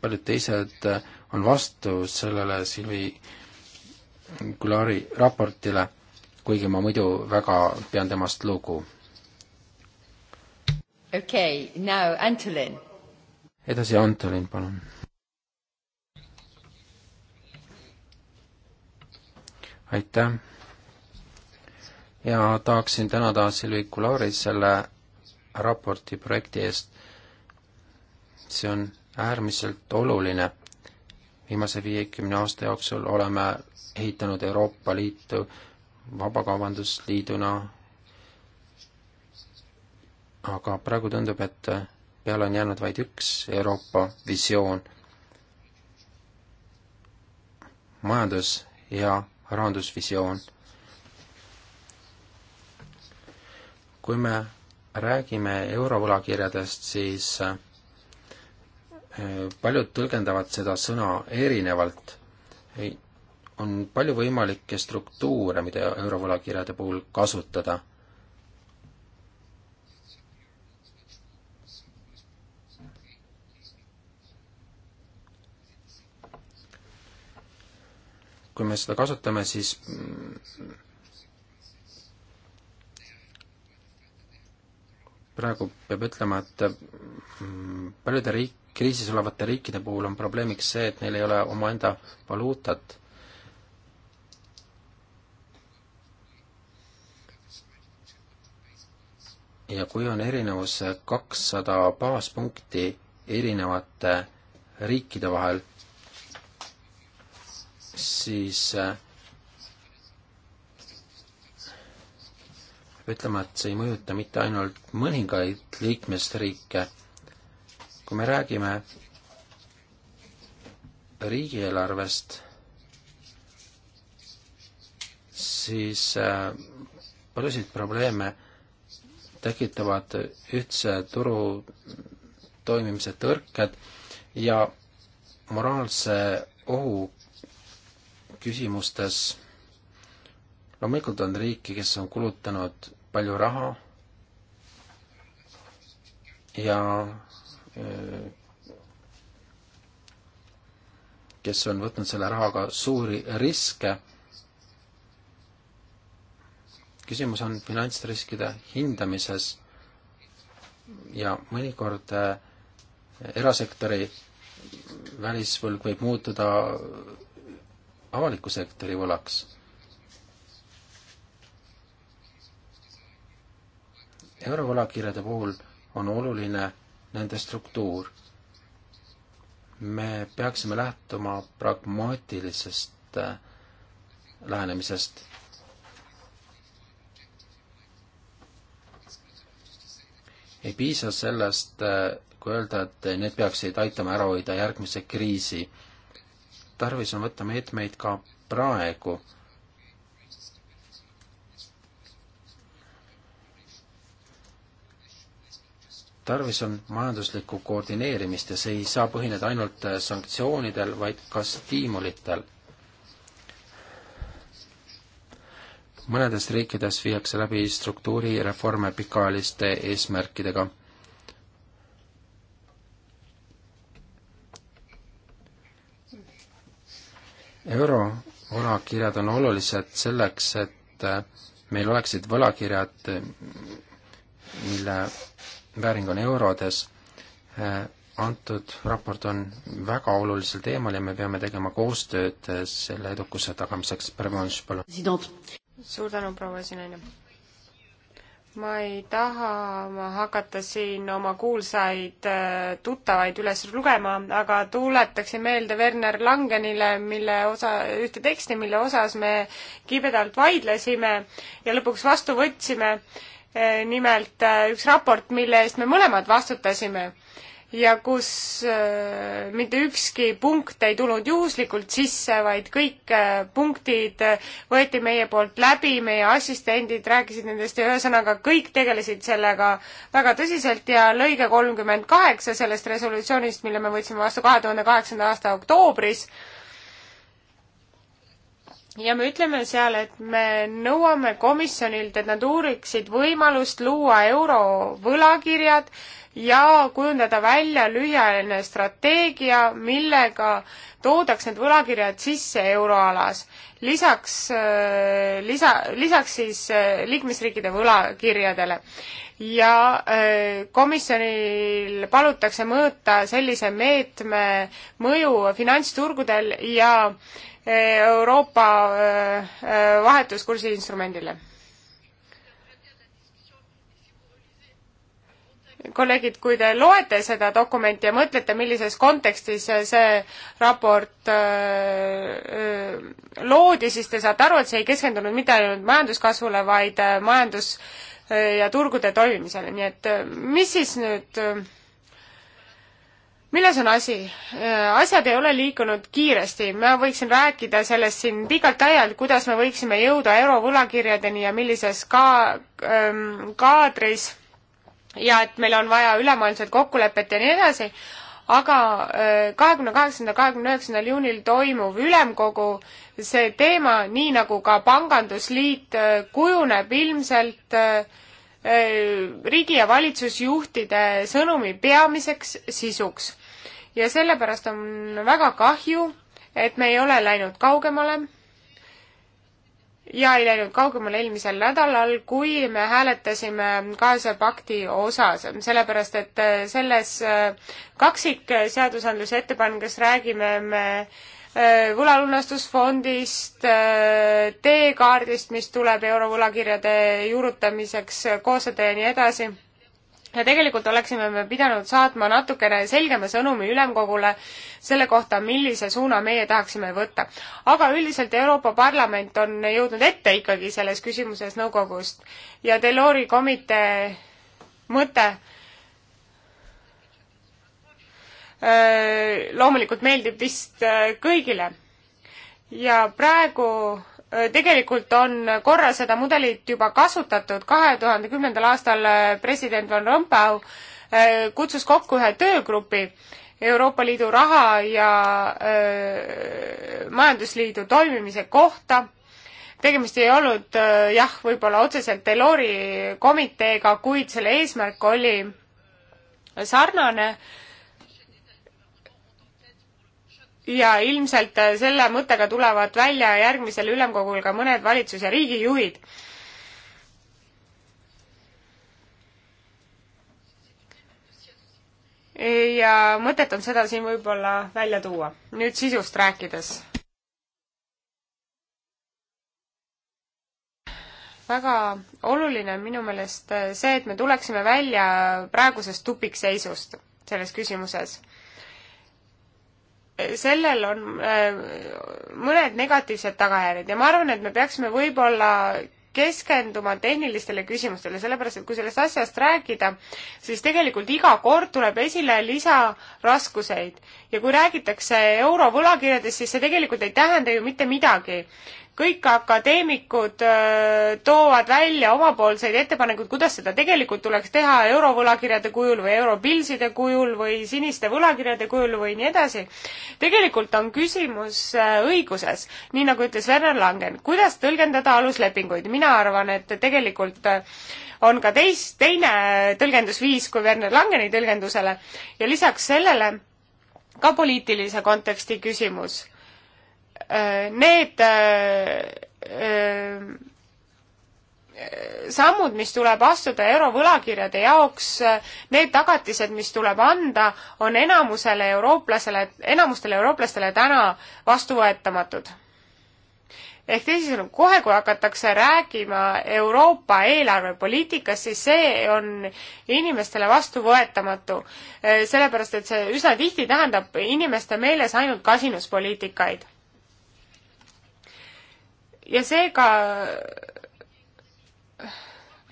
C: paljud teised on vastu sellele Silvi Kulari raportile, kuigi ma muidu väga pean temast lugu.
A: okei okay,, now Antolin
C: edasi Antolin, palun. aitäh ja tahaksin tänada Silvi Kulaari selle raporti projekti eest. see on äärmiselt oluline. viimase viiekümne aasta jooksul oleme ehitanud Euroopa Liitu vabakaubandusliiduna, aga praegu tundub, et peale on jäänud vaid üks Euroopa visioon, majandus- ja rahandusvisioon. kui me räägime eurovõlakirjadest, siis eh, paljud tõlgendavad seda sõna erinevalt. on palju võimalikke struktuure, mida eurovõlakirjade puhul kasutada kui me seda kasutame, siis praegu peab ütlema, et mm, paljude riik, kriisis olevate riikide puhul on probleemiks see, et neil ei ole omaenda valuutat. ja kui on erinevus kakssada baaspunkti erinevate riikide vahel, siis äh, peab ütlema, et see ei mõjuta mitte ainult mõningaid liikmesriike. kui me räägime riigieelarvest, siis äh, paljusid probleeme tekitavad ühtse turu toimimise tõrked ja moraalse ohu küsimustes. loomulikult on riiki, kes on kulutanud palju raha ja äh, kes on võtnud selle rahaga suuri riske. küsimus on finantsriskide hindamises ja mõnikord äh, erasektori välisvõlg võib muutuda avaliku sektori võlaks. eurovõlakirjade puhul on oluline nende struktuur. me peaksime lähtuma pragmaatilisest äh, lähenemisest. ei piisa sellest, äh, kui öelda, et need peaksid aitama ära hoida järgmise kriisi tarvis on võtta meetmeid ka praegu. tarvis on majanduslikku koordineerimist ja see ei saa põhineda ainult sanktsioonidel, vaid ka stiimulitel. mõnedes riikides viiakse läbi struktuurireforme pikaajaliste eesmärkidega eurovõlakirjad on olulised selleks, et äh, meil oleksid võlakirjad, äh, mille vääring on eurodes, äh, antud raport on väga olulisel teemal ja me peame tegema koostööd selle edukuse tagamiseks.
D: suur tänu, proua esinaine! ma ei taha ma hakata siin oma kuulsaid äh, tuttavaid üles lugema, aga tuletaksin meelde Werner Langenile, mille osa, ühte teksti, mille osas me kibedalt vaidlesime ja lõpuks vastu võtsime. Äh, nimelt äh, üks raport, mille eest me mõlemad vastutasime ja kus äh, mitte ükski punkt ei tulnud juhuslikult sisse, vaid kõik äh, punktid äh, võeti meie poolt läbi, meie assistendid rääkisid nendest ja ühesõnaga kõik tegelesid sellega väga tõsiselt ja lõige kolmkümmend kaheksa sellest resolutsioonist, mille me võtsime vastu kahe tuhande kaheksanda aasta oktoobris, ja me ütleme seal, et me nõuame komisjonilt, et nad uuriksid võimalust luua eurovõlakirjad, ja kujundada välja lühiajaline strateegia, millega toodaks need võlakirjad sisse euroalas. lisaks, äh, lisa, lisaks siis äh, liikmesriikide võlakirjadele. ja äh, komisjonil palutakse mõõta sellise meetme mõju finantsturgudel ja Euroopa vahetuskursi instrumendile kolleegid, kui te loete seda dokumenti ja mõtlete, millises kontekstis see raport öö, äh, äh, loodi, siis te saate aru, et see ei keskendunud mitte ainult majanduskasvule, vaid äh, majandus- ja turgude toimimisele, nii et mis siis nüüd milles on asi? asjad ei ole liikunud kiiresti, ma võiksin rääkida sellest siin pikalt-laialt, kuidas me võiksime jõuda eurovõlakirjadeni ja millises ka-, ähm, kaadris ja et meil on vaja ülemaailmset kokkulepet ja nii edasi, aga äh, kahekümne kaheksandal, kahekümne üheksandal juunil toimuv ülemkogu, see teema, nii nagu ka Pangandusliit, äh, kujuneb ilmselt äh, riigi- ja valitsusjuhtide sõnumi peamiseks sisuks. ja sellepärast on väga kahju, et me ei ole läinud kaugemale ja ei läinud kaugemale eelmisel nädalal, kui me hääletasime kaasa pakti osas, sellepärast et äh, selles äh, kaksikseadusandluse ettepanekus räägime me äh, võlalunastusfondist, teekaardist, mis tuleb eurovõlakirjade juurutamiseks koostada ja nii edasi ja tegelikult oleksime me pidanud saatma natukene selgema sõnumi ülemkogule selle kohta, millise suuna meie tahaksime võtta. aga üldiselt Euroopa Parlament on jõudnud ette ikkagi selles küsimuses nõukogust ja Delori komitee mõte öö, loomulikult meeldib vist öö, kõigile. ja praegu Äh, tegelikult on korra seda mudelit juba kasutatud, kahe tuhande kümnendal aastal äh, president Van Rompuy äh, kutsus kokku ühe töögrupi Euroopa Liidu raha ja öö, majandusliidu toimimise kohta. tegemist ei olnud öö, jah, võib-olla otseselt Delori komiteega, kuid selle eesmärk oli sarnane öö, ja ilmselt äh, selle mõttega tulevad välja järgmisel ülemkogul ka mõned valitsus- ja riigijuhid. ja mõtet on seda siin võib-olla välja tuua. nüüd sisust rääkides. väga oluline on minu meelest äh, see, et me tuleksime välja praegusest tupikseisust selles küsimuses sellel on äh, mõned negatiivsed tagajärjed ja ma arvan, et me peaksime võib-olla keskenduma tehnilistele küsimustele, sellepärast et kui sellest asjast rääkida, siis tegelikult iga kord tuleb esile lisaraskuseid. ja kui räägitakse eurovõlakirjadest, siis see tegelikult ei tähenda ju mitte midagi kõik akadeemikud äh, toovad välja omapoolseid ettepanekuid, kuidas seda tegelikult tuleks teha eurovõlakirjade kujul või europilside kujul või siniste võlakirjade kujul või nii edasi. tegelikult on küsimus äh, õiguses, nii nagu ütles Werner Langen, kuidas tõlgendada aluslepinguid, mina arvan, et tegelikult äh, on ka teist, teine tõlgendusviis kui Werner Langeni tõlgendusele ja lisaks sellele ka poliitilise konteksti küsimus Äh, need äh, äh, sammud, mis tuleb astuda eurovõlakirjade jaoks, need tagatised, mis tuleb anda, on enamusele eurooplasele, enamustele eurooplastele täna vastuvõetamatud. ehk teisisõnu, kohe kui hakatakse rääkima Euroopa eelarvepoliitikast, siis see on inimestele vastuvõetamatu. sellepärast, et see üsna tihti tähendab inimeste meeles ainult kasinuspoliitikaid ja seega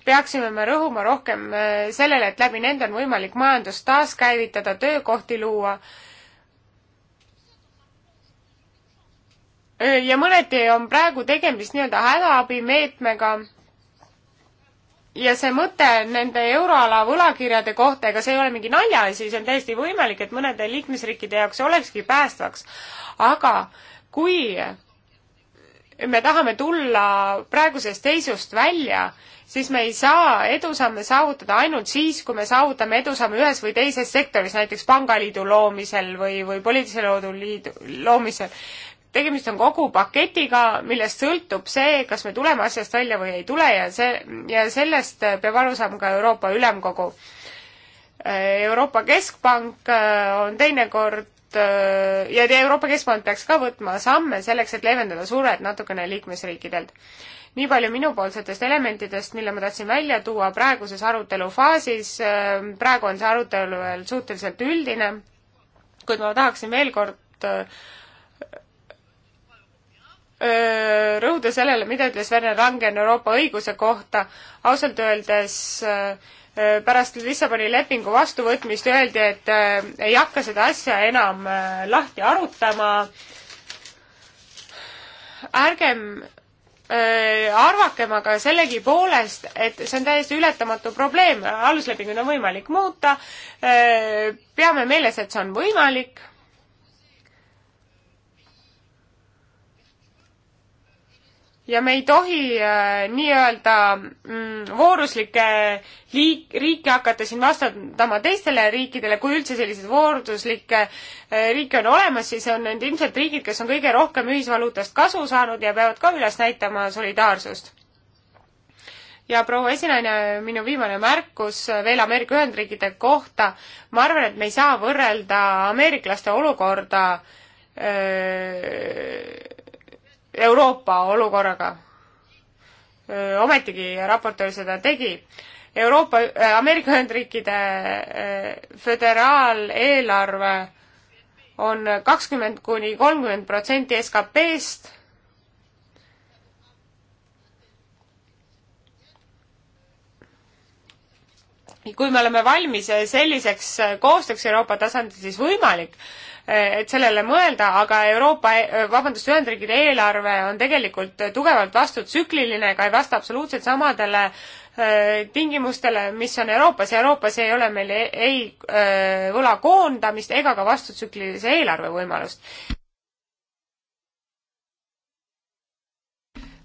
D: peaksime me rõhuma rohkem äh, sellele, et läbi nende on võimalik majandust taaskäivitada, töökohti luua. Äh, ja mõneti on praegu tegemist nii-öelda hädaabimeetmega. ja see mõte nende euroala võlakirjade kohta, ega see ei ole mingi naljaasi, see on täiesti võimalik, et mõnede liikmesriikide jaoks olekski päästvaks. aga kui me tahame tulla praegusest seisust välja, siis me ei saa edusamme saavutada ainult siis, kui me saavutame edusamme ühes või teises sektoris, näiteks pangaliidu loomisel või, või poliitilise loodu liidu loomisel. tegemist on kogu paketiga, millest sõltub see, kas me tuleme asjast välja või ei tule ja see, ja sellest peab aru saama ka Euroopa Ülemkogu Euroopa Keskpank äh, on teinekord Äh, ja Euroopa Keskpank peaks ka võtma samme selleks, et leevendada survet natukene liikmesriikidelt. nii palju minupoolsetest elementidest, mille ma tahtsin välja tuua praeguses arutelu faasis, äh, praegu on see arutelu veel suhteliselt üldine, kuid ma tahaksin veel kord äh, rõhuda sellele, mida ütles Werner Langen Euroopa õiguse kohta, ausalt öeldes äh, Äh, pärast Lissaboni lepingu vastuvõtmist öeldi, et äh, ei hakka seda asja enam äh, lahti arutama. ärgem arvakem aga sellegipoolest, et see on täiesti ületamatu probleem, aluslepinguid on võimalik muuta. peame meeles, et see on võimalik ja me ei tohi äh, nii-öelda mm, vooruslikke liik-, riike hakata siin vastandama teistele riikidele, kui üldse selliseid vooruslikke äh, riike on olemas, siis on need ilmselt riigid, kes on kõige rohkem ühisvaluutast kasu saanud ja peavad ka üles näitama solidaarsust. ja proua esinaine, minu viimane märkus veel Ameerika Ühendriikide kohta, ma arvan, et me ei saa võrrelda ameeriklaste olukorda öö, äh, Euroopa olukorraga. ometigi raportöör seda tegi. Euroopa, Ameerika Ühendriikide föderaaleelarve on kakskümmend kuni kolmkümmend protsenti SKP-st kui me oleme valmis selliseks koostööks Euroopa tasandil, siis võimalik, Eh, et sellele mõelda, aga Euroopa, e-, eh, vabandust, Ühendriikide eelarve on tegelikult tugevalt vastutsükliline ega ei vasta absoluutselt samadele eh, tingimustele, mis on Euroopas ja Euroopas ei ole meil e-, ei, ei võla koondamist ega ka vastutsüklilise eelarve võimalust.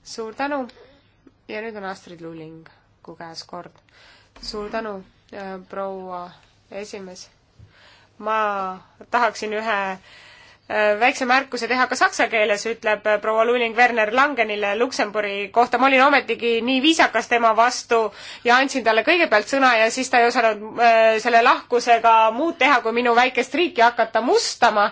D: suur tänu ja nüüd on Astrid Lulingu käes kord. suur tänu, proua esimees ma tahaksin ühe äh, väikse märkuse teha ka saksa keeles, ütleb äh, proua Luling Werner Langenile Luksemburi kohta. ma olin ometigi nii viisakas tema vastu ja andsin talle kõigepealt sõna ja siis ta ei osanud äh, selle lahkusega muud teha, kui minu väikest riiki hakata mustama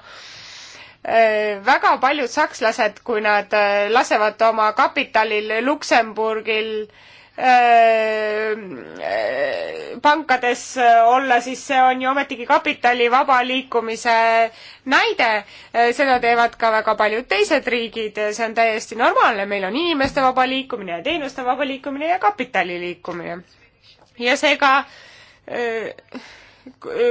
D: väga paljud sakslased, kui nad lasevad oma kapitalil Luksemburgil äh, Äh, äh, pankades äh, olla, siis see on ju ometigi kapitali vaba liikumise näide. seda teevad ka väga paljud teised riigid, see on täiesti normaalne, meil on inimeste vaba liikumine ja teenuste vaba liikumine ja kapitali liikumine. ja seega öö,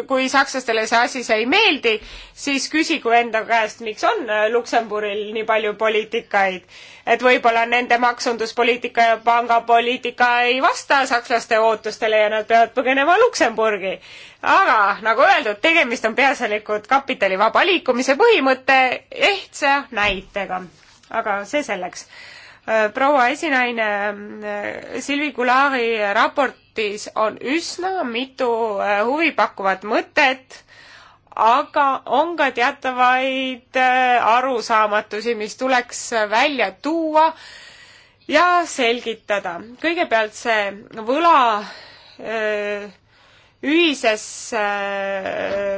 D: kui sakslastele see asi see ei meeldi, siis küsigu enda käest, miks on äh, Luksemburil nii palju poliitikaid. et võib-olla nende maksunduspoliitika ja pangapoliitika ei vasta sakslaste ootustele ja nad peavad põgenema Luksemburgi. aga nagu öeldud, tegemist on peaasjalikult kapitali vaba liikumise põhimõtte ehtsa näitega. aga see selleks äh, proua esinaine äh, Silvi Kulaari raport raportis on üsna mitu äh, huvipakkuvat mõtet, aga on ka teatavaid äh, arusaamatusi, mis tuleks välja tuua ja selgitada. kõigepealt see võla äh, ühisesse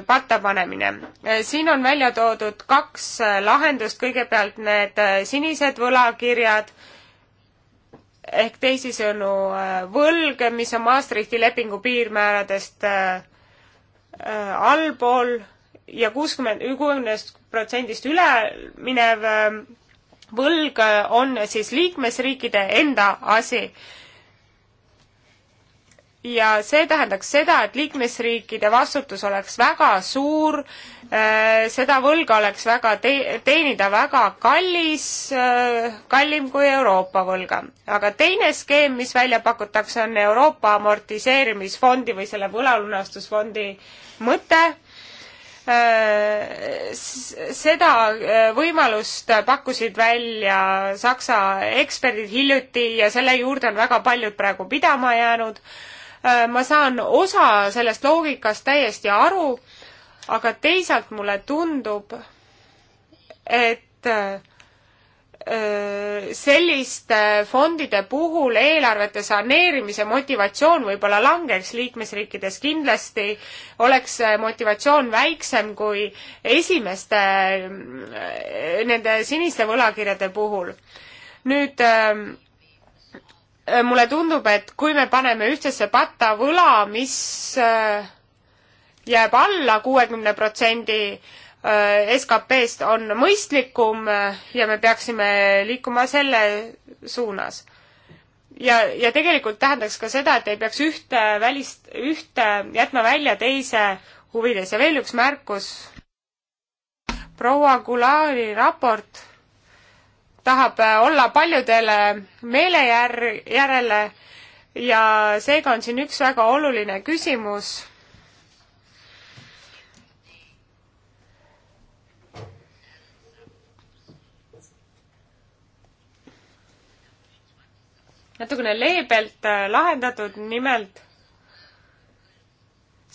D: patta panemine. siin on välja toodud kaks lahendust, kõigepealt need sinised võlakirjad ehk teisisõnu äh, võlg, mis on Maastrichti lepingu piirmääradest äh, äh, allpool ja kuuskümmend, kuuekümnest protsendist üle minev võlg on siis liikmesriikide enda asi ja see tähendaks seda, et liikmesriikide vastutus oleks väga suur, äh, seda võlga oleks väga te-, teenida väga kallis, äh, kallim kui Euroopa võlga. aga teine skeem, mis välja pakutakse, on Euroopa amortiseerimisfondi või selle võlalunastusfondi mõte, äh, seda võimalust pakkusid välja Saksa eksperdid hiljuti ja selle juurde on väga paljud praegu pidama jäänud Äh, ma saan osa sellest loogikast täiesti aru, aga teisalt mulle tundub, et äh, selliste fondide puhul eelarvete saneerimise motivatsioon võib-olla langeks liikmesriikides, kindlasti oleks motivatsioon väiksem kui esimeste, äh, nende siniste võlakirjade puhul. nüüd Äh, mulle tundub, et kui me paneme ühtsesse patta võla, mis äh, jääb alla kuuekümne protsendi äh, SKP-st, on mõistlikum ja me peaksime liikuma selle suunas. ja, ja tegelikult tähendaks ka seda, et ei peaks ühte välist, ühte jätma välja teise huvides ja veel üks märkus. proua Gulari raport tahab äh, olla paljudele meele jär-, järele ja seega on siin üks väga oluline küsimus natukene leebelt äh, lahendatud, nimelt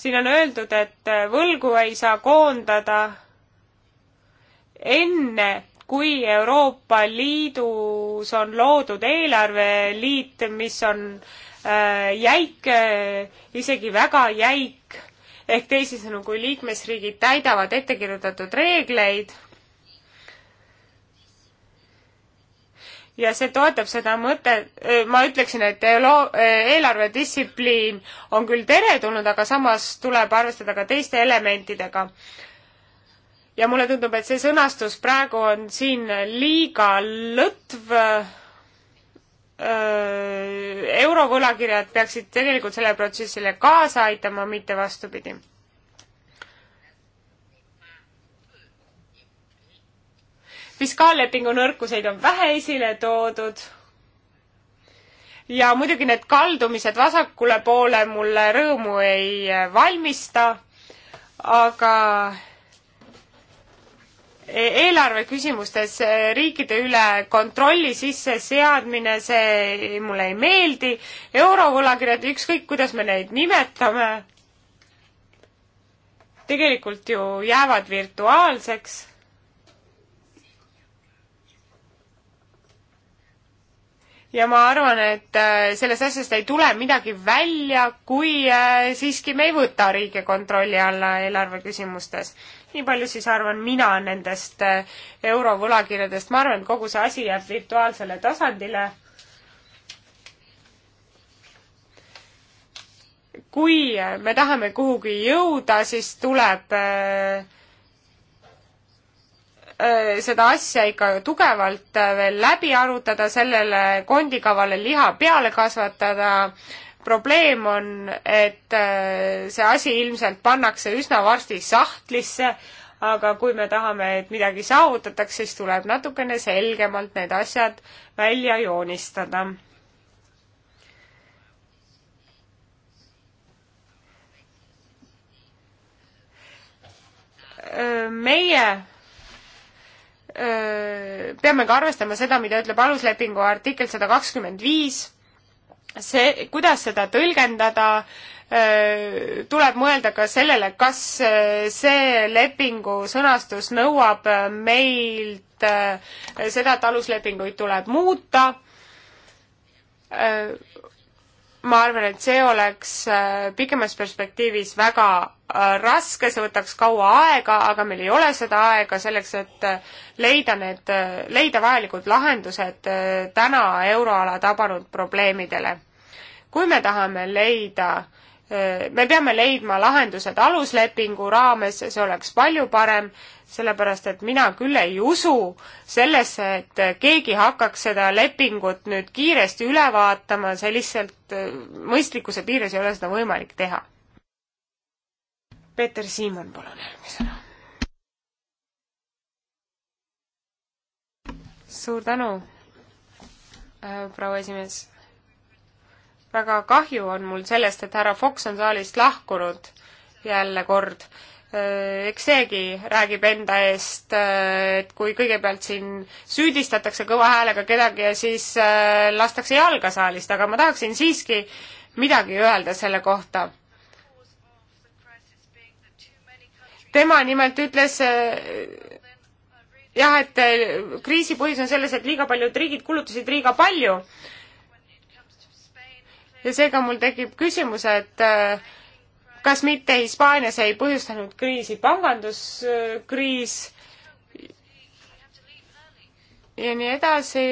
D: siin on öeldud, et äh, võlgu ei saa koondada enne, kui Euroopa Liidus on loodud eelarveliit, mis on äh, jäik äh,, isegi väga jäik, ehk teisisõnu, kui liikmesriigid täidavad ettekirjutatud reegleid ja see toetab seda mõtet, äh, ma ütleksin, et äh, eelarvedistsipliin on küll teretulnud, aga samas tuleb arvestada ka teiste elementidega ja mulle tundub, et see sõnastus praegu on siin liiga lõtv. eurovõlakirjad peaksid tegelikult sellele protsessile kaasa aitama, mitte vastupidi. fiskaallepingu nõrkuseid on vähe esile toodud ja muidugi need kaldumised vasakule poole mulle rõõmu ei valmista, aga eelarve küsimustes eh, riikide üle kontrolli sisseseadmine, see mulle ei meeldi, eurovõlakirjad, ükskõik kuidas me neid nimetame, tegelikult ju jäävad virtuaalseks. ja ma arvan, et eh, sellest asjast ei tule midagi välja, kui eh, siiski me ei võta riike kontrolli alla eelarve küsimustes nii palju siis arvan mina nendest eh, eurovõlakirjadest, ma arvan, et kogu see asi jääb virtuaalsele tasandile. kui eh, me tahame kuhugi jõuda, siis tuleb eh, seda asja ikka tugevalt veel läbi arutada, sellele kondikavale liha peale kasvatada probleem on, et äh, see asi ilmselt pannakse üsna varsti sahtlisse, aga kui me tahame, et midagi saavutatakse, siis tuleb natukene selgemalt need asjad välja joonistada. Äh, meie äh, peame ka arvestama seda, mida ütleb aluslepingu artikkel sada kakskümmend viis see, kuidas seda tõlgendada, tuleb mõelda ka sellele, kas see lepingu sõnastus nõuab meilt seda, et aluslepinguid tuleb muuta ma arvan, et see oleks äh, pikemas perspektiivis väga äh, raske, see võtaks kaua aega, aga meil ei ole seda aega selleks, et äh, leida need, leida vajalikud lahendused täna euroala tabanud probleemidele. kui me tahame leida Äh, me peame leidma lahendused aluslepingu raames, see oleks palju parem, sellepärast et mina küll ei usu sellesse, et keegi hakkaks seda lepingut nüüd kiiresti üle vaatama, see lihtsalt äh, mõistlikkuse piires ei ole seda võimalik teha. Peeter Siimon, palun järgmisena. suur tänu, äh, proua esimees väga kahju on mul sellest, et härra Fox on saalist lahkunud jälle kord. Äh, eks seegi räägib enda eest, äh, et kui kõigepealt siin süüdistatakse kõva häälega kedagi ja siis äh, lastakse jalga saalist, aga ma tahaksin siiski midagi öelda selle kohta. tema nimelt ütles jah, et kriisi põhjus on selles, et liiga paljud riigid kulutasid liiga palju ja seega mul tekib küsimus, et äh, kas mitte Hispaanias ei põhjustanud kriisi panganduskriis ja nii edasi.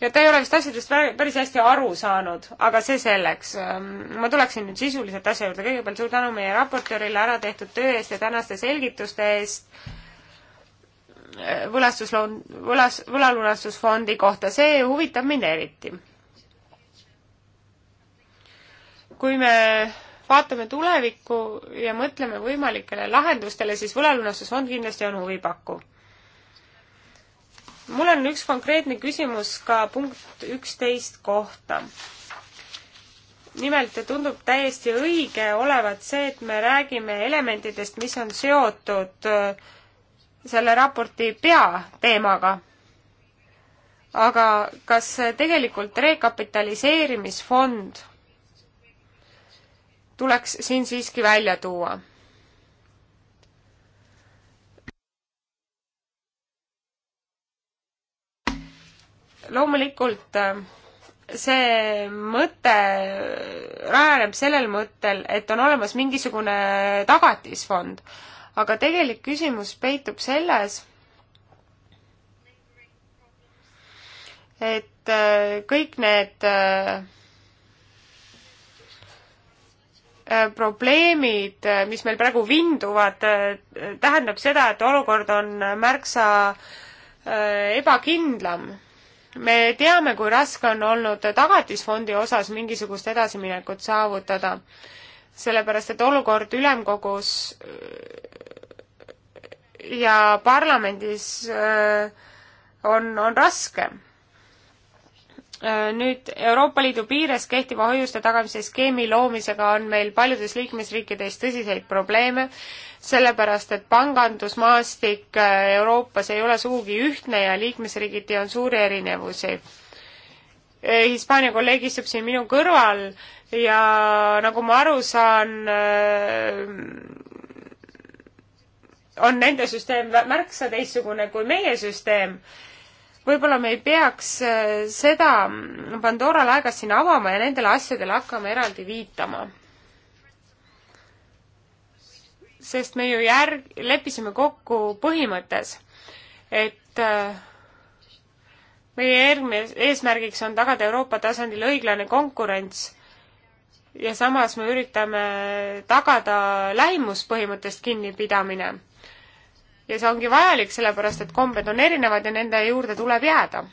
D: ja ta ei ole vist asjadest päris hästi aru saanud, aga see selleks. Ähm, ma tuleksin nüüd sisuliselt asja juurde, kõigepealt suur tänu meie raportöörile ära tehtud töö eest ja tänaste selgituste eest äh, võlastusloon, võlas, võlalunastusfondi kohta, see huvitab mind eriti. kui me vaatame tulevikku ja mõtleme võimalikele lahendustele, siis võlalunastusfond kindlasti on huvipakkuv. mul on üks konkreetne küsimus ka punkt üksteist kohta. nimelt tundub täiesti õige olevat see, et me räägime elementidest, mis on seotud äh, selle raporti peateemaga. aga kas tegelikult rekapitaliseerimisfond tuleks siin siiski välja tuua. loomulikult äh, see mõte rajaneb sellel mõttel, et on olemas mingisugune tagatisfond, aga tegelik küsimus peitub selles, et äh, kõik need äh, Äh, probleemid, äh, mis meil praegu vinduvad, äh, tähendab seda, et olukord on märksa ebakindlam. me teame, kui raske on olnud Tagatisfondi osas mingisugust edasiminekut saavutada, sellepärast et olukord ülemkogus ja parlamendis on, on raske Äh, nüüd Euroopa Liidu piires kehtiva hoiuste tagamise skeemi loomisega on meil paljudes liikmesriikides tõsiseid probleeme, sellepärast et pangandusmaastik äh, Euroopas ei ole sugugi ühtne ja liikmesriigiti on suuri erinevusi. Äh, Hispaania kolleeg istub siin minu kõrval ja nagu ma aru saan, on nende süsteem märksa teistsugune kui meie süsteem võib-olla me ei peaks äh, seda Pandora laegast siin avama ja nendele asjadele hakkama eraldi viitama. sest me ju järg-, leppisime kokku põhimõttes, et äh, meie järgmine eesmärgiks on tagada Euroopa tasandil õiglane konkurents ja samas me üritame tagada lähimuspõhimõttest kinnipidamine ja see ongi vajalik, sellepärast et kombed on erinevad ja nende juurde tuleb jääda.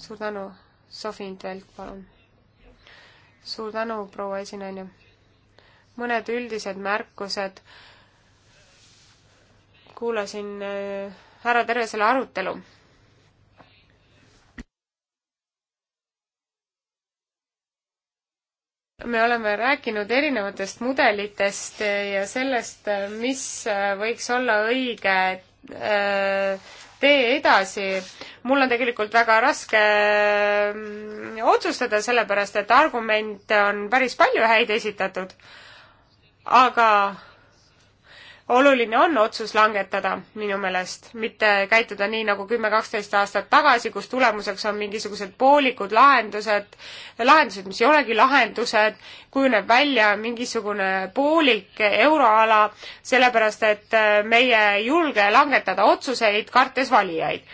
D: suur tänu, Sofi Intvelt, palun. suur tänu, proua esinaine. mõned üldised märkused. kuulasin äh, ära terve selle arutelu me oleme rääkinud erinevatest mudelitest ja sellest, mis võiks olla õige äh, tee edasi. mul on tegelikult väga raske mm, otsustada, sellepärast et argumente on päris palju häid esitatud, aga oluline on otsus langetada minu meelest, mitte käituda nii nagu kümme-kaksteist aastat tagasi, kus tulemuseks on mingisugused poolikud lahendused, lahendused, mis ei olegi lahendused, kujuneb välja mingisugune poolik euroala, sellepärast et meie ei julge langetada otsuseid, kartes valijaid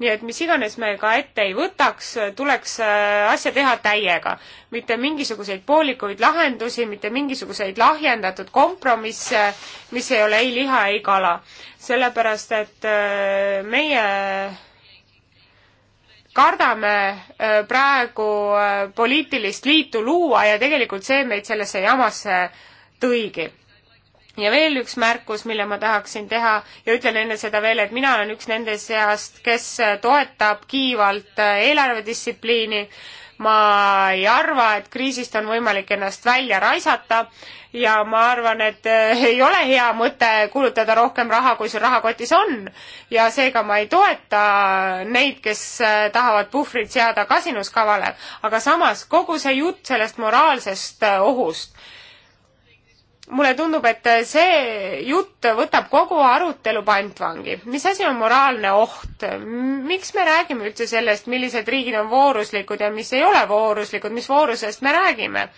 D: nii et mis iganes me ka ette ei võtaks, tuleks äh, asja teha täiega. mitte mingisuguseid poolikuid lahendusi, mitte mingisuguseid lahjendatud kompromisse, mis ei ole ei liha, ei kala. sellepärast, et äh, meie kardame äh, praegu poliitilist liitu luua ja tegelikult see meid sellesse jamasse tõigi ja veel üks märkus, mille ma tahaksin teha ja ütlen enne seda veel, et mina olen üks nende seast, kes toetab kiivalt eelarvedistsipliini. ma ei arva, et kriisist on võimalik ennast välja raisata ja ma arvan, et eh, ei ole hea mõte kulutada rohkem raha, kui sul rahakotis on. ja seega ma ei toeta neid, kes eh, tahavad puhvrit seada kasinuskavale, aga samas kogu see jutt sellest moraalsest eh, ohust mulle tundub, et see jutt võtab kogu arutelu pantvangi. mis asi on moraalne oht? miks me räägime üldse sellest, millised riigid on vooruslikud ja mis ei ole vooruslikud, mis voorusest me räägime?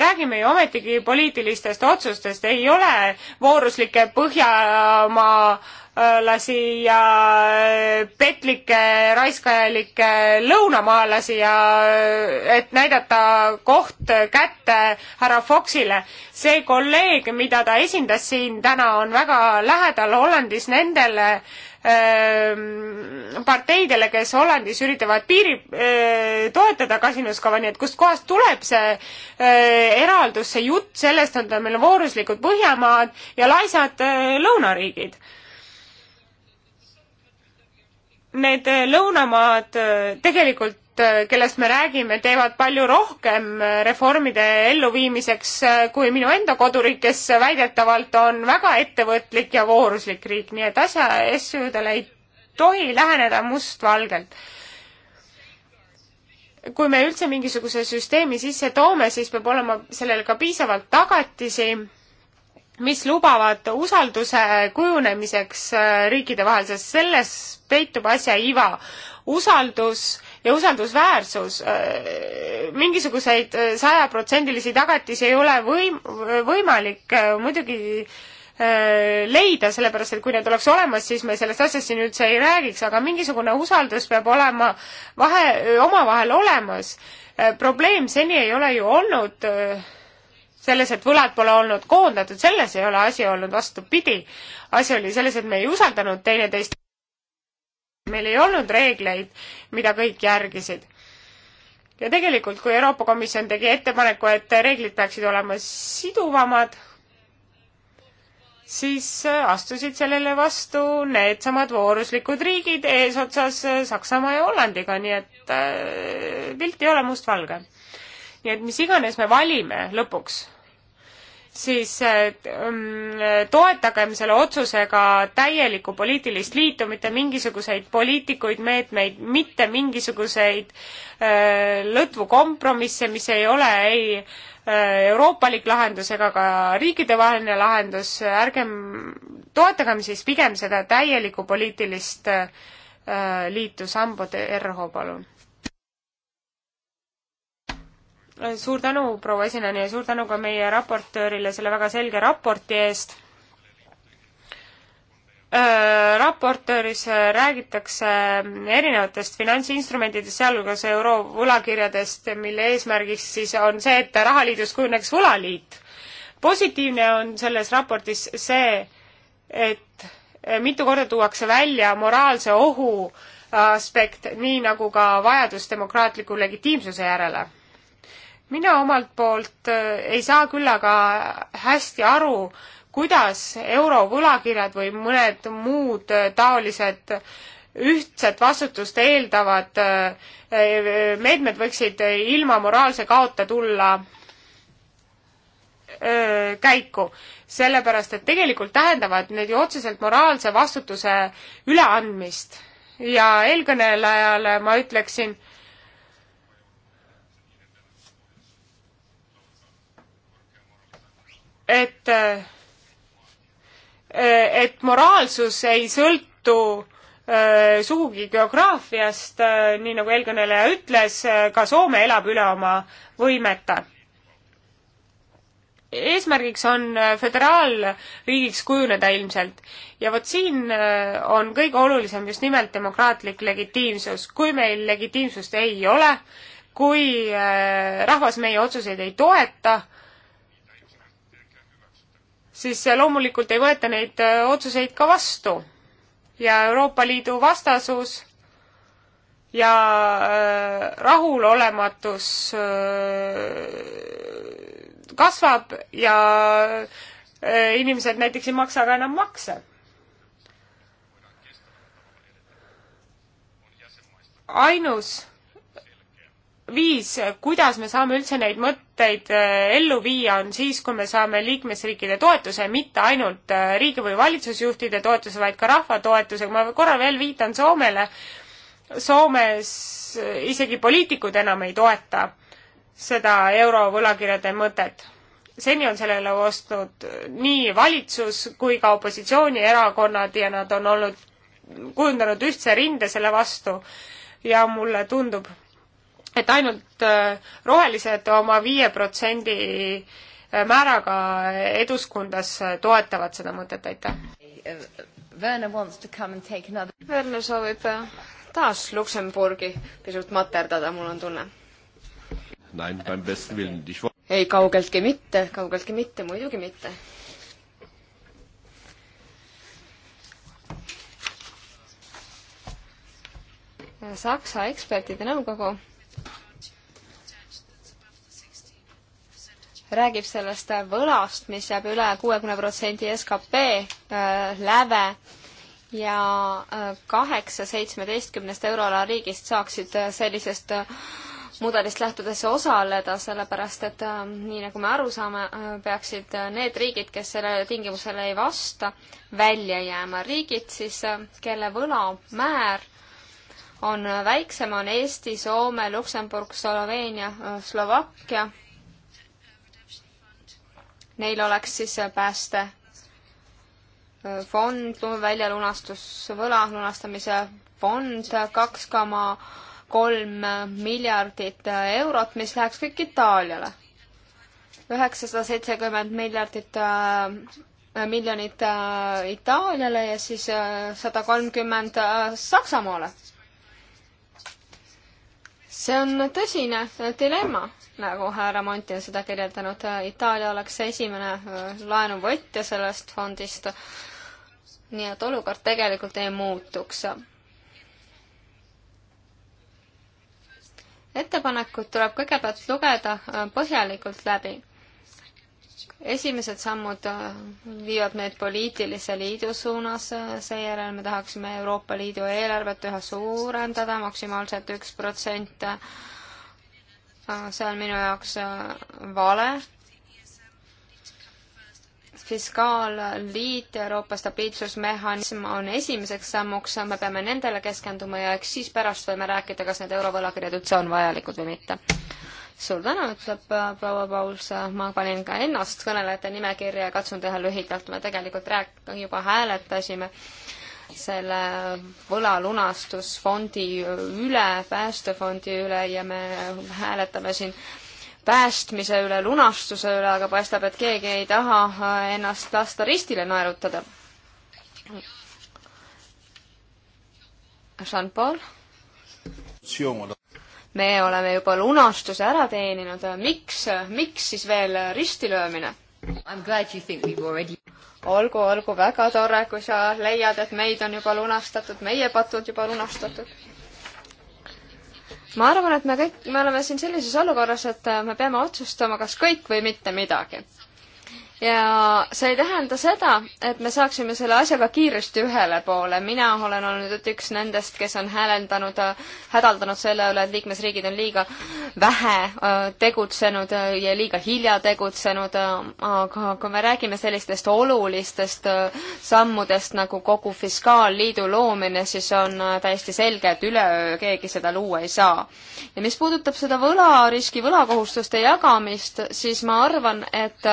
D: räägime ju ometigi poliitilistest otsustest, ei ole vooruslike Põhjamaa lõunamaalasi ja äh, petlikke raiskajalikke lõunamaalasi ja äh, et näidata koht äh, kätte härra Foxile. see kolleeg, mida ta esindas siin täna, on väga lähedal Hollandis nendele öö, ähm, parteidele, kes Hollandis üritavad piiri öö, toetada kasinduskava, nii et kustkohast tuleb see öö, eraldus, see jutt sellest, et meil on vooruslikud Põhjamaad ja laisad lõunariigid need äh, lõunamaad äh, tegelikult äh, kellest me räägime, teevad palju rohkem reformide elluviimiseks kui minu enda koduriik, kes väidetavalt on väga ettevõtlik ja vooruslik riik, nii et asja, asjadele ei tohi läheneda mustvalgelt. kui me üldse mingisuguse süsteemi sisse toome, siis peab olema sellel ka piisavalt tagatisi mis lubavad usalduse kujunemiseks äh, riikide vahel, sest selles peitub asja iva. usaldus ja usaldusväärsus, äh, mingisuguseid äh, sajaprotsendilisi tagatisi ei ole võim-, võimalik muidugi leida, sellepärast et kui need oleks olemas, siis me sellest asjast siin üldse ei räägiks, aga mingisugune usaldus peab olema vahe, omavahel olemas. probleem seni ei ole ju olnud äh, selles, et võlad pole olnud koondatud, selles ei ole asi olnud vastupidi. asi oli selles, et me ei usaldanud teineteist. meil ei olnud reegleid, mida kõik järgisid. ja tegelikult, kui Euroopa Komisjon tegi ettepaneku, et reeglid peaksid olema siduvamad, siis astusid sellele vastu needsamad vooruslikud riigid eesotsas Saksamaa ja Hollandiga, nii et äh, pilt äh, ei ole mustvalge. nii et mis iganes me valime lõpuks siis mm, toetagem selle otsusega täielikku poliitilist liitu, mitte mingisuguseid poliitikuid, meetmeid, mitte mingisuguseid äh, lõtvu kompromisse, mis ei ole ei äh, euroopalik lahendus ega ka riikidevaheline lahendus, ärgem toetagem siis pigem seda täielikku poliitilist äh, liitu, Sambo Terho, palun suur tänu, proua esinejani ja suur tänu ka meie raportöörile selle väga selge raporti eest äh,. raportööris räägitakse erinevatest finantsinstrumentidest, sealhulgas eurovõlakirjadest, mille eesmärgiks siis on see, et rahaliidus kujuneks võlaliit. positiivne on selles raportis see, et mitu korda tuuakse välja moraalse ohu aspekt, nii nagu ka vajadus demokraatliku legitiimsuse järele mina omalt poolt äh, ei saa küll aga hästi aru, kuidas eurovõlakirjad või mõned muud äh, taolised ühtset vastutust eeldavad äh, meetmed võiksid ilma moraalse kaota tulla käiku, sellepärast et tegelikult tähendavad need ju otseselt moraalse vastutuse üleandmist ja eelkõnelejale ma ütleksin, et, eh, et moraalsus ei sõltu eh, sugugi geograafiast, eh, nii nagu eelkõneleja ütles, ka Soome elab üle oma võimete. eesmärgiks on föderaalriigiks kujuneda ilmselt ja vot siin on kõige olulisem just nimelt demokraatlik legitiimsus. kui meil legitiimsust ei ole, kui rahvas meie otsuseid ei toeta, siis loomulikult ei võeta neid äh, otsuseid ka vastu. ja Euroopa Liidu vastasus ja äh, rahulolematus äh, kasvab ja inimesed näiteks ei maksa ka enam makse. ainus viis, kuidas me saame üldse neid mõt-, mõtteid äh, ellu viia, on siis, kui me saame liikmesriikide toetuse, mitte ainult äh, riigi- või valitsusjuhtide toetuse, vaid ka rahva toetuse, ma korra veel viitan Soomele, Soomes äh, isegi poliitikud enam ei toeta seda eurovõlakirjade mõtet. seni on sellele ostnud nii valitsus kui ka opositsioonierakonnad ja nad on olnud, kujundanud ühtse rinde selle vastu ja mulle tundub, et ainult äh, rohelised oma viie protsendi äh, määraga Eduskundas äh, toetavad seda mõtet, aitäh.
B: Werner soovib taas Luksemburgi pisut materdada, mul on tunne. ei, kaugeltki mitte, kaugeltki mitte, muidugi mitte. Saksa ekspertide nõukogu räägib sellest võlast, mis jääb üle kuuekümne protsendi skp äh, läve ja äh, kaheksa seitsmeteistkümnest euroala riigist saaksid äh, sellisest mudelist lähtudes osaleda, sellepärast et nii nagu me aru saame, peaksid need riigid, kes sellele tingimusele ei vasta, välja jääma. riigid siis, kelle võlamäär on väiksem, on Eesti, Soome, Luksemburg, Sloveenia, Slovakkia neil oleks siis äh, pääste äh, fond, väljalunastus, võla lunastamise fond, kaks koma kolm miljardit äh, eurot, mis läheks kõik Itaaliale. üheksasada seitsekümmend miljardit äh,, miljonit äh, Itaaliale ja siis sada äh, kolmkümmend Saksamaale see on tõsine dilemma, nagu härra Monti on seda kirjeldanud. Itaalia oleks esimene äh, laenuvõtja sellest fondist. nii et olukord tegelikult ei muutuks. ettepanekut tuleb kõigepealt lugeda äh, põhjalikult läbi esimesed sammud äh, viivad meid poliitilise liidu suunas, äh, seejärel me tahaksime Euroopa Liidu eelarvet üha suurendada maksimaalselt üks protsent. Äh, see on minu jaoks vale. fiskaalliit, Euroopa stabiilsusmehhanism on esimeseks sammuks, me peame nendele keskenduma ja eks siis pärast võime rääkida, kas need eurovõlakirjad üldse on vajalikud või mitte suur tänu, ütleb äh, proua Pauls, ma panin ka ennast kõnelejate nimekirja ja katsun teha lühidalt, me tegelikult rääk-, juba hääletasime selle võlalunastusfondi üle, päästefondi üle ja me hääletame siin päästmise üle, lunastuse üle, aga paistab, et keegi ei taha äh, ennast lasta ristile naerutada. Jean-Paul? me oleme juba lunastuse ära teeninud, miks, miks siis veel ristilöömine? Already... olgu, olgu, väga tore, kui sa leiad, et meid on juba lunastatud, meie patud juba lunastatud. ma arvan, et me kõik, me oleme siin sellises olukorras, et me peame otsustama, kas kõik või mitte midagi ja see ei tähenda seda, et me saaksime selle asjaga kiiresti ühele poole. mina olen olnud üks nendest, kes on häälendanud, hädaldanud selle üle, et liikmesriigid on liiga vähe äh, tegutsenud äh, ja liiga hilja tegutsenud, äh, aga kui me räägime sellistest olulistest sammudest nagu kogu fiskaalliidu loomine, siis on täiesti selge, et üleöö keegi seda luua ei saa. ja mis puudutab seda võlariski, võlakohustuste jagamist, siis ma arvan, et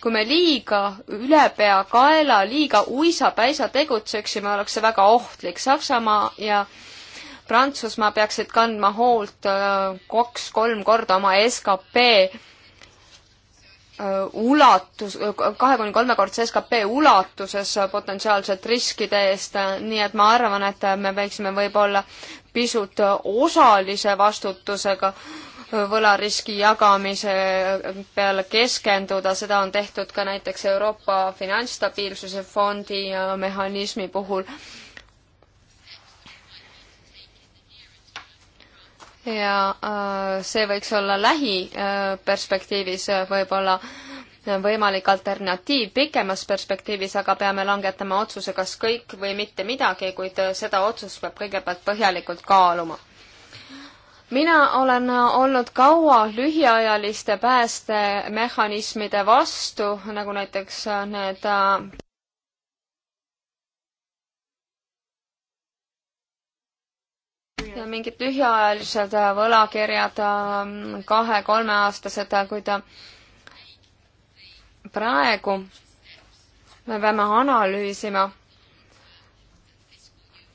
B: kui me liiga ülepeakaela, liiga uisapäisa tegutseksime, oleks see väga ohtlik. Saksamaa ja Prantsusmaa peaksid kandma hoolt äh, kaks-kolm korda oma skp äh, ulatus, kahe kuni kolmekordse skp ulatuses potentsiaalselt riskide eest, nii et ma arvan, et me võiksime võib-olla pisut osalise vastutusega äh, võlariski jagamise peale keskenduda, seda on tehtud ka näiteks Euroopa Finantsstabiilsuse Fondi mehhanismi puhul. ja äh, see võiks olla lähiperspektiivis võib-olla võimalik alternatiiv pikemas perspektiivis, aga peame langetama otsuse, kas kõik või mitte midagi, kuid seda otsust peab kõigepealt põhjalikult kaaluma mina olen olnud kaua lühiajaliste päästemehhanismide vastu, nagu näiteks need ja äh, mingid lühiajalised võlakirjad, ähm, kahe-kolmeaastased, kui ta äh, praegu me peame analüüsima,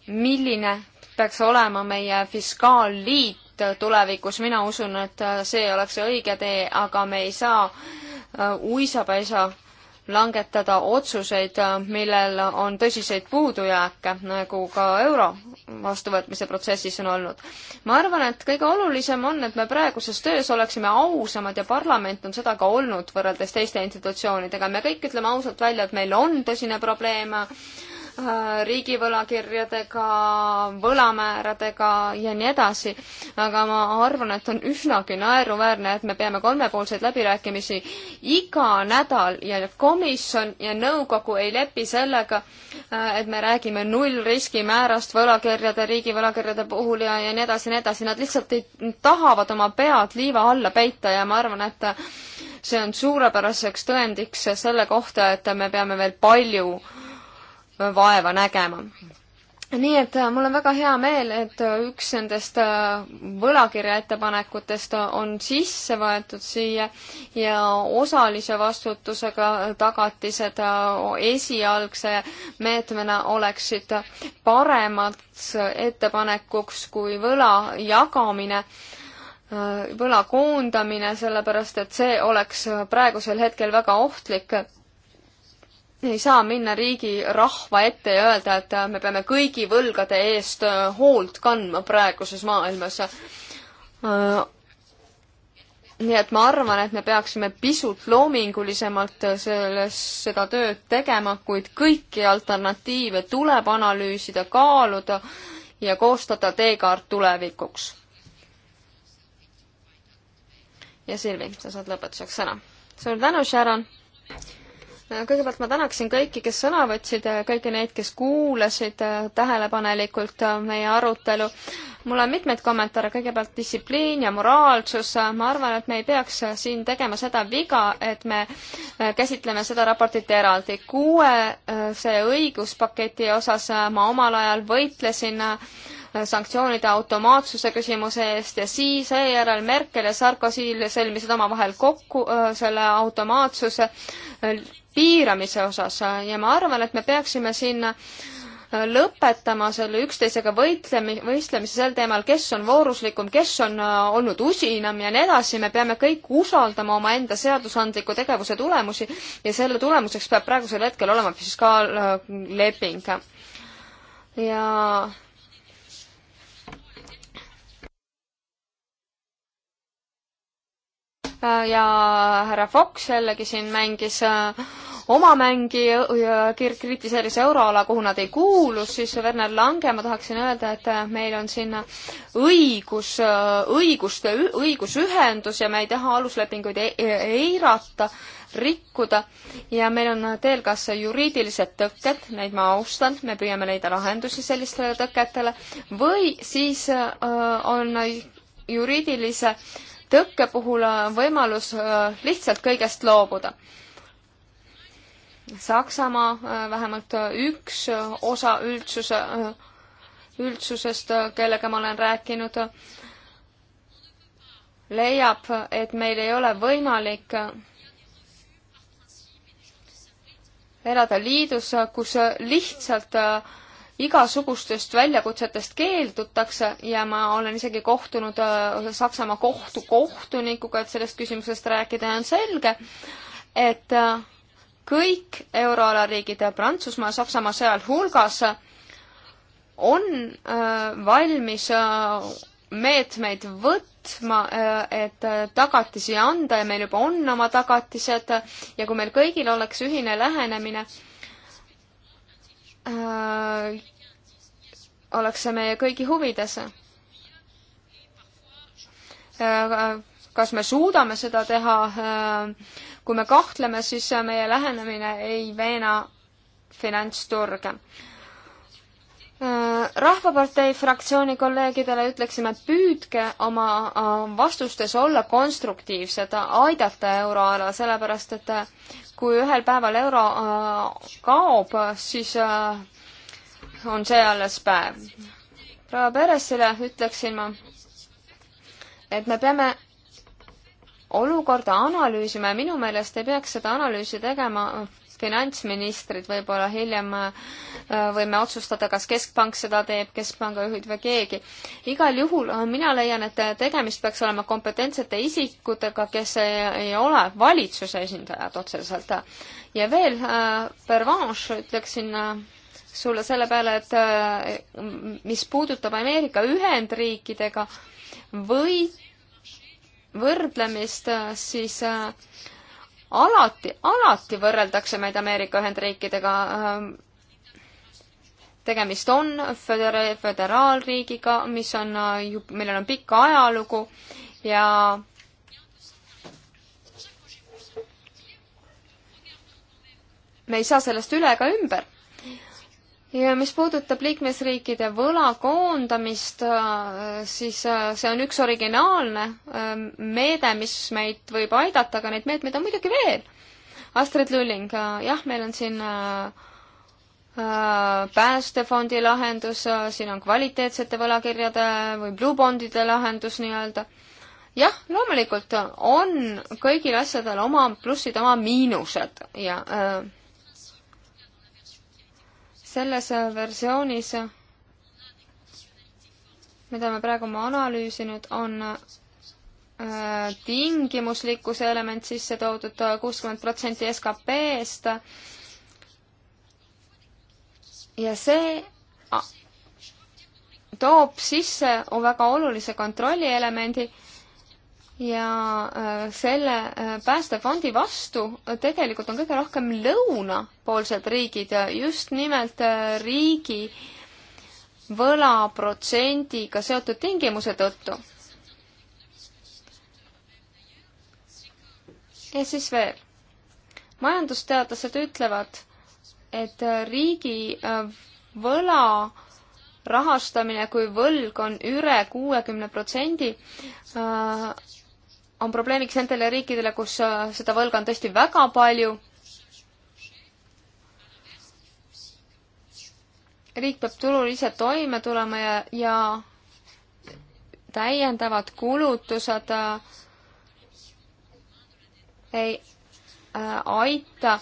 B: milline peaks olema meie fiskaalliit, tulevikus, mina usun, et see oleks õige tee, aga me ei saa äh, uisapäisa langetada otsuseid, äh, millel on tõsiseid puudujääke, nagu ka euro vastuvõtmise protsessis on olnud. ma arvan, et kõige olulisem on, et me praeguses töös oleksime ausamad ja parlament on seda ka olnud võrreldes teiste institutsioonidega. me kõik ütleme ausalt välja, et meil on tõsine probleem Äh, riigivõlakirjadega, võlamääradega ja nii edasi. aga ma arvan, et on üsnagi naeruväärne, et me peame kolmepoolseid läbirääkimisi iga nädal ja komisjon ja nõukogu ei lepi sellega, äh, et me räägime nullriskimäärast võlakirjade, riigivõlakirjade puhul ja, ja nii edasi ja nii edasi. Nad lihtsalt ei, tahavad oma pead liiva alla peita ja ma arvan, et see on suurepäraseks tõendiks selle kohta, et me peame veel palju äh, vaeva nägema. nii et äh, mul on väga hea meel, et äh, üks nendest äh, võlakirja ettepanekutest on sisse võetud siia ja osalise vastutusega tagatised esialgse meetmena oleksid paremaks ettepanekuks kui võla jagamine võla koondamine, sellepärast et see oleks praegusel hetkel väga ohtlik ei saa minna riigi rahva ette ja öelda, et me peame kõigi võlgade eest äh, hoolt kandma praeguses maailmas. Äh, nii et ma arvan, et me peaksime pisut loomingulisemalt äh, selles, seda tööd tegema, kuid kõiki alternatiive tuleb analüüsida, kaaluda ja koostada teekaart tulevikuks. ja Silvi, sa saad lõpetuseks sõna. suur tänu, Sharon! kõigepealt ma tänaksin kõiki, kes sõna võtsid, kõiki neid, kes kuulasid äh, tähelepanelikult äh, meie arutelu. mul on mitmeid kommentaare, kõigepealt distsipliin ja moraalsus. ma arvan, et me ei peaks äh, siin tegema seda viga, et me käsitleme seda raportit eraldi. kuue see õiguspaketi osas ma omal ajal võitlesin sanktsioonide automaatsuse küsimuse eest ja siis seejärel Merkel ja Sarkozy sõlmisid omavahel kokku selle automaatsuse piiramise osas ja ma arvan, et me peaksime siin äh, lõpetama selle üksteisega võitlemi-, võistlemise sel teemal, kes on vooruslikum, kes on äh, olnud usinam ja nii edasi, me peame kõik usaldama omaenda seadusandliku tegevuse tulemusi ja selle tulemuseks peab praegusel hetkel olema fiskaalleping. ja äh, ja härra Fox jällegi siin mängis äh, oma mängi kritiseeris euroala, kuhu nad ei kuulu, siis Werner Lange, ma tahaksin öelda, et meil on siin õigus, õiguste, õigusühendus ja me ei taha aluslepinguid e-, e-, eirata rikkuda ja meil on teel kas juriidilised tõkked, neid ma austan, me püüame leida lahendusi sellistele tõketele, või siis on juriidilise tõkke puhul võimalus lihtsalt kõigest loobuda Saksamaa äh, vähemalt äh, üks äh, osa üldsuse, üldsusest, kellega ma olen rääkinud, leiab, et meil ei ole võimalik elada liidus, kus lihtsalt igasugustest väljakutsetest keeldutakse ja ma olen isegi kohtunud Saksamaa kohtu kohtunikuga, et sellest küsimusest rääkida ja on selge, et äh, kõik euroala riigid, Prantsusmaa, Saksamaa sealhulgas, on äh, valmis äh, meetmeid võtma, äh, et tagatisi anda ja meil juba on oma tagatised ja kui meil kõigil oleks ühine lähenemine, oleks see meie kõigi huvides kas me suudame seda teha, äh, kui me kahtleme, siis meie lähenemine ei veena finantsturge. Äh, Rahvapartei fraktsiooni kolleegidele ütleksime, et püüdke oma äh, vastustes olla konstruktiivsed, aidata euroala, sellepärast et kui ühel päeval euro kaob, siis on see alles päev. proua Peresile ütleksin ma, et me peame olukorda analüüsima ja minu meelest ei peaks seda analüüsi tegema finantsministrid võib-olla hiljem äh, võime otsustada, kas keskpank seda teeb, keskpanga juhid või keegi. igal juhul äh, mina leian, et tegemist peaks olema kompetentsete isikutega, kes ei, ei ole valitsuse esindajad otseselt. ja veel äh,, Pervanche ütleksin äh, sulle selle peale, et äh, mis puudutab Ameerika Ühendriikidega, võit võrdlemist, siis äh, alati, alati võrreldakse meid Ameerika Ühendriikidega. Äh, tegemist on födera-, föderaalriigiga, mis on, äh, millel on pikk ajalugu ja me ei saa sellest üle ega ümber ja mis puudutab liikmesriikide võla koondamist, äh, siis äh, see on üks originaalne äh, meede, mis meid võib aidata, aga neid meetmeid on muidugi veel. Astrid Lulling, jah, meil on siin päästefondi lahendus, siin on kvaliteetsete võlakirjade või bluebondide lahendus nii-öelda jah, loomulikult on kõigil asjadel oma plussid, oma miinused ja äh, selles versioonis, mida me praegu oleme analüüsinud, on äh, tingimuslikkuse element sisse toodud kuuskümmend protsenti SKP-st ja see toob sisse väga olulise kontrollielemendi ja äh, selle äh, päästefondi vastu äh, tegelikult on kõige rohkem lõunapoolsed riigid, just nimelt riigi võlaprotsendiga seotud tingimuse tõttu. ja siis veel. majandusteadlased ütlevad, et riigi võla rahastamine, kui võlg on üle kuuekümne protsendi, on probleemiks nendele riikidele, kus äh, seda võlga on tõesti väga palju. riik peab turul ise toime tulema ja, ja täiendavad kulutused äh, ei äh, aita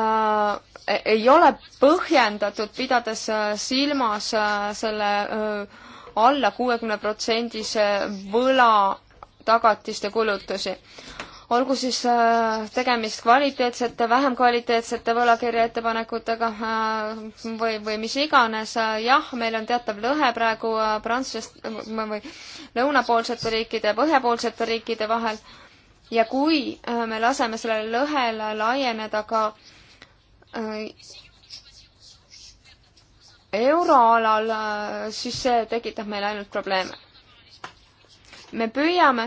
B: äh, ei ole põhjendatud, pidades äh, silmas selle alla kuuekümne protsendise võla tagatiste kulutusi. olgu siis äh, tegemist kvaliteetsete, vähem kvaliteetsete võlakirja ettepanekutega äh, või, või mis iganes, jah, meil on teatav lõhe praegu äh, Prantsusest või lõunapoolsete riikide ja põhjapoolsete riikide vahel ja kui me laseme sellele lõhele laieneda ka euroalal, siis see tekitab meile ainult probleeme me püüame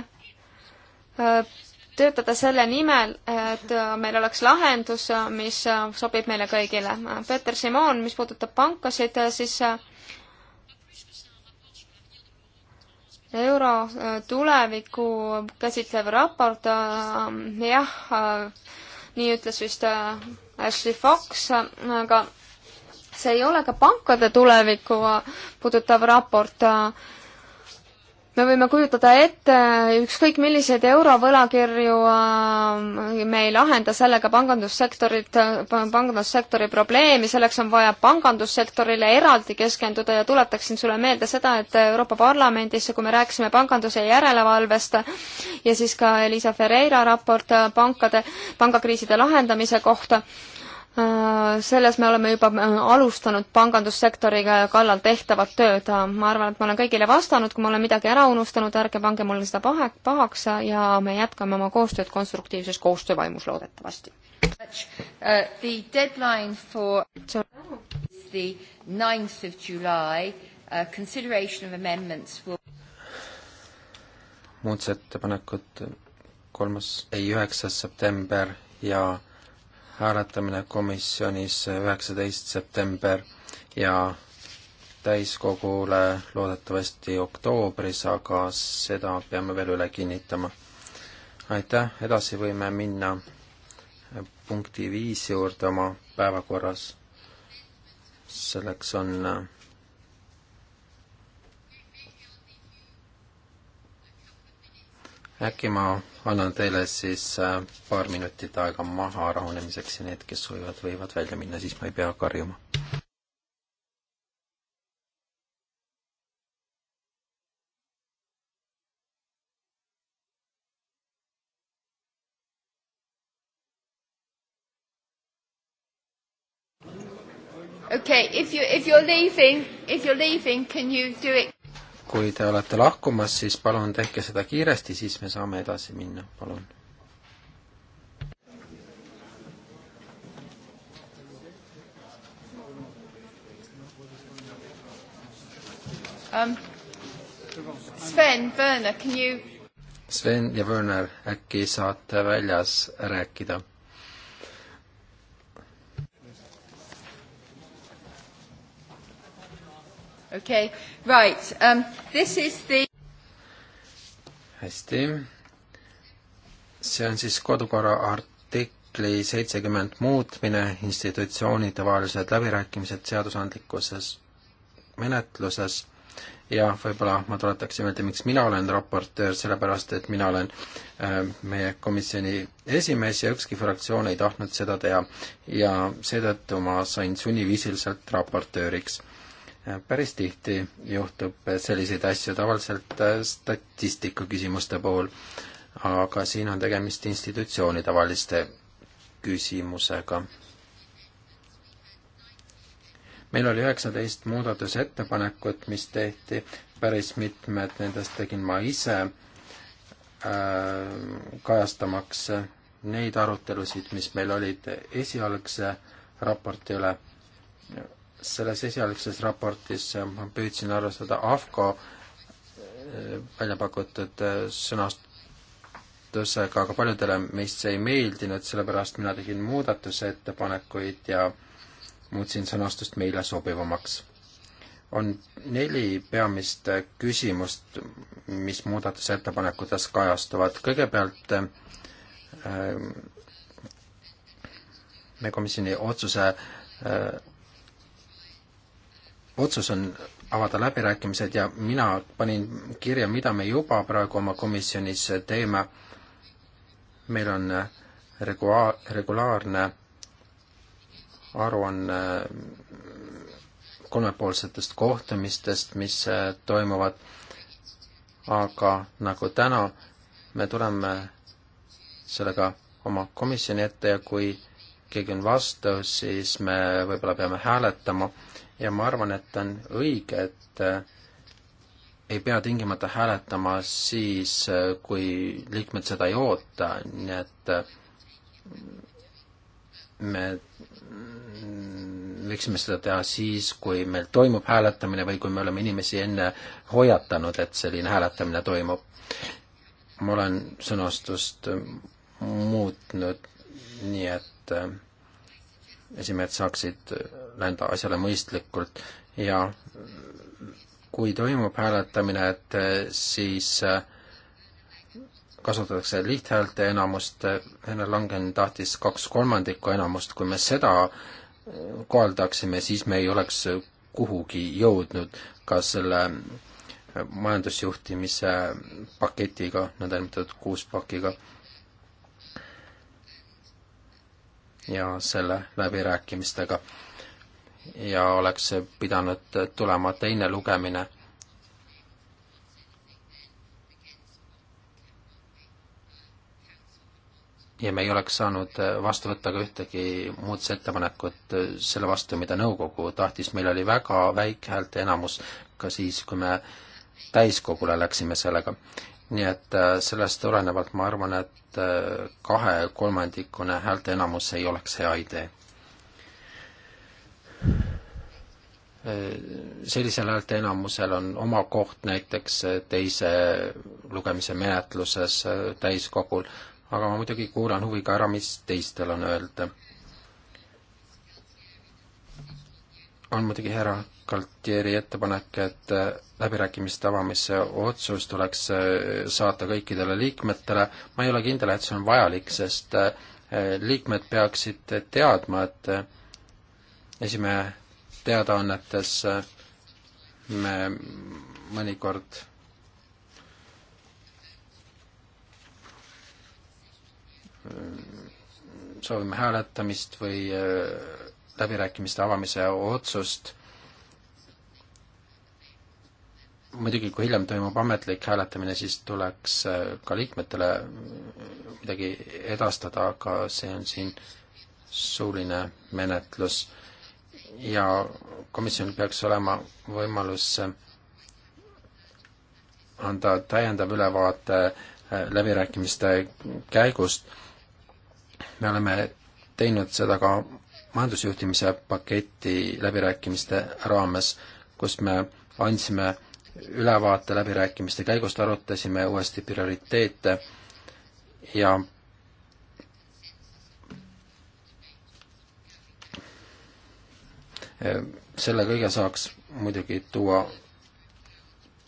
B: äh, töötada selle nimel, et äh, meil oleks lahendus, äh, mis sobib meile kõigile. Peeter Simon, mis puudutab pankasid, siis euro tulevikku käsitlev raport, jah, nii ütles vist Ashley Fox, aga see ei ole ka pankade tulevikku puudutav raport me võime kujutada ette ükskõik milliseid eurovõlakirju, äh, me ei lahenda sellega pangandussektorit, pangandussektori probleemi, selleks on vaja pangandussektorile eraldi keskenduda ja tuletaksin sulle meelde seda, et Euroopa Parlamendis, kui me rääkisime panganduse järelevalvest ja siis ka Elisa Ferreira raport pankade, pangakriiside lahendamise kohta, Äh, selles me oleme juba äh, alustanud pangandussektoriga kallal tehtavat tööd. ma arvan, et ma olen kõigile vastanud, kui ma olen midagi ära unustanud, ärge pange mulle seda pahe, pahaks ja me jätkame oma koostööd konstruktiivses koostöövaimus loodetavasti.
A: Äh, suur tänu!
C: muudatusettepanekud kolmas, ei, üheksas september ja hääletamine komisjonis üheksateist september ja täiskogule loodetavasti oktoobris, aga seda peame veel üle kinnitama. aitäh, edasi võime minna punkti viis juurde oma päevakorras. selleks on äkki ma annan teile siis äh, paar minutit aega maha rahunemiseks ja need, kes soovivad, võivad välja minna, siis ma ei pea karjuma.
A: Okay, if you if you're leaving, if you're leaving, can you do it?
C: kui te olete lahkumas, siis palun tehke seda kiiresti, siis me saame edasi minna, palun
A: um,. Sven, Werner, can you?
C: Sven ja Werner, äkki saate väljas rääkida?
A: okei okay., right um,, this is the
C: hästi, see on siis kodukorra artikli seitsekümmend muutmine, institutsioonide vahelised läbirääkimised seadusandlikkuses menetluses ja võib-olla ma tuletaks meelde, miks mina olen raportöör, sellepärast et mina olen äh, meie komisjoni esimees ja ükski fraktsioon ei tahtnud seda teha. ja seetõttu ma sain sunniviisiliselt raportööriks päris tihti juhtub selliseid asju, tavaliselt äh, statistika küsimuste puhul, aga siin on tegemist institutsiooni tavaliste küsimusega. meil oli üheksateist muudatusettepanekut, mis tehti, päris mitmed nendest tegin ma ise äh, kajastamaks neid arutelusid, mis meil olid esialgse raporti üle, selles esialgses raportis äh, ma püüdsin arvestada AFCO äh, välja pakutud äh, sõnastusega, aga paljudele meist see ei meeldinud, sellepärast mina tegin muudatusettepanekuid ja muutsin sõnastust meile sobivamaks. on neli peamist küsimust, mis muudatusettepanekutes kajastuvad. kõigepealt me komisjoni otsuse otsus on avada läbirääkimised ja mina panin kirja, mida me juba praegu oma komisjonis teeme. meil on äh, regua-, regulaarne aruanne äh, kolmepoolsetest kohtumistest, mis äh, toimuvad, aga nagu täna, me tuleme sellega oma komisjoni ette ja kui keegi on vastu, siis me võib-olla peame hääletama ja ma arvan, et on õige, et äh, ei pea tingimata hääletama siis, äh, kui liikmed seda ei oota, nii et äh, me võiksime seda teha siis, kui meil toimub hääletamine või kui me oleme inimesi enne hoiatanud, et selline hääletamine toimub. ma olen sõnastust muutnud nii, et esimehed saaksid läheneda asjale mõistlikult ja kui toimub hääletamine, et eh, siis eh, kasutatakse lihthäälte enamust, eh, Hene Langen tahtis kaks kolmandikku enamust, kui me seda kohaldaksime, siis me ei oleks kuhugi jõudnud ka selle majandusjuhtimise paketiga, nõndanimetatud kuuspakiga. ja selle läbirääkimistega ja oleks pidanud tulema teine lugemine. ja me ei oleks saanud vastu võtta ka ühtegi muudatusettepanekut selle vastu, mida nõukogu tahtis, meil oli väga väike häälte enamus ka siis, kui me täiskogule läksime sellega. nii et äh, sellest tulenevalt ma arvan, et äh, kahekolmandikune häälte enamus ei oleks hea idee Äh, sellisel häälteenamusel on oma koht näiteks äh, teise lugemise menetluses äh, täiskogul, aga ma muidugi kuulan huviga ära, mis teistel on öelda. on muidugi härra Galtieri ettepanek, et läbirääkimiste avamise otsus tuleks saata kõikidele liikmetele, ma ei ole kindel, et see on vajalik, sest liikmed peaksid teadma, et esimehe teadaannetes eh, me mõnikord soovime hääletamist või eh, läbirääkimiste avamise otsust. muidugi, kui hiljem toimub ametlik hääletamine, siis tuleks eh, ka liikmetele midagi edastada, aga see on siin suuline menetlus ja komisjonil peaks olema võimalus äh, anda täiendav ülevaate äh, läbirääkimiste käigust. me oleme teinud seda ka majandusjuhtimise paketi läbirääkimiste raames, kus me andsime ülevaate läbirääkimiste käigust, arutasime uuesti prioriteete ja selle kõige saaks muidugi tuua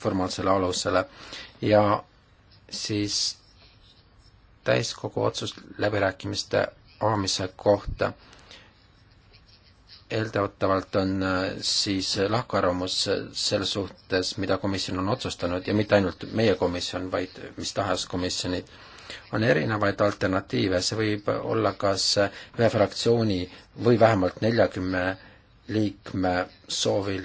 C: formaalsele alusele ja siis täiskogu otsus läbirääkimiste avamise kohta. eeldatavalt on äh, siis lahkarvamus selles suhtes, mida komisjon on otsustanud ja mitte ainult meie komisjon, vaid mis tahes komisjonid. on erinevaid alternatiive, see võib olla kas ühe fraktsiooni või vähemalt neljakümne liikme soovil.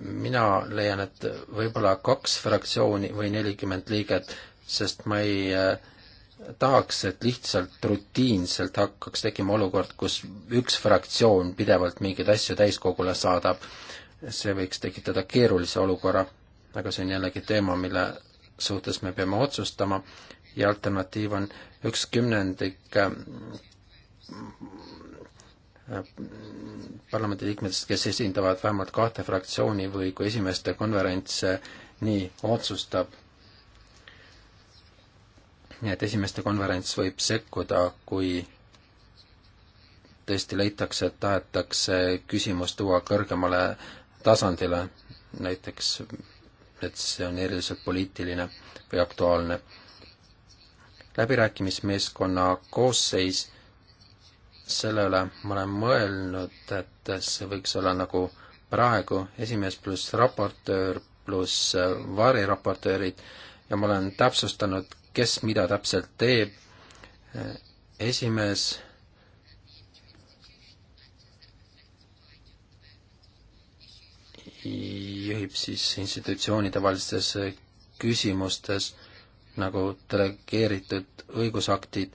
C: mina leian, et võib-olla kaks fraktsiooni või nelikümmend liiget, sest ma ei äh, tahaks, et lihtsalt rutiinselt hakkaks tekkima olukord, kus üks fraktsioon pidevalt mingeid asju täiskogule saadab. see võiks tekitada keerulise olukorra, aga see on jällegi teema, mille suhtes me peame otsustama ja alternatiiv on üks kümnendik äh, parlamendiliikmetest, kes esindavad vähemalt kahte fraktsiooni või kui esimeeste konverents äh, nii otsustab. nii et esimeeste konverents võib sekkuda, kui tõesti leitakse, et tahetakse küsimus tuua kõrgemale tasandile, näiteks et see on eriliselt poliitiline või aktuaalne läbirääkimismeeskonna koosseis, selle üle ma olen mõelnud, et see võiks olla nagu praegu esimees pluss raportöör pluss variraportöörid ja ma olen täpsustanud, kes mida täpselt teeb. esimees juhib siis institutsioonide vahelistes küsimustes äh, nagu delegeeritud õigusaktid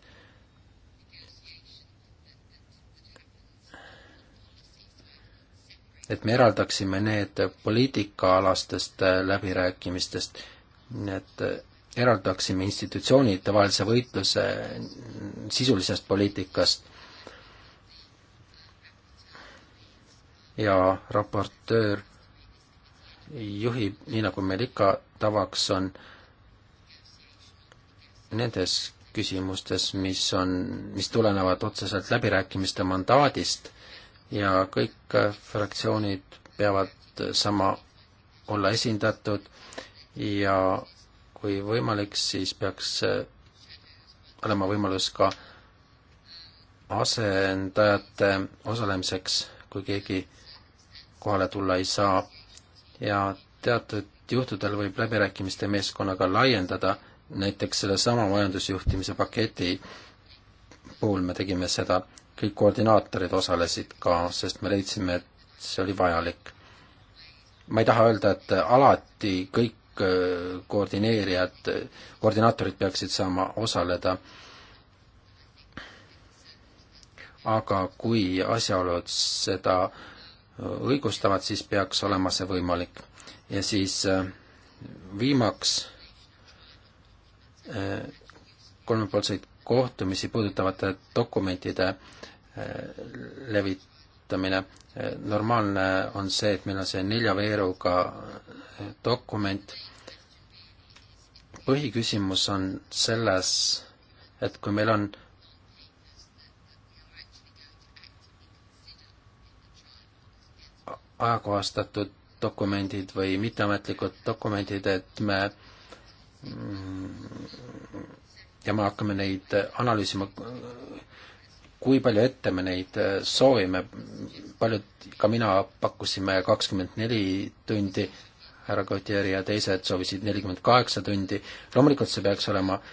C: et me eraldaksime need poliitikaalastest läbirääkimistest, nii et eraldaksime institutsioonide vahelise võitluse sisulisest poliitikast. ja raportöör juhib, nii nagu meil ikka tavaks on, nendes küsimustes, mis on, mis tulenevad otseselt läbirääkimiste mandaadist ja kõik fraktsioonid peavad sama olla esindatud ja kui võimalik, siis peaks olema võimalus ka asendajate osalemiseks, kui keegi kohale tulla ei saa ja teatud juhtudel võib läbirääkimiste meeskonnaga laiendada näiteks sellesama majandusjuhtimise paketi puhul me tegime seda, kõik koordinaatorid osalesid ka, sest me leidsime, et see oli vajalik. ma ei taha öelda, et alati kõik äh, koordineerijad, koordinaatorid peaksid saama osaleda, aga kui asjaolud seda äh, õigustavad, siis peaks olema see võimalik. ja siis äh, viimaks kolmepoolseid kohtumisi puudutavate dokumentide äh, levitamine. Äh, normaalne on see, et meil on see nelja veeruga äh, dokument. põhiküsimus on selles, et kui meil on ajakohastatud dokumendid või mitteametlikud dokumendid, et me äh, Mm. ja me hakkame neid äh, analüüsima, äh, kui palju ette me neid äh, soovime, paljud, ka mina pakkusime kakskümmend neli tundi, härra Gautieri ja teised soovisid nelikümmend kaheksa tundi, loomulikult see peaks olema äh,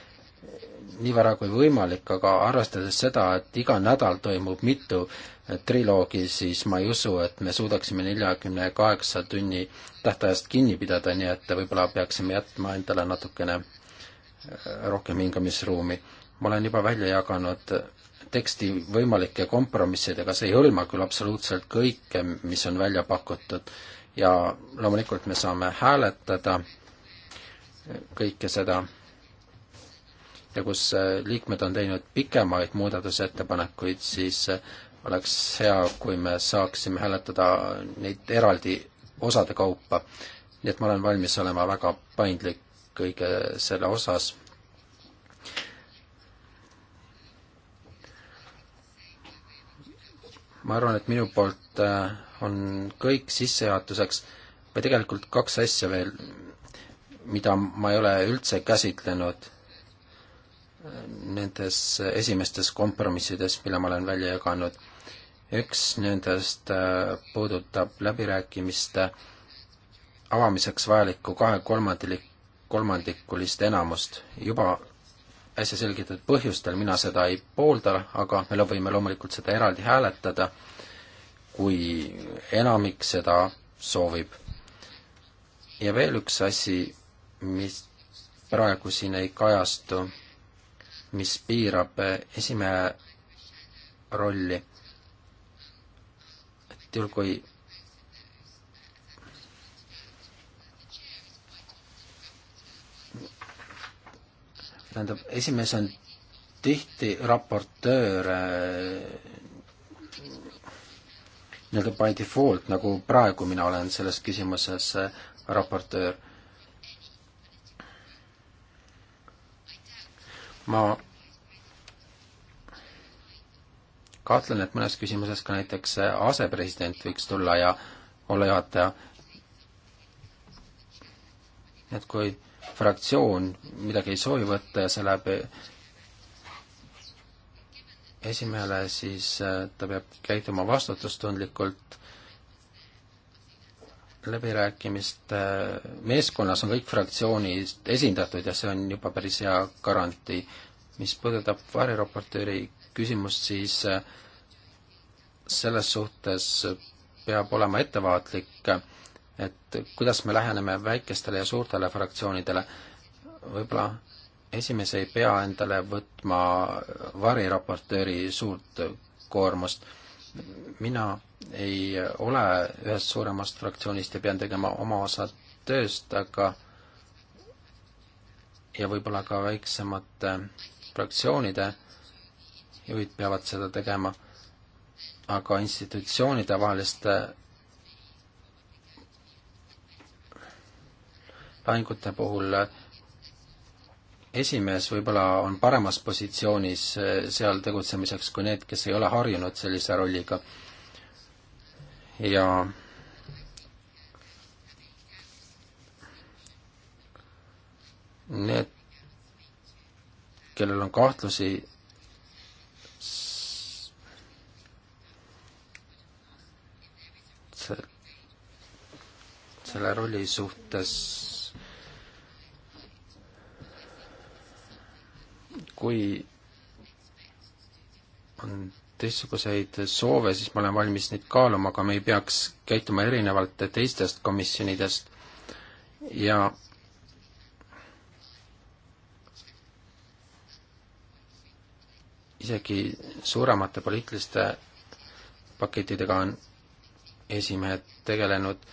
C: nii vara kui võimalik, aga arvestades seda, et iga nädal toimub mitu triloogi, siis ma ei usu, et me suudaksime neljakümne kaheksa tunni tähtajast kinni pidada, nii et võib-olla peaksime jätma endale natukene äh, rohkem hingamisruumi. ma olen juba välja jaganud teksti võimalike kompromissidega, see ei hõlma küll absoluutselt kõike, mis on välja pakutud ja loomulikult me saame hääletada kõike seda ja kus äh, liikmed on teinud pikemaid muudatusettepanekuid, siis äh, oleks hea, kui me saaksime hääletada neid eraldi osade kaupa. nii et ma olen valmis olema väga paindlik kõige selle osas. ma arvan, et minu poolt äh, on kõik sissejuhatuseks või tegelikult kaks asja veel, mida ma ei ole üldse käsitlenud nendes esimestes kompromissides, mille ma olen välja jaganud. üks nendest äh, puudutab läbirääkimiste avamiseks vajalikku kahekolmandilik, kolmandikulist enamust. juba äsja selgitatud põhjustel mina seda ei poolda, aga me võime loomulikult seda eraldi hääletada, kui enamik seda soovib. ja veel üks asi, mis praegu siin ei kajastu mis piirab eh, esimehe rolli. et juhul, kui tähendab, esimees on tihti raportöör eh, nii-öelda by default, nagu praegu mina olen selles küsimuses eh, raportöör. ma kahtlen, et mõnes küsimuses ka näiteks asepresident võiks tulla ja olla juhataja. et kui fraktsioon midagi ei soovi võtta ja see läheb esimehele, siis äh, ta peab käituma vastutustundlikult läbirääkimiste äh, meeskonnas on kõik fraktsioonid esindatud ja see on juba päris hea garantii. mis puudutab variraportööri küsimust, siis äh, selles suhtes peab olema ettevaatlik, et kuidas me läheneme väikestele ja suurtele fraktsioonidele. võib-olla esimees ei pea endale võtma variraportööri suurt koormust. mina ei ole ühest suuremast fraktsioonist ja pean tegema oma osa tööst, aga ja võib-olla ka väiksemate fraktsioonide juhid peavad seda tegema, aga institutsioonide vaheliste lahingute puhul esimees võib-olla on paremas positsioonis eh, seal tegutsemiseks kui need, kes ei ole harjunud sellise rolliga. ja need, kellel on kahtlusi selle rolli suhtes. kui on teistsuguseid soove, siis ma olen valmis neid kaaluma, aga me ei peaks käituma erinevalt teistest komisjonidest ja isegi suuremate poliitiliste pakettidega on esimehed tegelenud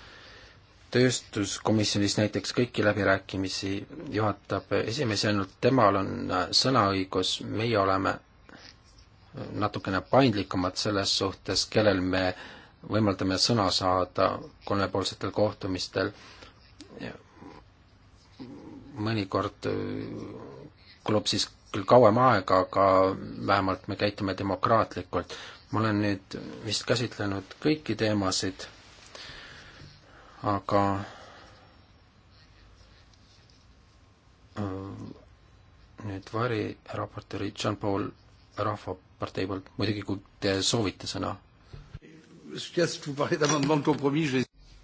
C: tööstuskomisjonis näiteks kõiki läbirääkimisi juhatab esimees, ainult temal on sõnaõigus, meie oleme natukene paindlikumad selles suhtes, kellel me võimaldame sõna saada kolmepoolsetel kohtumistel. mõnikord kulub siis küll kauem aega, aga vähemalt me käitume demokraatlikult. ma olen nüüd vist käsitlenud kõiki teemasid aga nüüd variraportööri Jean-Paul Rahvapartei poolt, muidugi kui te soovite sõna.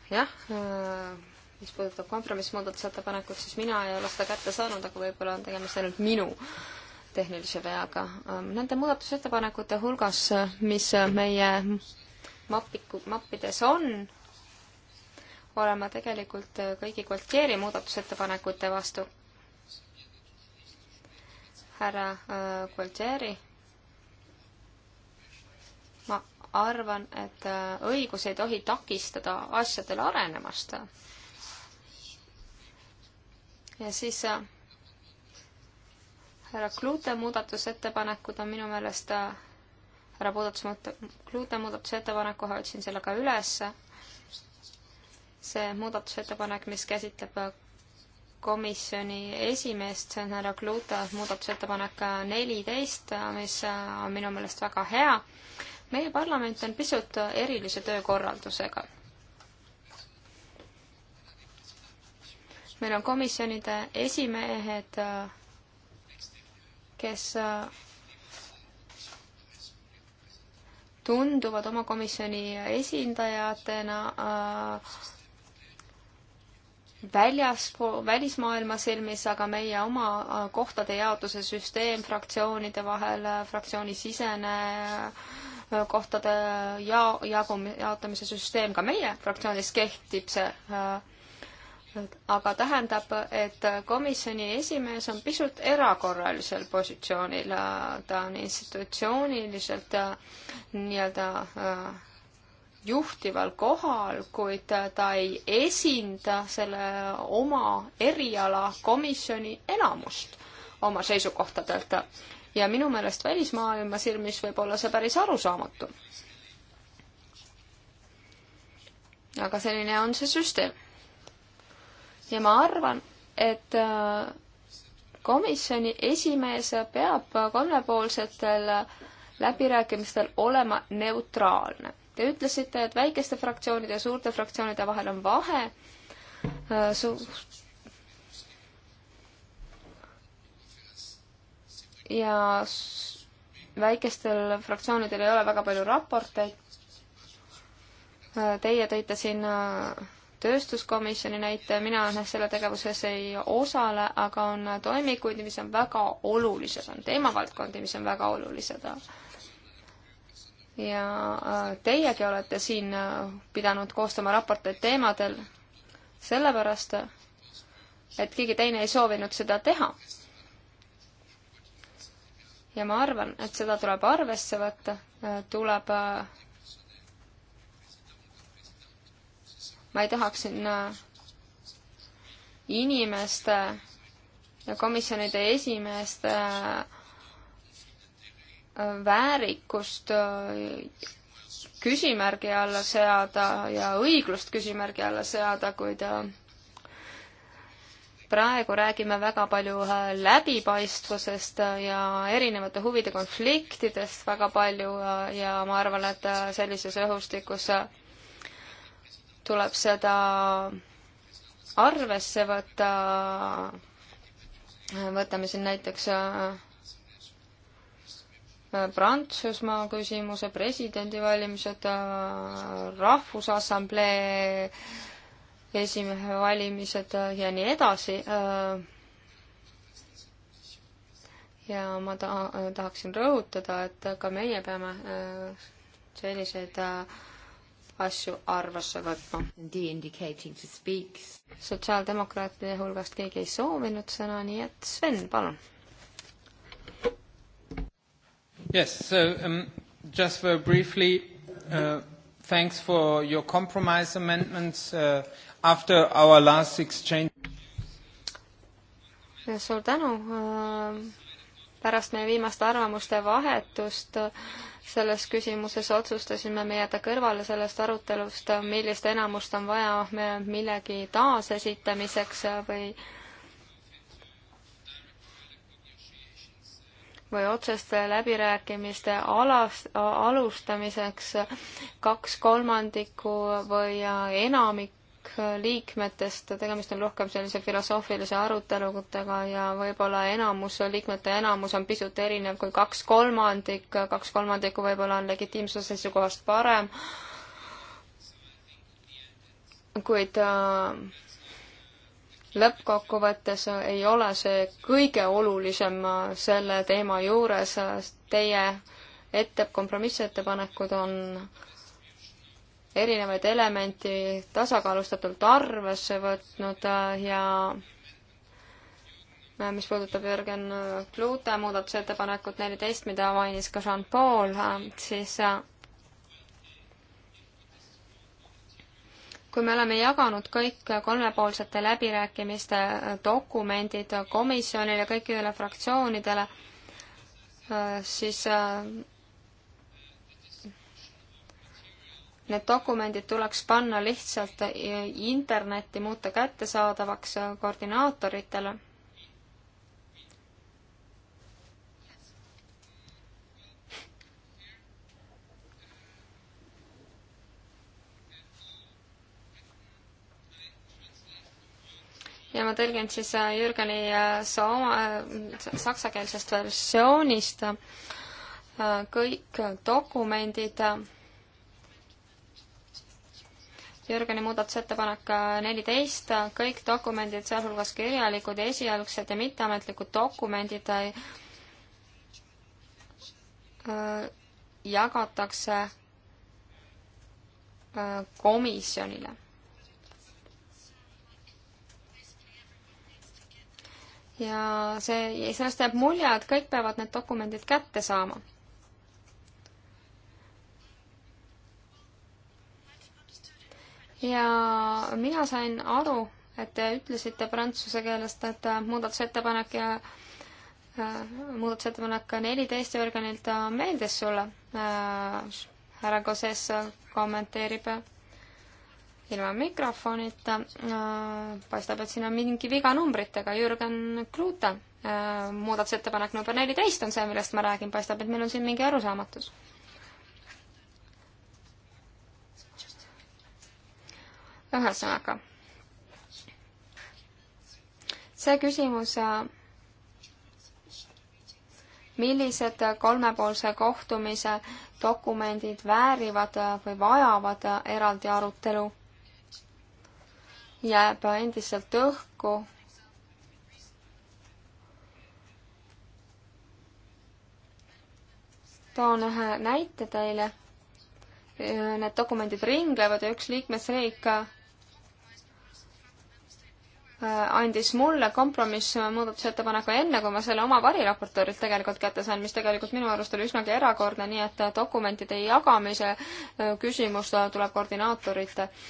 B: jah, mis puudutab kompromissmuudatusettepanekut, siis mina ei ole seda kätte saanud, aga võib-olla on tegemist ainult minu tehnilise veaga. Nende muudatusettepanekute hulgas, mis meie mapiku, mappides on, olen ma tegelikult kõigi Gualtieri muudatusettepanekute vastu. härra äh, Gualtieri, ma arvan, et äh, õigus ei tohi takistada asjadel arenemast. ja siis äh, härra Klute muudatusettepanekud on minu meelest härra muudatus, Klute muudatusettepaneku hoidsin selle ka ülesse see muudatusettepanek, mis käsitleb äh, komisjoni esimeest, see on härra Kluuta muudatusettepanek äh, neliteist, äh, mis on minu meelest väga hea. meie parlament on pisut erilise töökorraldusega. meil on komisjonide esimehed, kes tunduvad oma komisjoni esindajatena äh, väljaspool, välismaailma silmis, aga meie oma äh, kohtade jaotuse süsteem fraktsioonide vahel, äh, fraktsioonisisene äh, kohtade ja-, jagum-, jaotamise süsteem ka meie fraktsioonis kehtib see aga tähendab, et komisjoni esimees on pisut erakorralisel positsioonil, ta on institutsiooniliselt nii-öelda juhtival kohal, kuid ta ei esinda selle oma eriala komisjoni enamust oma seisukohtadelt. ja minu meelest välismaailma silmis võib olla see päris arusaamatu. aga selline on see süsteem. ja ma arvan, et äh, komisjoni esimees peab kolmepoolsetel läbirääkimistel olema neutraalne Te ütlesite, et väikeste fraktsioonide ja suurte fraktsioonide vahel on vahe äh, Su. ja väikestel fraktsioonidel ei ole väga palju raporteid. Äh, teie tõite siin äh, tööstuskomisjoni näite, mina selle tegevuses ei osale, aga on toimikuid, mis on väga olulised, on teemavaldkondi, mis on väga olulised ja äh, teiegi olete siin äh, pidanud koostama raporteid teemadel sellepärast, et keegi teine ei soovinud seda teha. ja ma arvan, et seda tuleb arvesse võtta, äh, tuleb ma ei tahaks siin inimeste ja komisjonide esimeeste äh, väärikust äh, küsimärgi alla seada ja õiglust küsimärgi alla seada, kuid äh, praegu räägime väga palju äh, läbipaistvusest ja erinevate huvide konfliktidest väga palju ja ma arvan, et sellises õhustikus tuleb seda arvesse võtta. võtame siin näiteks Prantsusmaa küsimuse, presidendivalimised, äh, Rahvusassamblee esimehe valimised äh, ja nii edasi. Äh, ja ma taha, tahaksin rõhutada, et ka meie peame selliseid asju arvesse võtma. sotsiaaldemokraatide hulgast keegi ei soovinud sõna, nii et Sven, palun
E: Yes, so um, just very briefly, uh, thanks for your compromise amendments uh, after our last exchange.
B: suur tänu uh,. pärast meie viimaste arvamuste vahetust äh, selles küsimuses otsustasime me jääda kõrvale sellest arutelust, äh, millist enamust on vaja millegi taasesitamiseks või äh, või otseste läbirääkimiste alas, alustamiseks kaks kolmandikku või enamik liikmetest, tegemist on rohkem sellise filosoofilise aruteludega ja võib-olla enamus, liikmete enamus on pisut erinev kui kaks kolmandik, kaks kolmandikku võib-olla on legitiimsuse seisukohast parem, kuid äh, lõppkokkuvõttes ei ole see kõige olulisem selle teema juures. Teie ette, kompromissettepanekud on erinevaid elementi tasakaalustatult arvesse võtnud ja mis puudutab Jürgen Klute muudatusettepanekut neliteist, mida mainis ka Jean-Paul, siis kui me oleme jaganud kõik kolmepoolsete läbirääkimiste dokumendid komisjonile, kõikidele fraktsioonidele, siis äh, need dokumendid tuleks panna lihtsalt internetti, muuta kättesaadavaks koordinaatoritele ja ma tõlgin siis äh, Jürgeni äh, sooma, äh, saksakeelsest versioonist kõik dokumendid. Jürgeni muudatusettepanek neliteist, kõik dokumendid, sealhulgas kirjalikud ja esialgsed ja mitteametlikud dokumendid jagatakse komisjonile ja see, ja sellest jääb mulje, et kõik peavad need dokumendid kätte saama. ja mina sain aru, et te ütlesite prantsuse keelest, et äh, muudatusettepanek ja äh, muudatusettepanek neliteist organilt äh, meeldis sulle äh,. härra Koses äh, kommenteerib ilma mikrofonita äh,. paistab, et siin on mingi viga numbritega. Jürgen Kruuta äh, muudatusettepanek number neliteist on see, millest ma räägin. paistab, et meil on siin mingi arusaamatus. ühesõnaga, see küsimus äh, millised kolmepoolse kohtumise dokumendid väärivad või vajavad äh, eraldi arutelu jääb endiselt õhku. toon ühe näite teile. Need dokumendid ringlevad ja üks liikmesriik äh, andis mulle kompromissmuudatusettepaneku enne, kui ma selle oma variraportöörilt tegelikult kätte sain, mis tegelikult minu arust oli üsnagi erakordne, nii et dokumentide jagamise äh, küsimus tuleb koordinaatorite äh,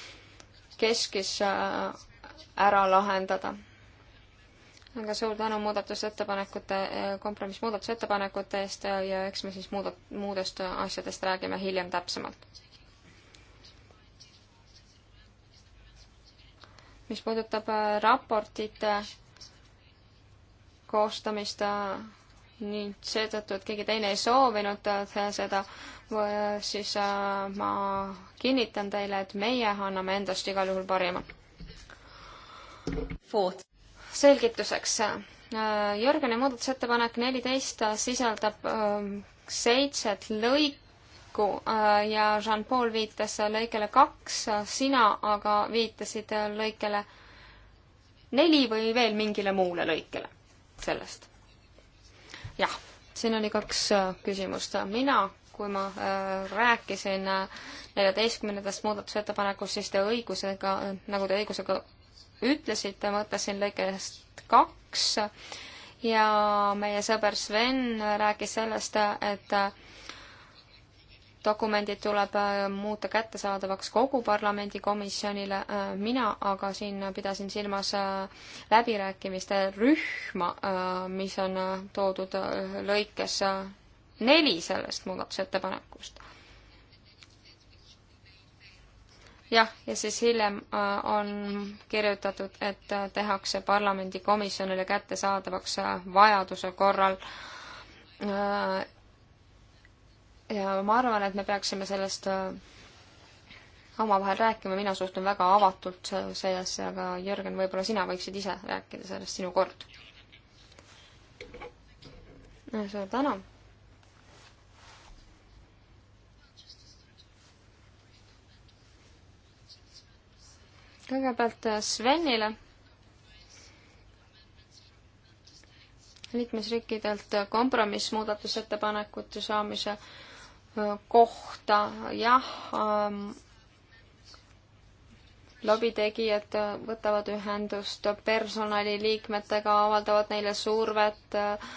B: keskis äh, ära lahendada. aga suur tänu muudatusettepanekute, äh, kompromissmuudatusettepanekute eest ja eks me siis muudat-, muudest asjadest räägime hiljem täpsemalt. mis puudutab äh, raportite koostamist nii seetõttu, et keegi teine ei soovinud äh, seda, äh, siis äh, ma kinnitan teile, et meie anname endast igal juhul parima. selgituseks. Jörgeni muudatusettepanek neliteist sisaldab ähm, seitset lõiku ja Jean-Paul viitas lõikele kaks, sina aga viitasid lõikele neli või veel mingile muule lõikele sellest jah, siin oli kaks äh, küsimust. mina, kui ma äh, rääkisin äh, neljateistkümnendast muudatusettepanekust, siis te õigusega, nagu te õigusega ütlesite, mõtlesin lõikest kaks ja meie sõber Sven rääkis sellest, et dokumendid tuleb äh, muuta kättesaadavaks kogu parlamendikomisjonile, äh, mina aga siin pidasin silmas äh, läbirääkimiste rühma, mis on toodud lõikes neli sellest muudatusettepanekust jah, ja siis hiljem on kirjutatud, et tehakse parlamendikomisjonile kättesaadavaks vajaduse korral ja ma arvan, et me peaksime sellest äh, omavahel rääkima, mina suhtun väga avatult äh, sellesse, aga Jürgen, võib-olla sina võiksid ise rääkida sellest, sinu kord. suur tänu. kõigepealt äh, Svenile. liikmesriikidelt kompromissmuudatusettepanekute saamise äh, kohta, jah ähm,, lobitegijad võtavad ühendust personaliliikmetega, avaldavad neile survet äh,,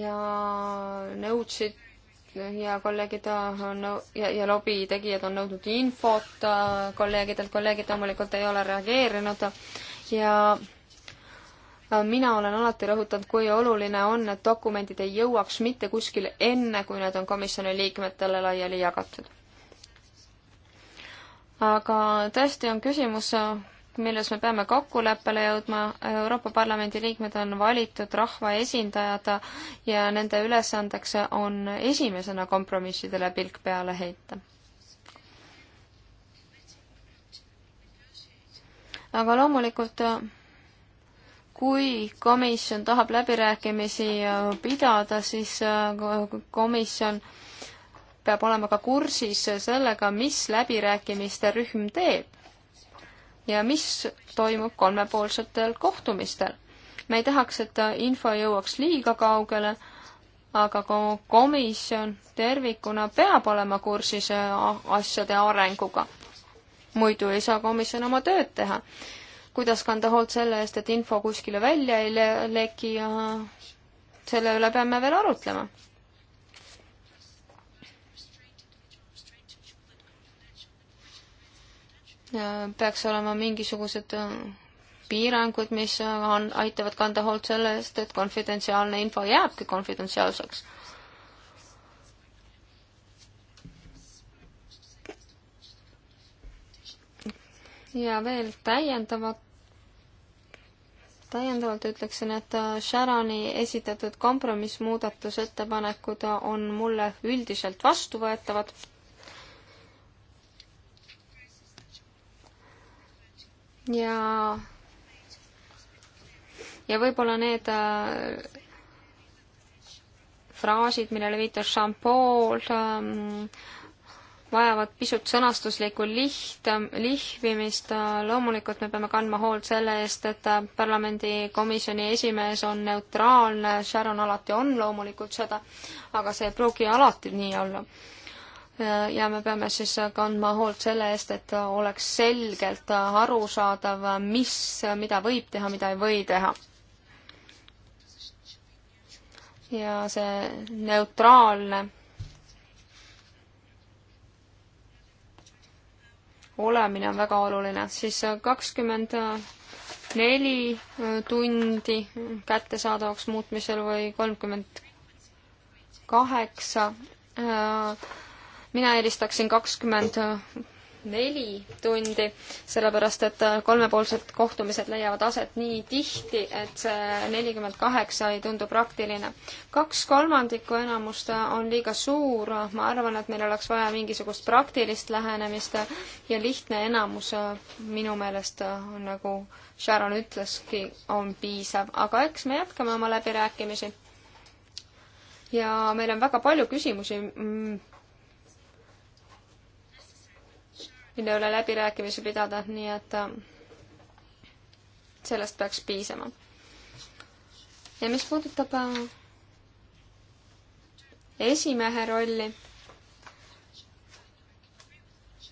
B: ja nõudsid ja kolleegid on ja, ja lobi tegijad on nõudnud infot kolleegidelt, kolleegid loomulikult ei ole reageerinud ja Äh, mina olen alati rõhutanud, kui oluline on, et dokumendid ei jõuaks mitte kuskile enne, kui need on komisjoni liikmetele laiali jagatud. aga tõesti on küsimus, milles me peame kokkuleppele jõudma, Euroopa Parlamendi liikmed on valitud rahvaesindajad ja nende ülesandeks on esimesena kompromissidele pilk peale heita. aga loomulikult kui komisjon tahab läbirääkimisi äh, pidada, siis äh, komisjon peab olema ka kursis sellega, mis läbirääkimiste rühm teeb ja mis toimub kolmepoolsetel kohtumistel. me ei tahaks, et info jõuaks liiga kaugele, aga komisjon tervikuna peab olema kursis äh, asjade arenguga. muidu ei saa komisjon oma tööd teha kuidas kanda hoolt selle eest, et info kuskile välja ei le leki ja selle üle peame veel arutlema. peaks olema mingisugused äh, piirangud, mis on, aitavad kanda hoolt selle eest, et konfidentsiaalne info jääbki konfidentsiaalseks ja veel täiendavad täiendavalt ütleksin, et äh, Sharoni esitatud kompromissmuudatusettepanekud on mulle üldiselt vastuvõetavad. ja, ja võib-olla need äh, fraasid, millele viitas Jean-Paul ähm,, vajavad pisut sõnastuslikku liht, lihvimist, loomulikult me peame kandma hoolt selle eest, et parlamendikomisjoni esimees on neutraalne, Sharon alati on loomulikult seda, aga see ei pruugi alati nii olla. ja me peame siis kandma hoolt selle eest, et oleks selgelt arusaadav, mis, mida võib teha, mida ei või teha ja see neutraalne olemine on väga oluline, siis kakskümmend neli äh, tundi kättesaadavaks muutmisel või kolmkümmend kaheksa. Äh, mina eelistaksin kakskümmend 20 äh, neli tundi, sellepärast et äh, kolmepoolsed kohtumised leiavad aset nii tihti, et see nelikümmend kaheksa ei tundu praktiline. kaks kolmandikku enamust äh, on liiga suur, ma arvan, et meil oleks vaja mingisugust praktilist lähenemist ja lihtne enamus äh, minu meelest on nagu Sharon ütleski, on piisav, aga eks me jätkame oma läbirääkimisi. ja meil on väga palju küsimusi mm, mille üle läbirääkimisi pidada, nii et äh, sellest peaks piisama. ja mis puudutab äh, esimehe rolli,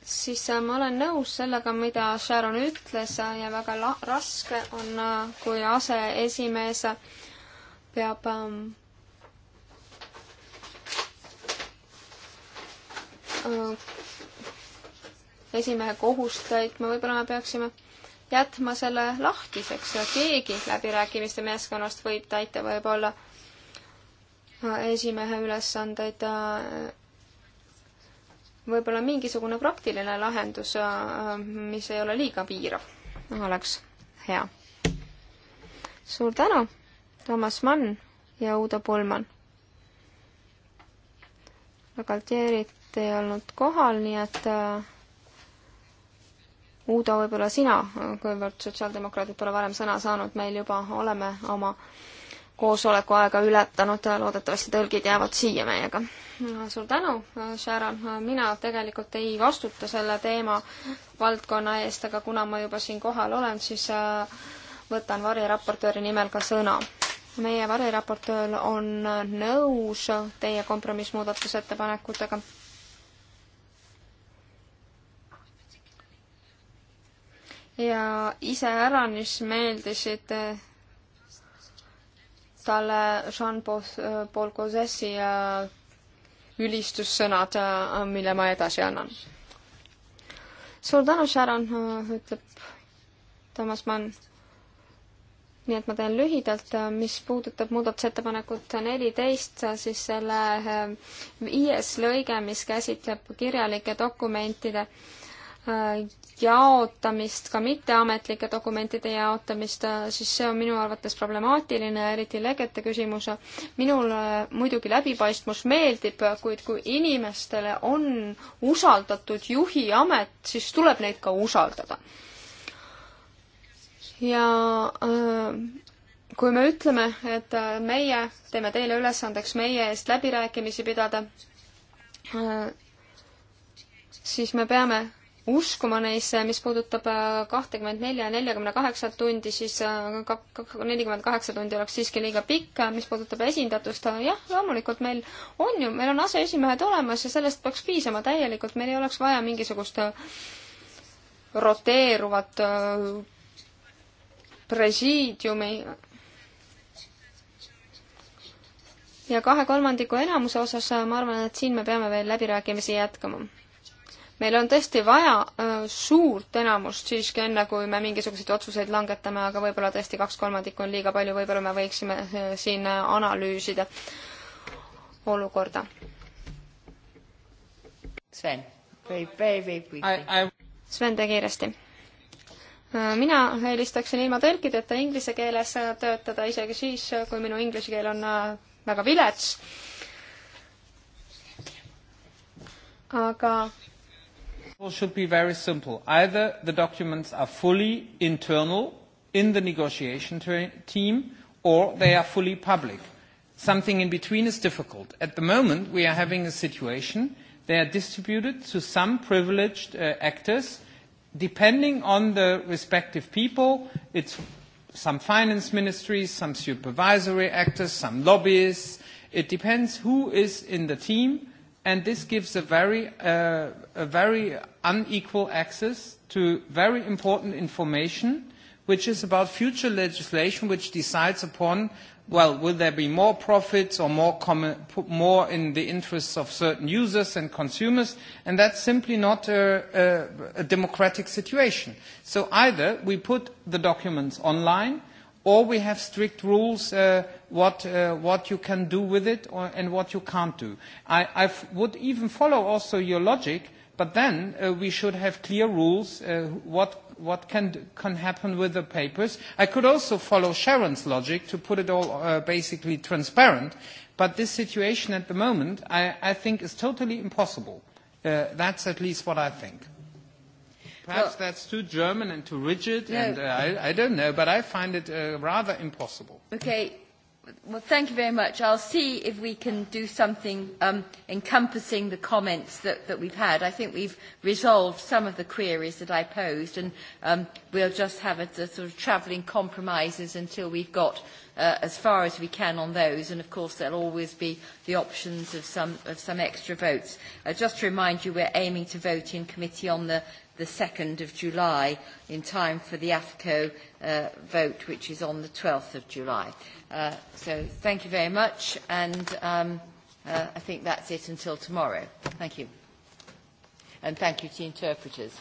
B: siis äh, ma olen nõus sellega, mida Sharon ütles ja väga la-, raske on, kui aseesimees peab esimehe kohust täitma, võib-olla me peaksime jätma selle lahtiseks, keegi läbirääkimiste meeskonnast võib täita võib-olla äh, esimehe ülesandeid. Äh, võib-olla mingisugune praktiline lahendus, äh, mis ei ole liiga piirav, oleks hea. suur tänu, Toomas Mann ja Uudo Pulman. Galtierit ei olnud kohal, nii et Uudo, võib-olla sina, kuivõrd sotsiaaldemokraadid pole varem sõna saanud, meil juba oleme oma koosoleku aega ületanud, loodetavasti tõlgid jäävad siia meiega. suur tänu, Sharon, mina tegelikult ei vastuta selle teema valdkonna eest, aga kuna ma juba siin kohal olen, siis äh, võtan variraportööri nimel ka sõna. meie variraportöör on nõus teie kompromissmuudatusettepanekutega ja iseäranis meeldisid eh, talle Jean-Paul eh, Gauzessi eh, ülistussõnad, mille ma edasi annan. suur tänu, Sharon, ütleb Toomas Mann. nii et ma teen lühidalt, mis puudutab muudatusettepanekut neliteist, siis selle viies lõige, mis käsitleb kirjalike dokumentide jaotamist, ka mitteametlike dokumentide jaotamist, siis see on minu arvates problemaatiline, eriti legete küsimus. minule äh, muidugi läbipaistvus meeldib, kuid kui inimestele on usaldatud juhi amet, siis tuleb neid ka usaldada. ja äh, kui me ütleme, et äh, meie teeme teile ülesandeks meie eest läbirääkimisi pidada, siis me peame uskuma neisse, mis puudutab äh, kahtekümmend nelja ja neljakümne kaheksat tundi, siis äh, nelikümmend kaheksa tundi oleks siiski liiga pikk, äh, mis puudutab esindatust, jah, loomulikult meil on ju, meil on aseesimehed olemas ja sellest peaks piisama täielikult, meil ei oleks vaja mingisugust roteeruvat presiidiumi ja kahe kolmandiku enamuse osas ma arvan, et siin me peame veel läbirääkimisi jätkama meil on tõesti vaja suurt enamust siiski, enne kui me mingisuguseid otsuseid langetame, aga võib-olla tõesti kaks kolmandikku on liiga palju, võib-olla me võiksime siin analüüsida olukorda. Sven, Sven, tee kiiresti mina eelistaksin ilma tõlkideta inglise keeles töötada isegi siis, kui minu inglise keel on väga vilets. aga
E: should be very simple. Either the documents are fully internal in the negotiation team or they are fully public. Something in between is difficult. At the moment, we are having a situation they are distributed to some privileged uh, actors. Depending on the respective people, it's some finance ministries, some supervisory actors, some lobbyists. It depends who is in the team and this gives a very, uh, a very unequal access to very important information, which is about future legislation which decides upon, well, will there be more profits or more, common, more in the interests of certain users and consumers, and that's simply not a, a, a democratic situation. So either we put the documents online, or we have strict rules uh, what, uh, what you can do with it or, and what you can't do. I I've, would even follow also your logic, but then uh, we should have clear rules uh, what what can can happen with the papers. I could also follow Sharon's logic to put it all uh, basically transparent, but this situation at the moment, I, I think, is totally impossible. Uh, that's at least what I think. Perhaps well, that's too German and too rigid, no. and uh, I, I don't know, but I find it uh, rather impossible.
A: Okay, Well, thank you very much. I'll see if we can do something um, encompassing the comments that, that we've had. I think we've resolved some of the queries that I posed, and um, we'll just have a, a sort of travelling compromises until we've got uh, as far as we can on those. And of course, there'll always be the options of some, of some extra votes. Uh, just to remind you, we're aiming to vote in committee on the the 2nd of July in time for the AFCO uh, vote, which is on the 12th of July. Uh, so thank you very much, and um, uh, I think that's it until tomorrow. Thank you. And thank you to interpreters.